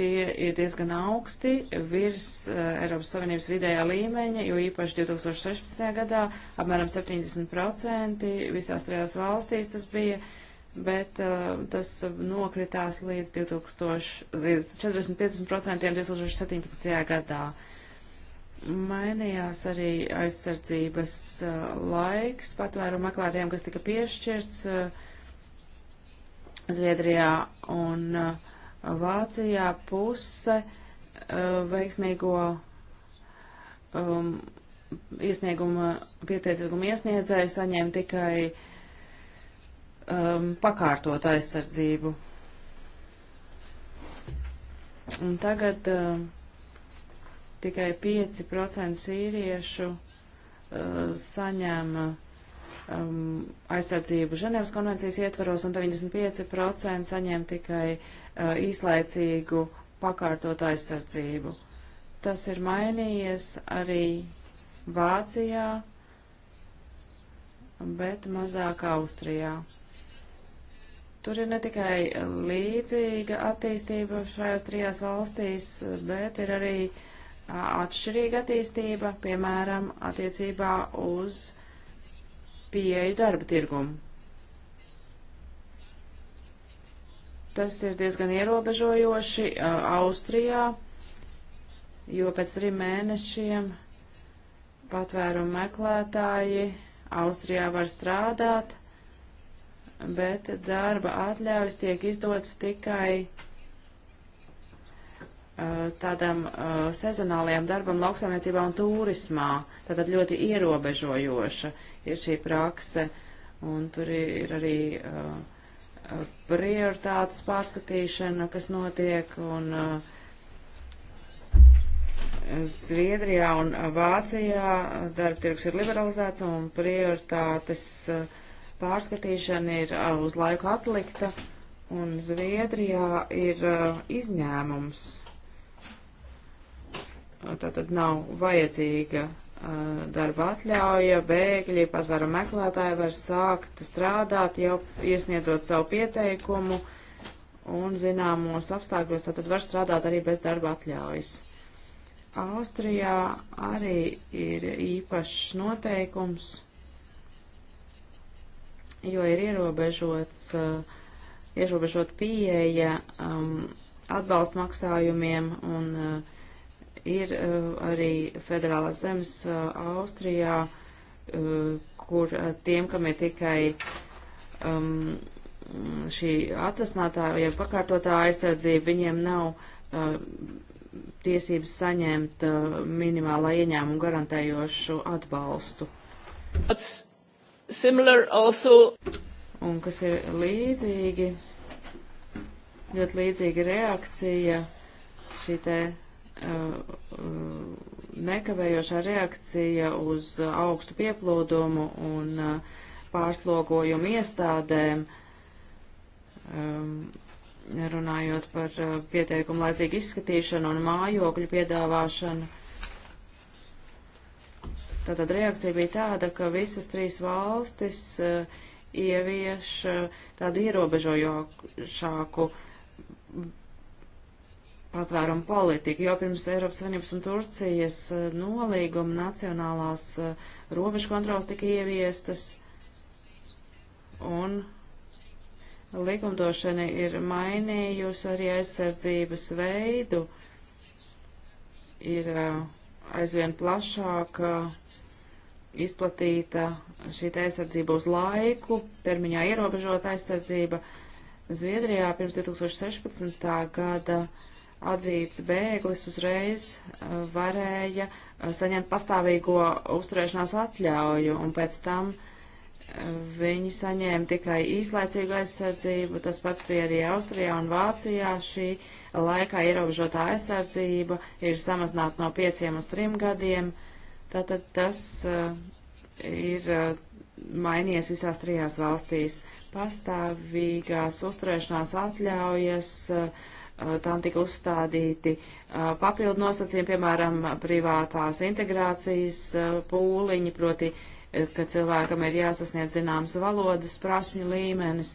tie ir diezgan augsti virs uh, Eiropas Savienības vidējā līmeņa, jo īpaši 2016. gadā apmēram 70% visās trijās valstīs tas bija. Uh, bet uh, tas nokritās līdz, 2000, līdz 40-50% 2017. gadā. Mainījās arī aizsardzības uh, laiks patvērumu meklētājiem, kas tika piešķirts uh, Zviedrijā un uh, Vācijā puse uh, veiksmīgo um, iesnieguma, pieteikuma iesniedzēju saņēma tikai uh, um, pakārtot aizsardzību. Un tagad um, tikai 5% sīriešu uh, saņēma um, aizsardzību Ženevas konvencijas ietvaros, un 95% saņēma tikai uh, īslaicīgu pakārtot aizsardzību. Tas ir mainījies arī Vācijā, bet mazāk Austrijā. Tur ir ne tikai līdzīga attīstība šajās trijās valstīs, bet ir arī atšķirīga attīstība, piemēram, attiecībā uz pieeju darba tirgumu. Tas ir diezgan ierobežojoši Austrijā, jo pēc trim mēnešiem patvērumu meklētāji Austrijā var strādāt bet darba atļaujas tiek izdotas tikai tādam uh, sezonālajam darbam lauksaimniecībā un turismā. Tātad ļoti ierobežojoša ir šī prakse, un tur ir arī uh, prioritātes pārskatīšana, kas notiek, un uh, Zviedrijā un Vācijā darba tirgus ir liberalizēts, un prioritātes uh, pārskatīšana ir uz laiku atlikta, un Zviedrijā ir izņēmums. Tātad nav vajadzīga darba atļauja, bēgļi, patvēra meklētāji var sākt strādāt jau iesniedzot savu pieteikumu un zināmos apstākļos, tātad var strādāt arī bez darba atļaujas. Austrijā arī ir īpašs noteikums jo ir ierobežots, eh, ierobežot pieeja um, atbalsta maksājumiem un uh, ir uh, arī federālās zemes uh, Austrijā, uh, kur uh, tiem, kam ir tikai um, šī atrasinātā vai ja pakārtotā aizsardzība, viņiem nav uh, tiesības saņemt uh, minimālā ieņēmuma garantējošu atbalstu. Pats similar also. Un kas ir līdzīgi, ļoti līdzīga reakcija, šī te uh, uh, nekavējošā reakcija uz augstu pieplūdumu un uh, pārslogojumu iestādēm, um, runājot par uh, pieteikumu laicīgu izskatīšanu un mājokļu piedāvāšanu. Tātad reakcija bija tāda, ka visas trīs valstis uh, ievieš uh, tādu ierobežojošāku patvērumu politiku, jo pirms Eiropas Savienības un Turcijas uh, nolīguma nacionālās robežu kontrolas tika ieviestas un likumdošana ir mainījusi arī aizsardzības veidu, ir aizvien plašāka izplatīta šī aizsardzība uz laiku, termiņā ierobežota aizsardzība. Zviedrijā pirms 2016. gada atzīts bēglis uzreiz uh, varēja uh, saņemt pastāvīgo uzturēšanās atļauju, un pēc tam uh, viņi saņēma tikai īslaicīgu aizsardzību. Tas pats bija arī Austrijā un Vācijā. Šī laikā ierobežotā aizsardzība ir samazināta no pieciem uz trim gadiem. Uh, Tātad tas uh, ir uh, mainījies visās trijās valstīs. Pastāvīgās uzturēšanās atļaujas, uh, eh, tām tika uzstādīti uh, papildu nosacījumi, piemēram, privātās integrācijas uh, pūliņi, proti, uh, ka cilvēkam ir jāsasniedz zināms valodas prasmju līmenis.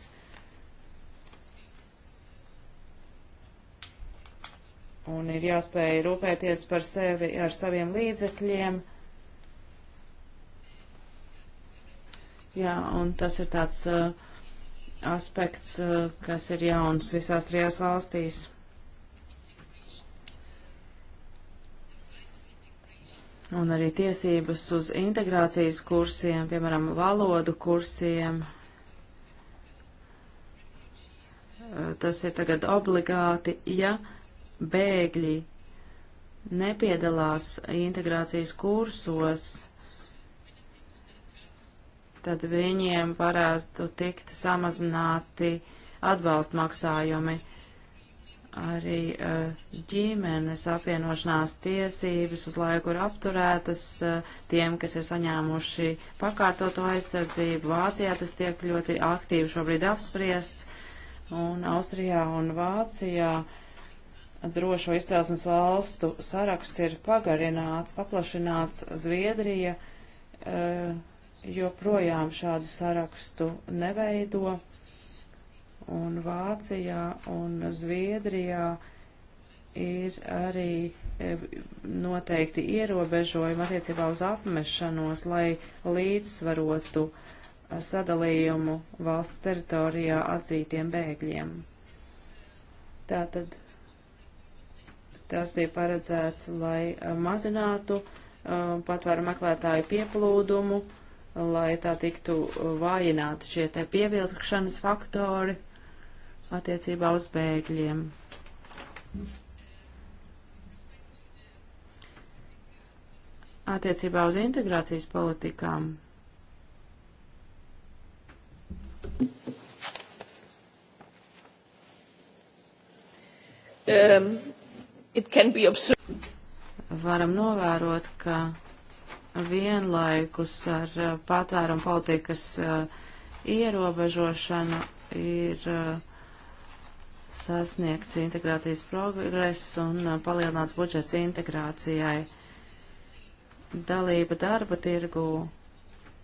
Un ir jāspēj rūpēties par sevi ar saviem līdzekļiem. Uh, Jā, un tas ir tāds uh, aspekts, uh, kas ir jauns visās trijās valstīs. Un arī tiesības uz integrācijas kursiem, piemēram, valodu kursiem. Uh, tas ir tagad obligāti, ja bēgļi nepiedalās integrācijas kursos tad viņiem varētu tikt samazināti atbalsta maksājumi. Arī eh, ģimenes apvienošanās tiesības uz laiku ir apturētas eh, tiem, kas ir saņēmuši pakārtoto aizsardzību. Vācijā tas tiek ļoti aktīvi šobrīd apspriests, un Austrijā un Vācijā drošo izcelsmes valstu saraksts ir pagarināts, paplašināts Zviedrija. Uh, joprojām šādu sarakstu neveido, un Vācijā un Zviedrijā ir arī e, noteikti ierobežojumi attiecībā uz apmešanos, lai līdzsvarotu e, sadalījumu valsts teritorijā atzītiem bēgļiem. Tātad tas bija paredzēts, lai e, mazinātu uh, patvēru meklētāju pieplūdumu uh, lai tā tiktu vājināti šie te pievilkšanas faktori attiecībā uz bēgļiem. Attiecībā uz integrācijas politikām. Um, Varam novērot, ka vienlaikus ar uh, patvērumu politikas uh, ierobežošanu ir uh, sasniegts integrācijas progress un palielināts budžets integrācijai. Dalība darba tirgū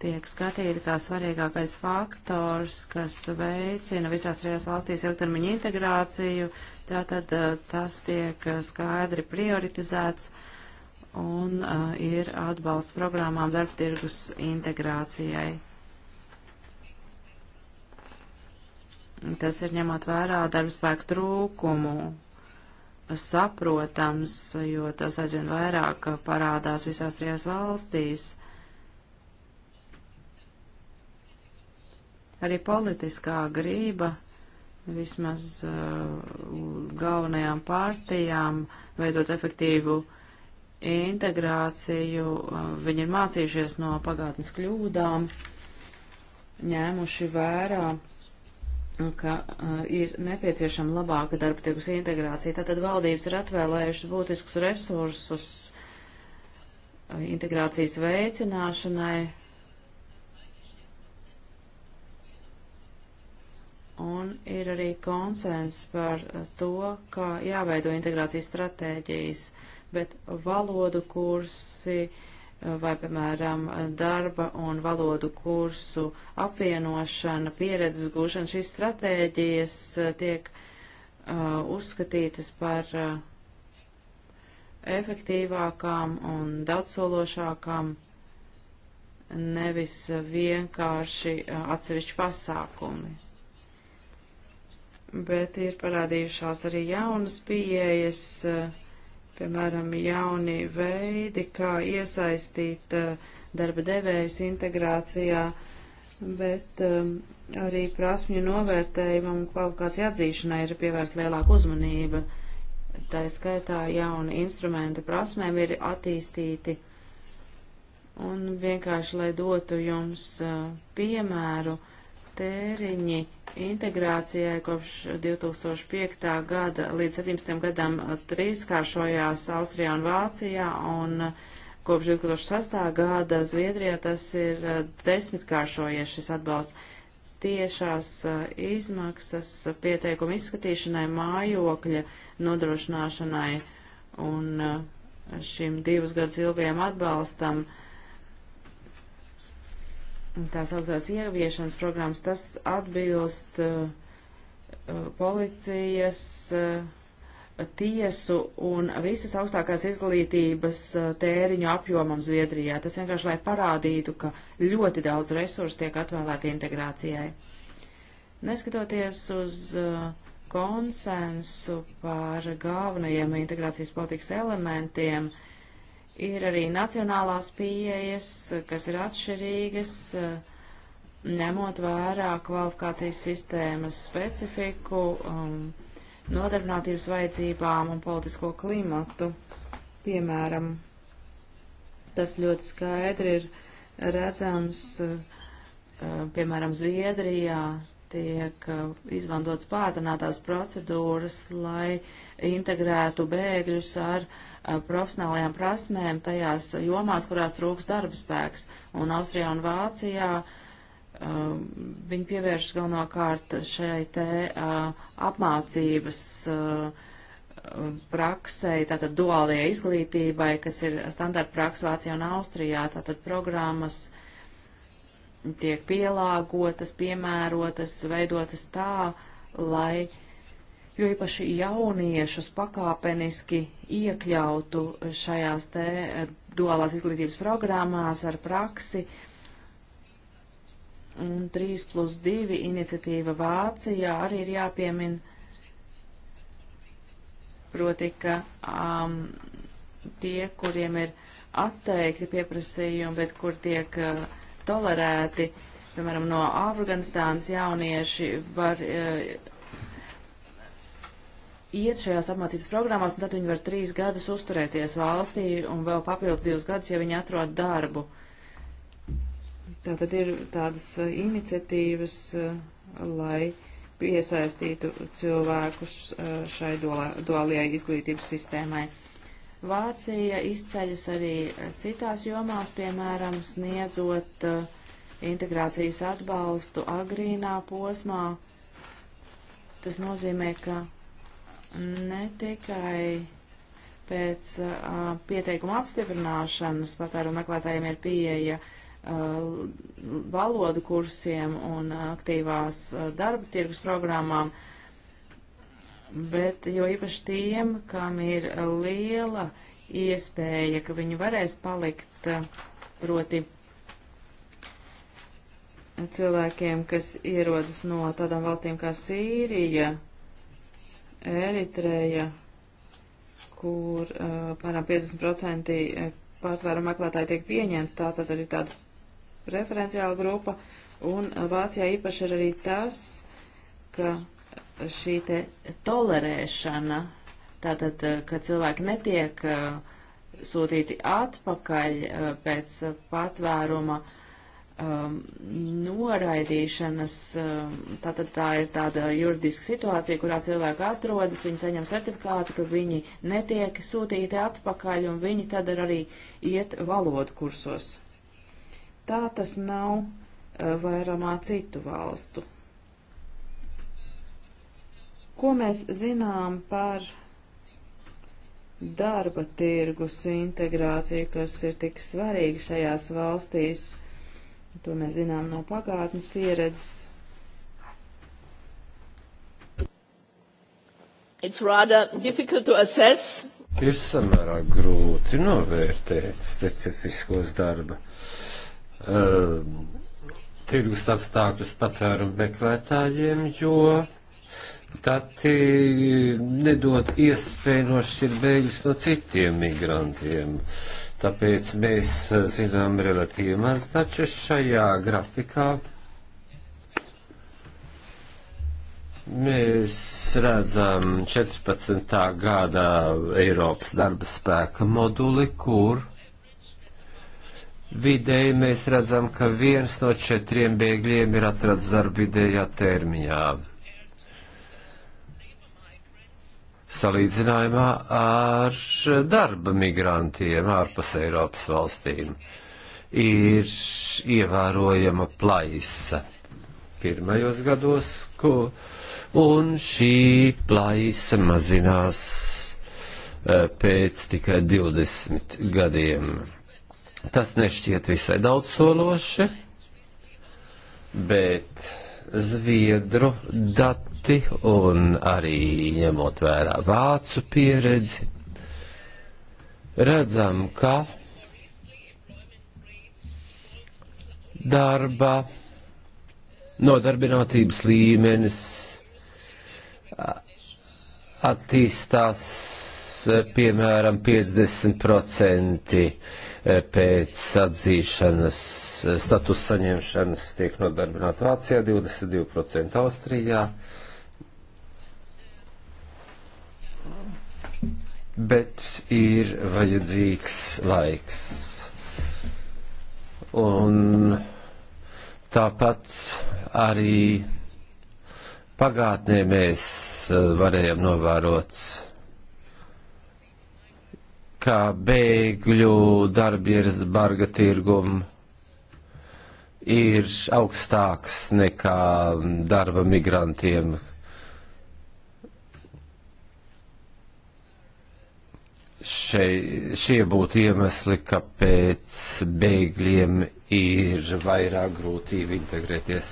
tiek skatīta kā svarīgākais faktors, kas veicina visās trijās valstīs ilgtermiņa integrāciju, tātad tas tiek skaidri prioritizēts un uh, ir atbalsts programmām darbtirgus integrācijai. Tas ir ņemot vērā darbspēku trūkumu, saprotams, jo tas aizvien vairāk parādās visās trijās valstīs. Arī politiskā grība vismaz uh, galvenajām partijām veidot efektīvu uh, integrāciju, viņi ir mācījušies no pagātnes kļūdām, ņēmuši vērā, ka ir nepieciešama labāka darba tirgus integrācija. Tātad valdības ir atvēlējušas būtiskus resursus integrācijas veicināšanai. Un ir arī konsens par to, kā jāveido integrācijas stratēģijas. Uh, bet valodu kursi eh, vai, piemēram, darba un valodu kursu apvienošana, pieredzes gūšana, šīs stratēģijas eh, tiek uh, uzskatītas par uh, efektīvākām un daudzsološākām, nevis vienkārši uh, atsevišķi pasākumi. Bet ir parādījušās arī jaunas pieejas. Uh, piemēram, jauni veidi, kā iesaistīt eh, darba devējus integrācijā, bet eh, arī prasmju novērtējumam un kvalifikācija atzīšanai ir pievērsta lielāka uzmanība. Tā skaitā jauni instrumenti prasmēm ir attīstīti. Un vienkārši, lai dotu jums eh, piemēru, uh, tēriņi integrācijai kopš 2005. gada līdz 17. gadam trīskāršojās Austrijā un Vācijā, un kopš 2006. gada Zviedrijā tas ir eh, desmitkāršojies šis atbalsts. Tiešās eh, izmaksas pieteikuma izskatīšanai, mājokļa nodrošināšanai un eh, šim divus gadus ilgajam atbalstam uh, tās augstās ieviešanas programmas, tas atbilst uh, uh, policijas, uh, tiesu un visas augstākās izglītības uh, tēriņu apjomam Zviedrijā. Tas vienkārši, lai parādītu, ka ļoti daudz resursu tiek atvēlēti integrācijai. Neskatoties uz uh, konsensu par galvenajiem integrācijas politikas elementiem, uh, Ir arī nacionālās pieejas, kas ir atšķirīgas, ņemot vērā kvalifikācijas sistēmas specifiku, um, nodarbinātības vajadzībām un politisko klimatu. Piemēram, tas ļoti skaidri ir redzams, uh, piemēram, Zviedrijā tiek uh, izmantotas pātrinātās procedūras, lai integrētu bēgļus ar uh, Eh, profesionālajām prasmēm tajās jomās, kurās trūks darba spēks. Un Austrijā un Vācijā um, viņi pievēršas galvenokārt šai te uh, apmācības uh, praksei, tātad duālajai izglītībai, kas ir standarta praksa Vācijā un Austrijā, tātad programmas tiek pielāgotas, piemērotas, veidotas tā, lai uh, jo īpaši jauniešus pakāpeniski iekļautu šajās te eh, duālās izglītības programmās ar praksi. Un 3 plus 2 iniciatīva Vācijā arī ir jāpiemin, proti, ka um, tie, kuriem ir atteikti pieprasījumi, bet kur tiek uh, tolerēti, piemēram, no Afganistānas jaunieši var uh, iet šajās apmācības programmās, un tad viņi var trīs gadus uzturēties valstī un vēl papildus divus gadus, ja viņi atrod darbu. Tātad ir tādas uh, iniciatīvas, uh, lai piesaistītu cilvēkus uh, šai duālajai izglītības sistēmai. Vācija izceļas arī citās jomās, piemēram, sniedzot integrācijas atbalstu agrīnā posmā. Tas nozīmē, ka ne tikai pēc uh, pieteikuma apstiprināšanas patērumu meklētājiem ir pieeja uh, valodu kursiem un aktīvās uh, darba tirgus programmām, bet jo īpaši tiem, kam ir liela iespēja, ka viņi varēs palikt uh, proti cilvēkiem, kas ierodas no tādām valstīm kā Sīrija, Eritreja, kur pārām 50% patvēru meklētāji tiek pieņemti, tā tad arī tāda preferenciāla grupa. Un uh, Vācijā īpaši ir arī tas, ka šī te tolerēšana, tātad, uh, ka cilvēki netiek uh, sūtīti atpakaļ pēc patvēruma, uh, um, noraidīšanas, um, tātad tā ir tāda juridiska situācija, kurā cilvēki atrodas, viņi saņem certifikātu, ka viņi netiek sūtīti atpakaļ, un viņi tad arī iet valodu kursos. Tā tas nav uh, vairumā citu valstu. Ko mēs zinām par darba tirgus integrāciju, kas ir tik svarīga šajās valstīs? To mēs zinām no pagātnes pieredzes. It's rather difficult to assess. Ir samērā grūti novērtēt specifiskos darba um, tirgus apstākļus patvērumu meklētājiem, jo tad nedod iespēju nošķirt bēgļus no citiem migrantiem. Uh, Tāpēc mēs eh, zinām relatīvi maz, taču šajā grafikā mēs redzam 14. gadā Eiropas darba spēka moduli, kur Vidēji mēs redzam, ka viens no četriem bēgļiem ir atrasts darba vidējā termiņā. salīdzinājumā ar darba migrantiem ārpus Eiropas valstīm. Ir ievērojama plaisa pirmajos gados, ko, un šī plaisa mazinās eh, pēc tikai 20 gadiem. Tas nešķiet visai daudzsološi, bet Zviedru dati un arī ņemot vērā vācu pieredzi, redzam, ka darba nodarbinātības līmenis attīstās piemēram 50% E, pēc atzīšanas e, status saņemšanas tiek nodarbināti Vācijā, 22% Austrijā. Bet ir vajadzīgs laiks. Un tāpat arī pagātnē mēs e, varējām novērot kā bēgļu darbieris barga tirgumu ir augstāks nekā darba migrantiem. Šei, šie būtu iemesli, kāpēc bēgļiem ir vairāk grūtību integrēties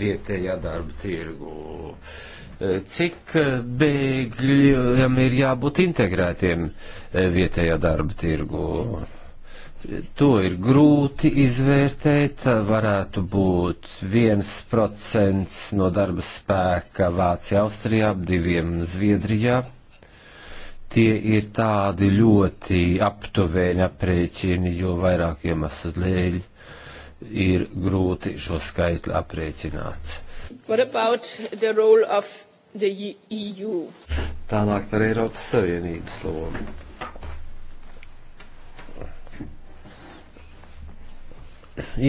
vietējā darba tirgu. Uh, cik bēgļiem ir jābūt integrētiem e, vietējā darba tirgu. To ir grūti izvērtēt, varētu būt 1% no darba spēka Vācijā, Austrijā, 2% Zviedrijā. Tie ir tādi ļoti aptuveni aprēķini, jo vairāk iemeslu dēļ ir grūti šo skaitli aprēķināt. What about the role of the EU. Tālāk par Eiropas Savienības lomu.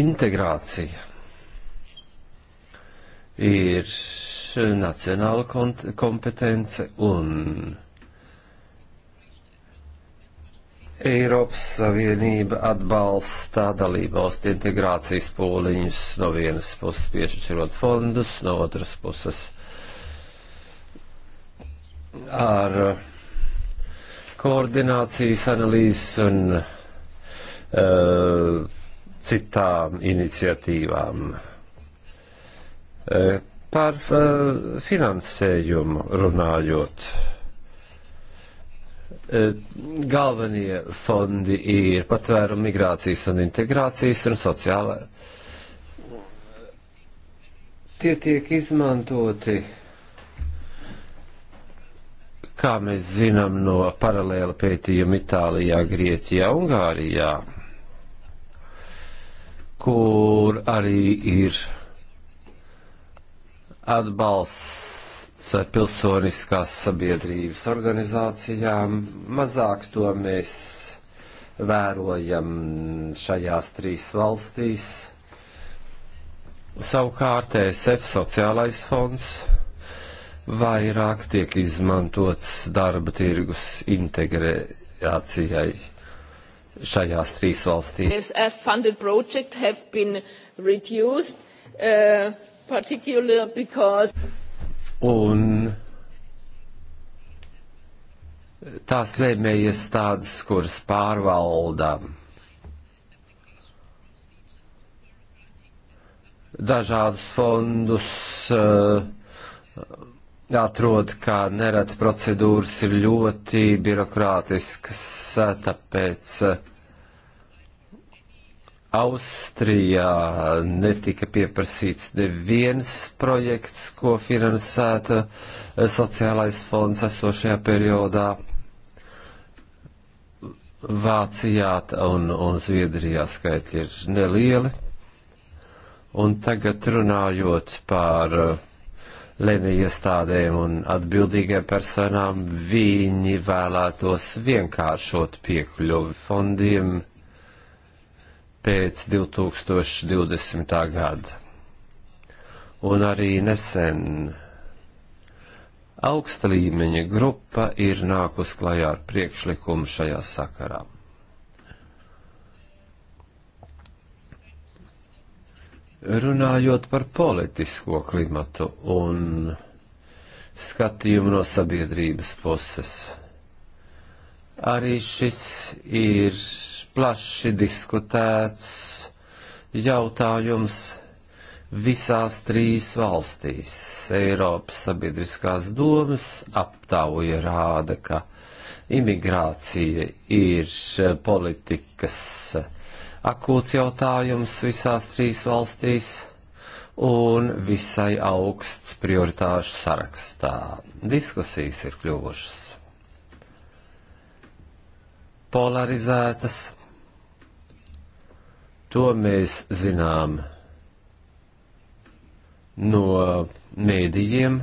Integrācija ir nacionāla kompetence un Eiropas Savienība atbalsta dalībvalstu integrācijas pūliņus no vienas puses piešķirot fondus, no otras puses uh, ar uh, koordinācijas analīzes un uh, citām iniciatīvām. Uh, par uh, finansējumu runājot. Uh, galvenie fondi ir patvērumu migrācijas un integrācijas un sociālā. Tie tiek izmantoti uh, kā mēs zinām no paralēla pētījuma Itālijā, Grieķijā, Ungārijā, kur arī ir atbalsts pilsoniskās sabiedrības organizācijām. Mazāk to mēs vērojam šajās trīs valstīs. Savukārt ESF sociālais fonds vairāk tiek izmantots darba tirgus integrācijai šajās trīs valstīs. Uh, uh, particularly because un tās lēmējas tādas, kuras pārvalda dažādus fondus, uh, atrod, ka nereti procedūras ir ļoti birokrātiskas, tāpēc eh, Austrijā netika pieprasīts neviens projekts, ko finansēta eh, sociālais fonds esošajā periodā. Vācijā un, un Zviedrijā skaitļi ir nelieli. Un tagad runājot par uh, lemj iestādēm un atbildīgiem personām, viņi vēlētos vienkāršot piekļuvi fondiem pēc 2020. gada. Un arī nesen augsta līmeņa grupa ir nākus klajā ar priekšlikumu šajā sakarā. Runājot par politisko klimatu un skatījumu no sabiedrības puses, arī šis ir plaši diskutēts jautājums visās trīs valstīs. Eiropas sabiedriskās domas aptauja rāda, ka imigrācija ir politikas akūts jautājums visās trīs valstīs un visai augsts prioritāšu sarakstā. Diskusijas ir kļuvušas polarizētas. To mēs zinām no mēdījiem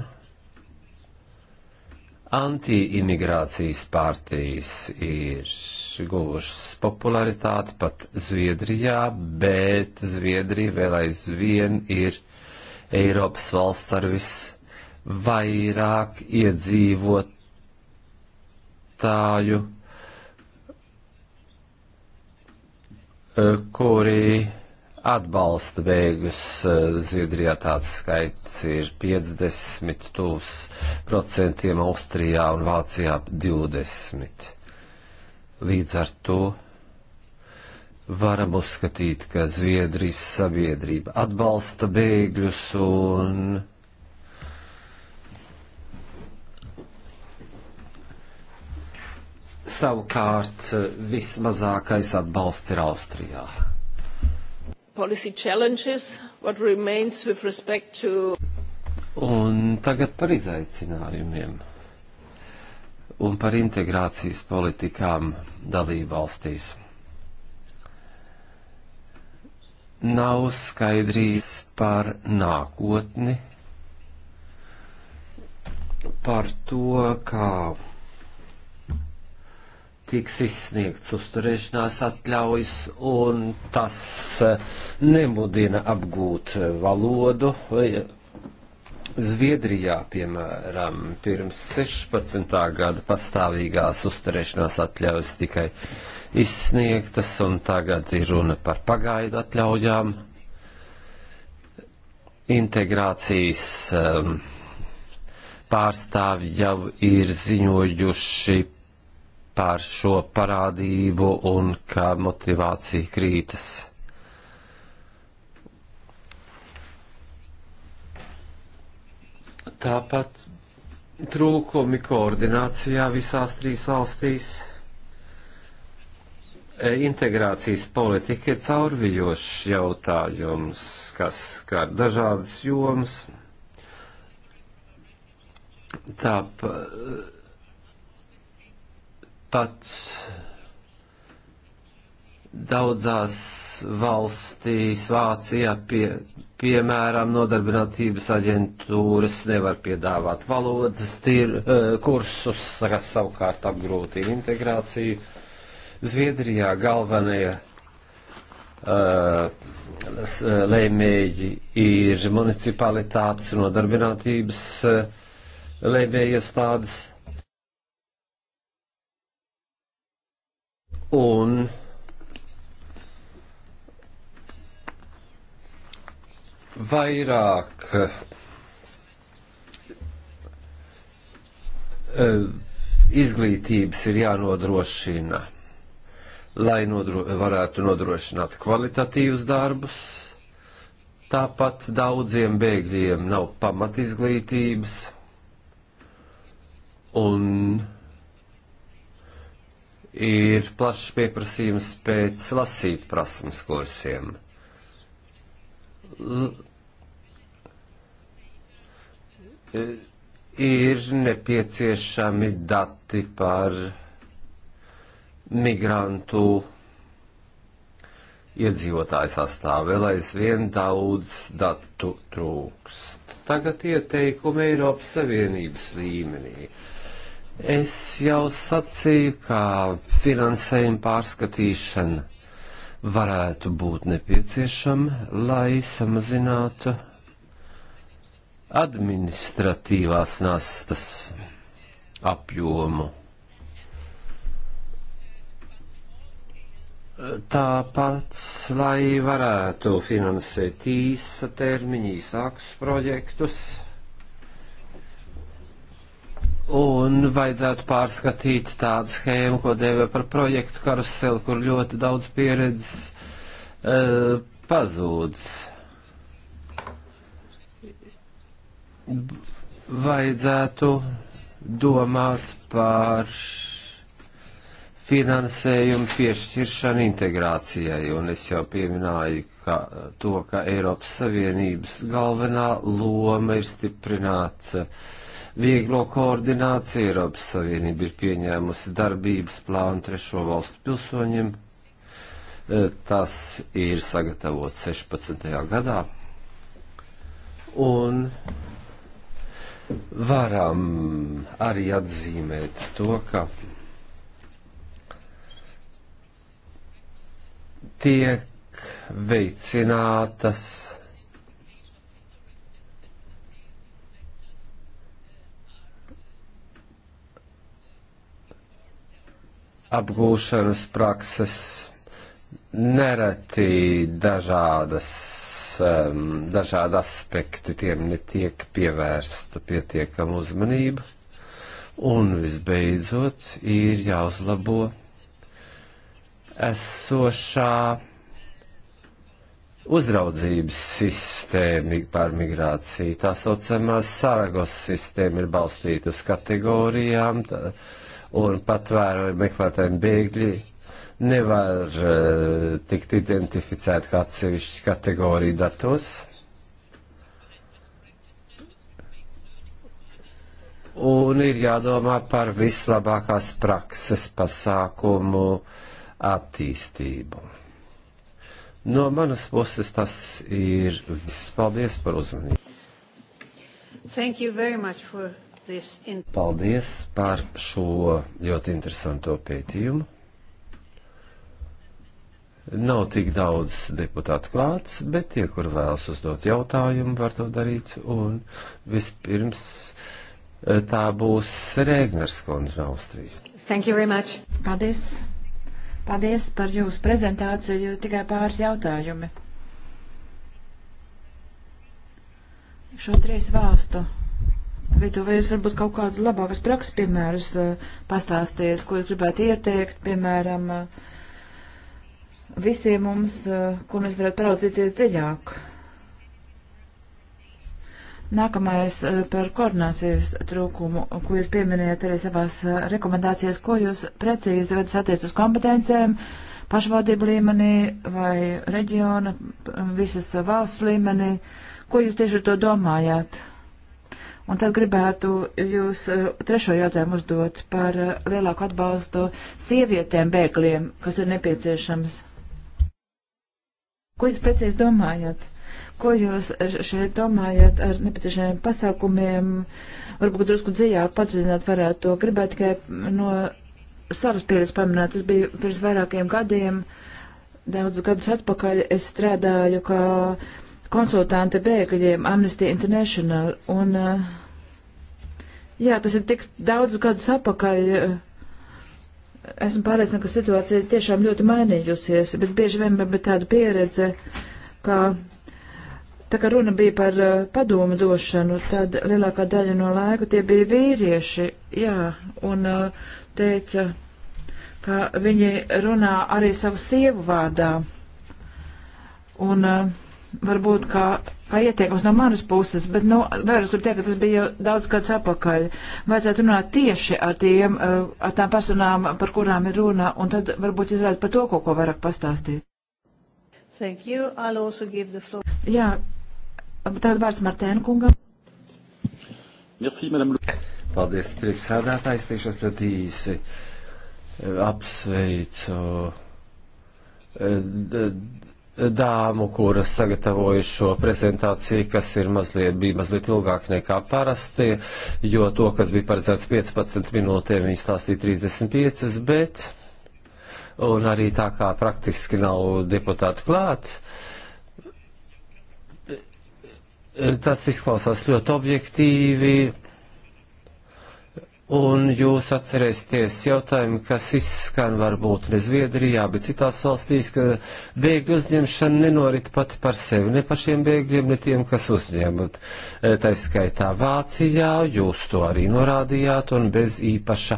Anti-imigrācijas partijas ir guvušas popularitāti pat Zviedrijā, bet Zviedrija vēl aizvien ir Eiropas valsts ar visvairāk iedzīvotāju, eh, kuri atbalsta bēgļus. Eh, Zviedrijā tāds skaits ir 50 tūs procentiem, Austrijā un Vācijā 20. Līdz ar to varam uzskatīt, ka Zviedrijas sabiedrība atbalsta bēgļus un savukārt eh, vismazākais atbalsts ir Austrijā policy challenges, what remains with respect to. Un tagad par izaicinājumiem un par integrācijas politikām dalību valstīs. Nav skaidrīs par nākotni, par to, kā tiks izsniegts uzturēšanās atļaujas, un tas eh, nemudina apgūt eh, valodu. Eh, Zviedrijā, piemēram, pirms 16. gada pastāvīgās uzturēšanās atļaujas tikai izsniegtas, un tagad ir runa par pagaidu atļaujām. Integrācijas um, ehm, pārstāvji jau ir ziņojuši par šo parādību un kā motivācija krītas. Tāpat trūkumi koordinācijā visās trīs valstīs. E, integrācijas politika ir caurvijošs jautājums, kas skar dažādas jomas. Tāpat pat daudzās valstīs, Vācijā, pie, piemēram, nodarbinātības aģentūras nevar piedāvāt valodas tir, eh, kursus, kas savukārt apgrūtina integrāciju. Zviedrijā galvenie uh, lēmēji ir municipalitātes nodarbinātības uh, lēmējiestādes. un vairāk eh, izglītības ir jānodrošina, lai nodro, varētu nodrošināt kvalitatīvus darbus. Tāpat daudziem bēgļiem nav pamatizglītības, un ir plašs pieprasījums pēc lasīt prasmes kursiem. L e, ir nepieciešami dati par migrantu iedzīvotāju sastāvu. Vēl aizvien daudz datu trūkst. Tagad ieteikumi Eiropas Savienības līmenī. Uh, Es jau sacīju, ka finansējuma pārskatīšana varētu būt nepieciešama, lai samazinātu administratīvās nastas apjomu. Tāpat, lai varētu finansēt īsa termiņa, īsākus projektus. Un vajadzētu pārskatīt tādu schēmu, ko dēvē par projektu karuseli, kur ļoti daudz pieredzes uh, e, pazūdas. Vajadzētu domāt par finansējumu piešķiršanu integrācijai, un es jau pieminēju ka, to, ka Eiropas Savienības galvenā loma ir stiprināt uh, vieglo koordināciju. Eiropas Savienība ir pieņēmusi darbības plānu trešo valstu pilsoņiem. E, tas ir sagatavots 16. gadā. Un varam arī atzīmēt to, ka tiek veicinātas apgūšanas prakses nereti dažādas, um, dažādi aspekti tiem netiek pievērsta pietiekama uzmanība. Un visbeidzot ir jāuzlabo esošā uzraudzības sistēma par migrāciju. Tā saucamā Saragos sistēma ir balstīta uz kategorijām. Tā, uh, un patvēru meklētājiem bēgļi nevar uh, tikt identificēti kā atsevišķi kategorija datos. Un ir jādomā par vislabākās prakses pasākumu attīstību. No manas puses tas ir viss. Paldies par uzmanību. Thank you very much for Paldies par šo ļoti interesanto pētījumu. Nav tik daudz deputātu klāts, bet tie, kur vēlas uzdot jautājumu, var to darīt. Un vispirms eh, tā būs Rēgners Kondra no Austrijas. Thank you very much. Paldies. Paldies par jūsu prezentāciju, tikai pāris jautājumi. Šo trīs valstu Vidu, vai jūs varbūt kaut kādu labākas prakses piemērus eh, pastāsties, ko jūs gribētu ieteikt, piemēram, eh, visiem mums, eh, ko mēs varētu paraudzīties dziļāk? Nākamais par koordinācijas trūkumu, ko jūs pieminējat arī savās rekomendācijās, ko jūs precīzi vedat attiec uz kompetencēm pašvaldību līmenī vai reģiona, visas valsts līmenī, ko jūs tieši ar to domājāt? Un tad gribētu jūs eh, trešo jautājumu uzdot par eh, lielāku atbalstu sievietēm bēgļiem, kas ir nepieciešams. Ko jūs precīzi domājat? Ko jūs šeit domājat ar nepieciešamiem pasākumiem? Varbūt drusku dziļāk padziļināt varētu to. Gribētu tikai no savas pieredzes pamanāt. Tas bija pirms vairākiem gadiem, daudzus gadus atpakaļ. Es strādāju kā. Ka konsultanti bēgļiem Amnesty International. Un, eh, jā, tas ir tik daudz gadus apakaļ. Eh, esmu pārliecināta, ka situācija tiešām ļoti mainījusies, bet bieži vien man bija tāda pieredze, ka tā kā runa bija par eh, padomu došanu, tad lielākā daļa no laika tie bija vīrieši, jā, un teica, ka viņi runā arī savu sievu vārdā. Un uh, varbūt kā, kā ieteikums no manas puses, bet, nu, vēlos tur teikt, ka tas bija jau daudz gads apakaļ. Vajadzētu runāt tieši ar tiem, eh, ar tām personām, par kurām ir runa, un tad varbūt izrādīt par to kaut ko vairāk pastāstīt. Thank you. I'll also give the floor. Jā, tad vārds Martēna kungam. Merci, madame. Paldies, priekšsādātājs, teikšos ļoti īsi. Apsveicu. Uh, dāmu, kuras sagatavoju šo prezentāciju, kas ir mazliet, bija mazliet ilgāk nekā parasti, jo to, kas bija paredzēts 15 minūtēm, viņi stāstīja 35, bet, un arī tā kā praktiski nav deputātu klāt, tas izklausās ļoti objektīvi, Un jūs atcerēsieties jautājumu, kas izskan varbūt ne Zviedrijā, bet citās valstīs, ka bēgļu uzņemšana nenorit pati par sevi, ne pašiem bēgļiem, ne tiem, kas uzņemat. E, tā skaitā Vācijā, jūs to arī norādījāt, un bez īpaša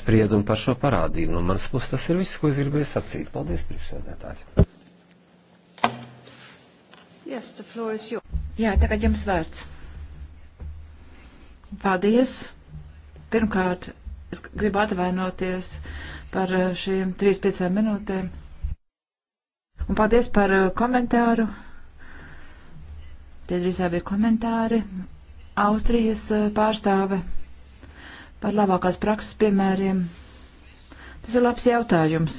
sprieduma par šo parādību. No manas puses tas ir viss, ko es gribēju sacīt. Paldies, priekšsēdētāji. Yes, Jā, tagad jums vārds. Paldies. Pirmkārt, es gribu atvainoties par eh, šīm 3-5 minūtēm. Un paldies par eh, komentāru. Tie drīzāk bija komentāri. Austrijas eh, pārstāve par labākās prakses piemēriem. Tas ir labs jautājums.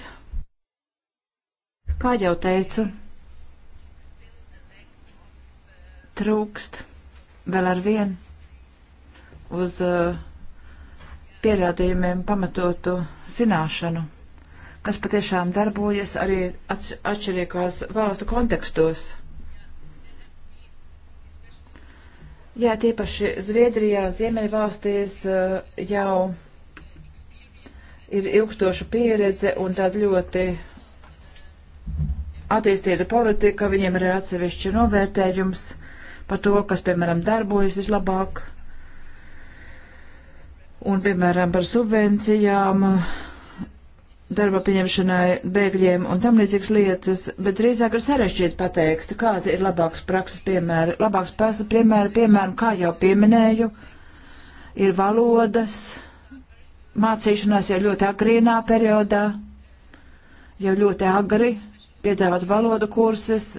Kā jau teicu, trūkst vēl ar vienu uz uh, pierādījumiem pamatotu zināšanu, kas patiešām darbojas arī atšķirīgās valstu kontekstos. Jā, tiepaši Zviedrijā, Ziemeļvalstīs eh, jau ir ilgstoša pieredze un tāda ļoti attīstīta politika, viņiem ir atsevišķi novērtējums par to, kas, piemēram, darbojas vislabāk un, piemēram, par subvencijām, darba pieņemšanai, bēgļiem un tam līdzīgas lietas, bet drīzāk ir sarežģīti pateikt, kāda ir labāks prakses piemēra. Labāks prakses piemēra, piemēram, kā jau pieminēju, ir valodas mācīšanās jau ļoti agrīnā periodā, jau ļoti agri piedāvāt valodu kursus,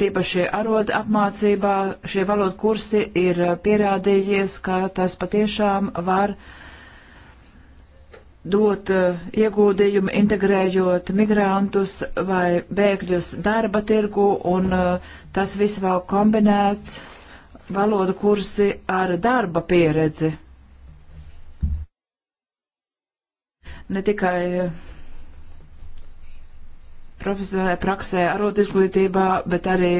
tīpaši arodu apmācībā šie valodu kursi ir pierādījies, ka tas patiešām var uh, dot eh, ieguldījumu, integrējot migrantus vai bēgļus darba tirgu, un eh, tas viss vēl kombinēts valodu kursi ar darba pieredzi. Ne tikai eh, profesionālajā praksē, arot izglītībā, bet arī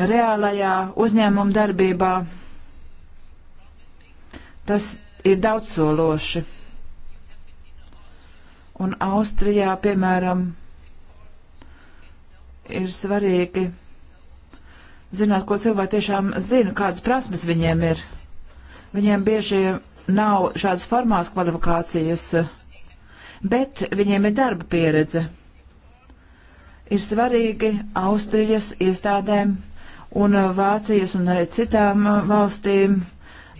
reālajā uzņēmuma darbībā. Tas ir daudzsološi. Un Austrijā, piemēram, ir svarīgi zināt, ko cilvēki tiešām zina, kādas prasmes viņiem ir. Viņiem bieži nav šādas formālas kvalifikācijas, bet viņiem ir darba pieredze. Ir svarīgi Austrijas iestādēm un Vācijas un arī citām valstīm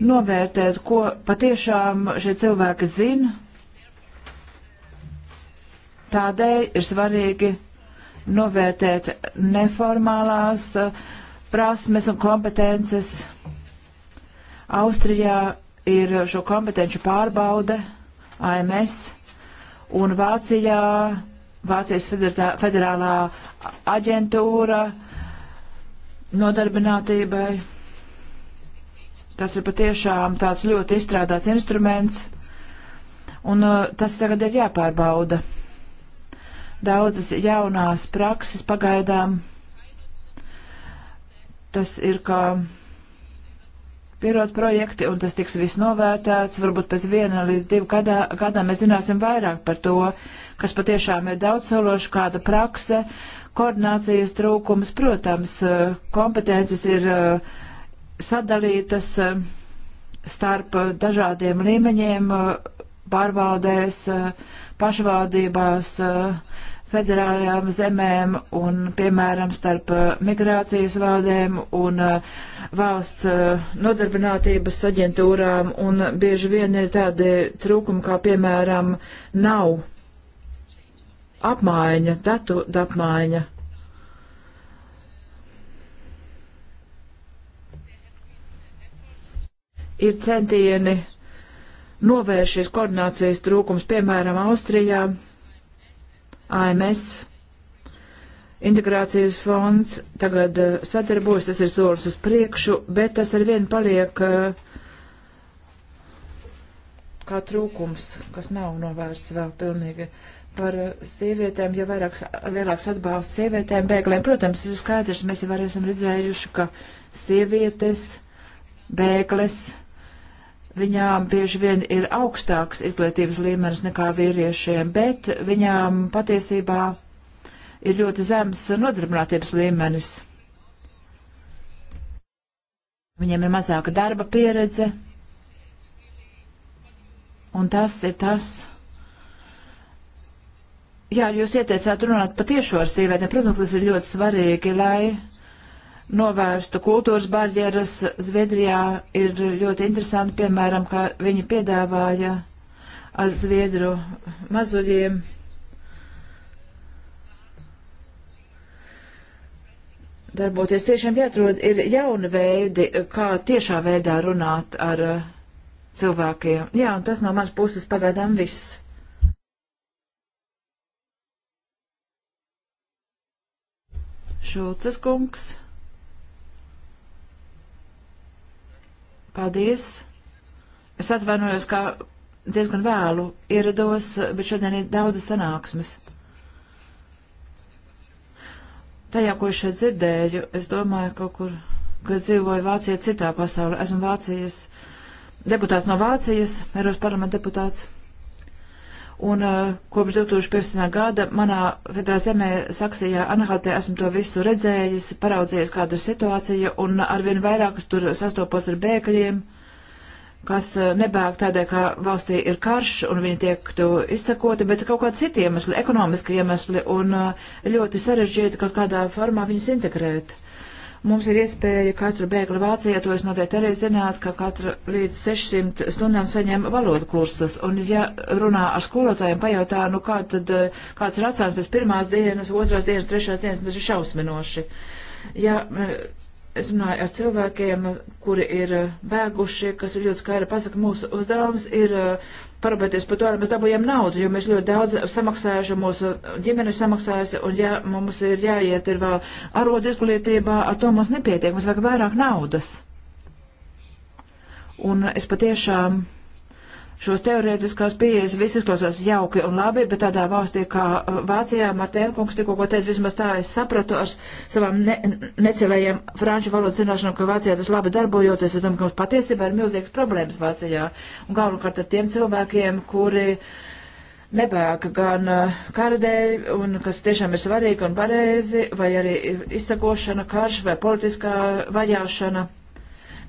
novērtēt, ko patiešām šie cilvēki zina. Tādēļ ir svarīgi novērtēt neformālās eh, prasmes un kompetences. Austrijā ir šo kompetenci pārbaude AMS un Vācijā, Vācijas federā, federālā aģentūra nodarbinātībai. Tas ir patiešām tāds ļoti izstrādāts instruments, un uh, tas tagad ir jāpārbauda. Daudzas jaunās prakses pagaidām tas ir kā pierod projekti, un tas tiks viss novērtēts. Varbūt pēc viena līdz divu gadā, gadā mēs zināsim vairāk par to, kas patiešām ir daudz sološi, kāda prakse, koordinācijas trūkums, protams, uh, kompetences ir. Uh, sadalītas e, starp dažādiem līmeņiem e, pārvaldēs, e, pašvaldībās, federālajām zemēm un, piemēram, starp migrācijas valdēm un valsts nodarbinātības aģentūrām. Un bieži vien ir tādi trūkumi, kā, piemēram, nav apmaiņa, datu apmaiņa ir centieni novērš šīs koordinācijas trūkums, piemēram, Austrijā, AMS, integrācijas fonds tagad eh, sadarbojas, tas ir solis uz priekšu, bet tas ar vienu paliek eh, kā trūkums, kas nav novērsts vēl pilnīgi. Par eh, sievietēm, ja vairāks, lielāks atbalsts sievietēm, bēgliem, protams, tas ir skaidrs, mēs jau arī esam redzējuši, ka sievietes, bēgles, Viņām bieži vien ir augstāks izglītības līmenis nekā vīriešiem, bet viņām patiesībā ir ļoti zems nodarbinātības līmenis. Viņiem ir mazāka darba pieredze, un tas ir tas. Jā, jūs ieteicāt runāt patiešo ar sievietēm. Protams, tas ir ļoti svarīgi, lai novērstu kultūras barjeras. Zviedrijā ir ļoti interesanti, piemēram, kā viņi piedāvāja ar zviedru mazuļiem. Darboties tiešām jāatrod ir jauni veidi, kā tiešā veidā runāt ar eh, cilvēkiem. Jā, un tas no manas puses pagaidām viss. Šulces kungs. Paldies! Es atvainojos, ka diezgan vēlu ierados, bet šodien ir daudz sanāksmes. Tajā, ko es šeit dzirdēju, es domāju, kaut kur, kad dzīvoju Vācijā citā pasaulē, esmu Vācijas deputāts no Vācijas, Eiropas parlamenta deputāts. Un uh, kopš 2015. gada manā vedrā zemē, Saksijā, Anhaltē, esmu to visu redzējis, paraudzījies, kāda ir situācija, un arvien vairāk tur sastopos ar bēgļiem, kas uh, nebēg tādēļ, ka valstī ir karš, un viņi tiek izsakoti, bet kaut kādi citi iemesli, ekonomiski iemesli, un uh, ļoti sarežģīti kaut kādā formā viņus integrēt. Uh, Mums ir iespēja katru bēgļu Vācijā, to es noteikti arī zināt, ka katru līdz 600 stundām saņem valodu kursus. Un, ja runā ar skolotājiem, pajautā, nu kā tad, kāds ir atsāns pēc pirmās dienas, otrās dienas, trešās dienas, tas ir šausminoši. Ja es runāju ar cilvēkiem, kuri ir eh, bēguši, kas ir ļoti skaidri pasaka, mūsu uzdevums ir eh, parūpēties par to, lai mēs dabūjam naudu, jo mēs ļoti daudz samaksājuši, mūsu ģimene samaksājusi, un ja mums ir jāiet ir vēl arodu izglītībā, ar to mums nepietiek, mums vajag vairāk naudas. Un es patiešām šos teorētiskās pieejas viss izklausās jauki un labi, bet tādā valstī kā uh, Vācijā, Martēna kungs tikko ko teica, vismaz tā es sapratu ar savām ne, necelējiem franču valodas zināšanām, ka Vācijā tas labi darbojoties, es domāju, ka mums patiesībā ir milzīgas problēmas Vācijā. Un galvenokārt ar tiem cilvēkiem, kuri nebēga gan uh, kara dēļ, un kas tiešām ir svarīgi un pareizi, vai arī izsakošana, karš vai politiskā vajāšana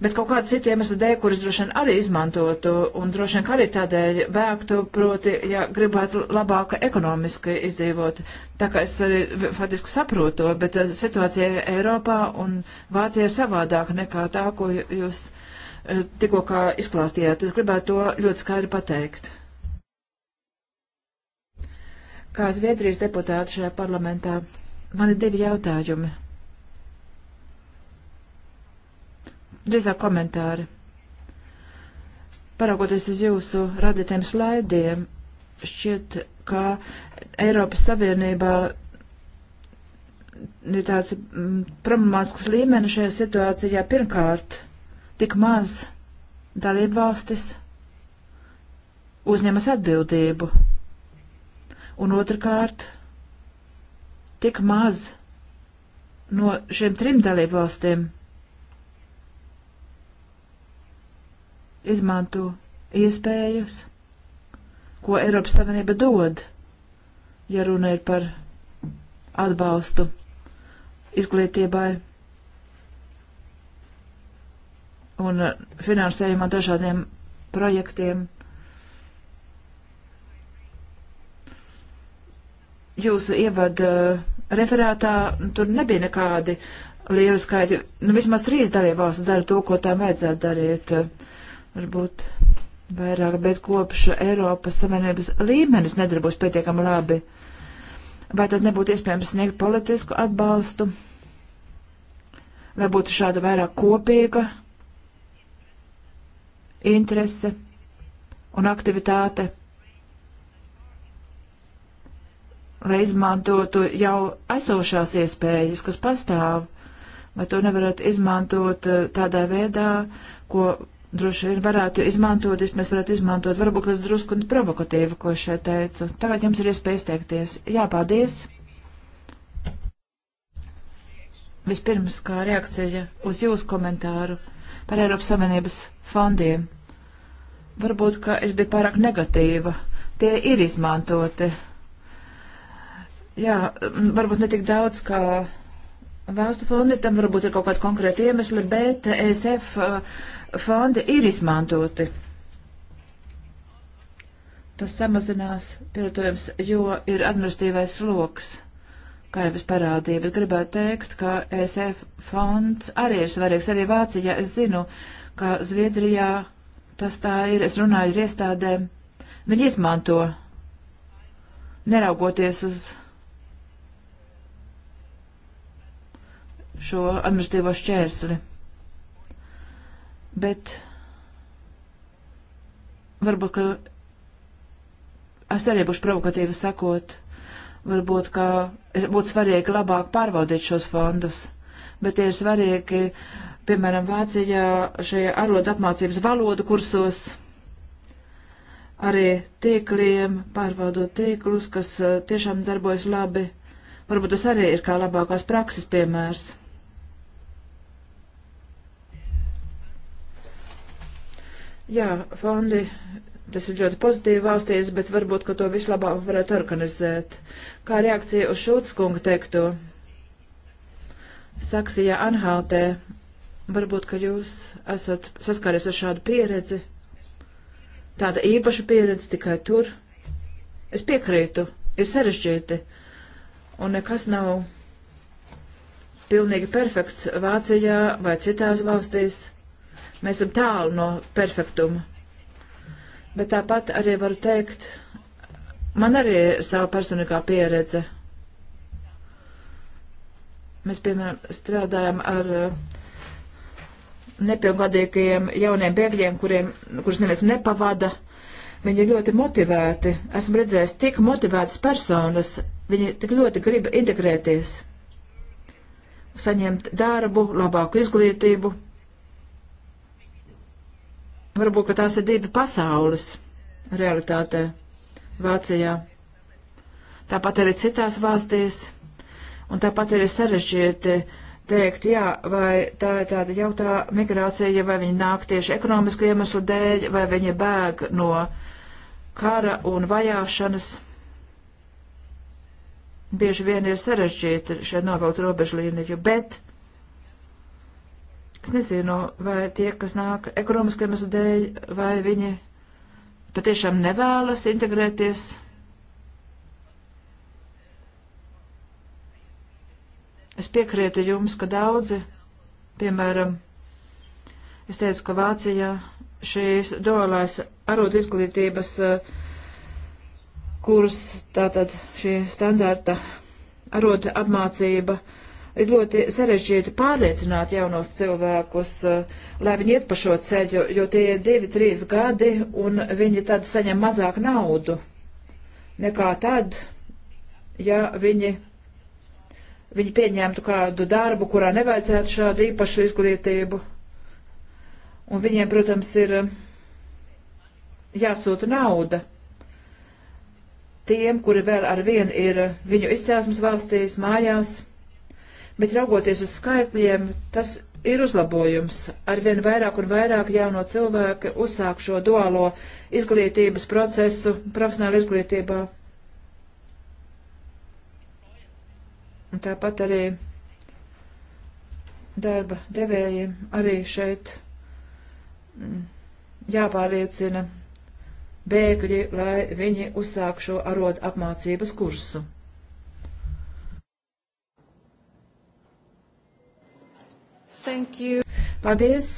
bet kaut kādu citu iemeslu dēļ, kuras droši vien arī izmantotu un droši vien arī tādēļ vēktu, proti, ja gribētu labāk ekonomiski izdzīvot. Tā kā es arī faktiski saprotu to, bet eh, situācija Eiropā un Vācija ir savādāka nekā tā, ko jūs eh, tikko kā izklāstījāt. Es gribētu to ļoti skaidri pateikt kā Zviedrijas deputāta šajā parlamentā. Man ir divi jautājumi. drīzāk komentāri. Paraugoties uz jūsu radītiem slaidiem, šķiet, ka Eiropas Savienībā ir tāds mm, problemātisks līmenis šajā situācijā. Pirmkārt, tik maz dalību valstis uzņemas atbildību, un otrkārt, tik maz no šiem trim dalību valstīm izmanto iespējas, ko Eiropas Savienība dod, ja runa ir par atbalstu izglītībai un finansējumā dažādiem projektiem. Jūsu ievada referātā tur nebija nekādi lieli skaitļi. Nu, vismaz trīs dalībvalstis dara to, ko tām vajadzētu darīt. Uh, varbūt vairāk, bet kopš Eiropas Savienības līmenis nedarbūs pietiekami labi. Vai tad nebūtu iespējams sniegt politisku atbalstu, lai būtu šāda vairāk kopīga interese un aktivitāte, lai izmantotu jau esošās iespējas, kas pastāv, vai to nevarat izmantot eh, tādā veidā, ko droši vien varētu izmantot, es mēs varētu izmantot varbūt līdz drusku provokatīvu, ko es šeit teicu. Tagad jums ir iespēja izteikties. Jā, paldies. Vispirms kā reakcija uz jūsu komentāru par Eiropas Savienības fondiem. Varbūt, ka es biju pārāk negatīva. Tie ir izmantoti. Jā, varbūt netik daudz, kā. Ka valstu fondi, tam varbūt ir kaut kāda konkrēta iemesla, bet ESF uh, fondi ir izmantoti. Tas samazinās pielietojums, jo ir administratīvais sloks, kā jau es parādīju, bet gribētu teikt, ka ESF fonds arī ir svarīgs. Arī Vācijā es zinu, ka Zviedrijā tas tā ir, es runāju ar iestādēm, viņi izmanto, neraugoties uz šo administratīvo šķērsli. Bet varbūt, ka es arī būšu provokatīvi sakot, varbūt, ka būtu svarīgi labāk pārvaldīt šos fondus, bet tie ir svarīgi, piemēram, Vācijā šajā arodu apmācības valodu kursos, arī tīkliem, pārvaldot tīklus, kas eh, tiešām darbojas labi. Varbūt tas arī ir kā labākās prakses piemērs. Jā, fondi, tas ir ļoti pozitīvi valstīs, bet varbūt, ka to vislabāk varētu organizēt. Kā reakcija uz Šulckunga teikto? Saksijā Anhaltē, varbūt, ka jūs esat saskāries ar šādu pieredzi, tāda īpaša pieredze tikai tur. Es piekrītu, ir sarežģīti, un nekas nav pilnīgi perfekts Vācijā vai citās valstīs. Mēs esam tālu no perfektuma. Bet tāpat arī varu teikt, man arī ir sava personīgā pieredze. Mēs, piemēram, strādājam ar uh, nepilngadīgajiem jauniem bēgļiem, kuriem, kurus neviens nepavada. Viņi ir ļoti motivēti. Esmu redzējis tik motivētas personas. Viņi tik ļoti grib integrēties, saņemt darbu, labāku izglītību Varbūt, ka tās ir divi pasaules realitātē Vācijā. Tāpat arī citās valstīs. Un tāpat arī sarežģīti teikt, jā, vai tā ir tāda jauktā migrācija, vai viņi nāk tieši ekonomiski iemeslu dēļ, vai viņi bēg no kara un vajāšanas. Bieži vien ir sarežģīti šeit novilkt robežlīniju, bet Es nezinu, vai tie, kas nāk ekonomiskiem iemeslu dēļ, vai viņi patiešām nevēlas integrēties. Es piekrītu jums, ka daudzi, piemēram, es teicu, ka Vācijā šīs dualās arodu izglītības eh, kurs, tātad šī standarta arodu apmācība, uh, ir ļoti sarežģīti pārliecināt jaunos cilvēkus, eh, lai viņi iet pa šo ceļu, jo tie ir divi, trīs gadi, un viņi tad saņem mazāk naudu nekā tad, ja viņi, viņi pieņemtu kādu darbu, kurā nevajadzētu šādu īpašu izglītību. Un viņiem, protams, ir eh, jāsūta nauda tiem, kuri vēl ar vienu ir viņu izcelsmes valstīs, mājās bet raugoties uz skaitļiem, tas ir uzlabojums. Arvien vairāk un vairāk jauno cilvēku uzsāk šo duālo izglītības procesu profesionāla izglītībā. Un tāpat arī darba devējiem arī šeit mm, jāpārliecina bēgļi, lai viņi uzsāk šo arodu apmācības kursu. Thank you. Paldies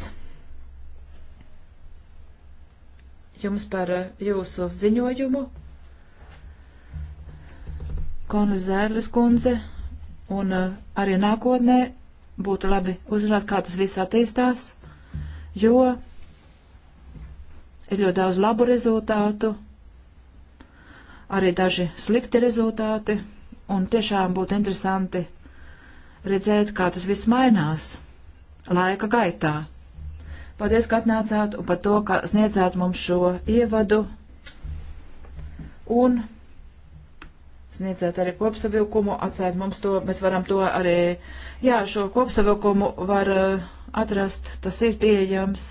jums par eh, jūsu ziņojumu. Kona Zērles kundze, un eh, arī nākotnē būtu labi uzzināt, kā tas viss attīstās, jo ir ļoti daudz labu rezultātu, arī daži slikti rezultāti, un tiešām būtu interesanti redzēt, kā tas viss mainās laika gaitā. Paldies, ka atnācāt un par to, ka sniedzāt mums šo ievadu un sniedzāt arī kopsavilkumu, atstājot mums to, mēs varam to arī, jā, šo kopsavilkumu var uh, atrast, tas ir pieejams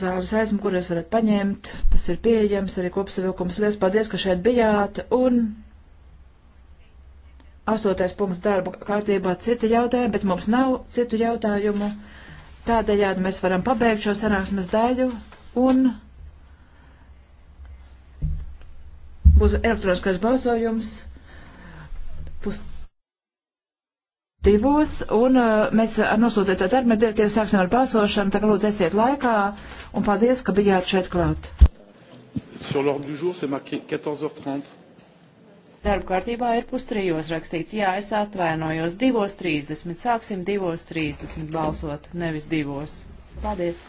zāles aizmu, kur jūs varat paņemt, tas ir pieejams arī kopsavilkums. Lies paldies, ka šeit bijāt un astotais punkts darba kārtībā citi jautājumi, bet mums nav citu jautājumu. Tādējādi mēs varam pabeigt šo sanāksmes daļu un būs elektroniskais balsojums pus divos, un uh, mēs uh, ar nosūtīto termiņu direktīvu sāksim ar balsošanu, tā kā lūdzu esiet laikā, un paldies, ka bijāt šeit klāt. Sur l'ordre du jour, c'est marqué 14h30. Darba kārtībā ir pustrijos rakstīts. Jā, es atvainojos. 2.30. Sāksim 2.30 balsot, nevis 2. Paldies!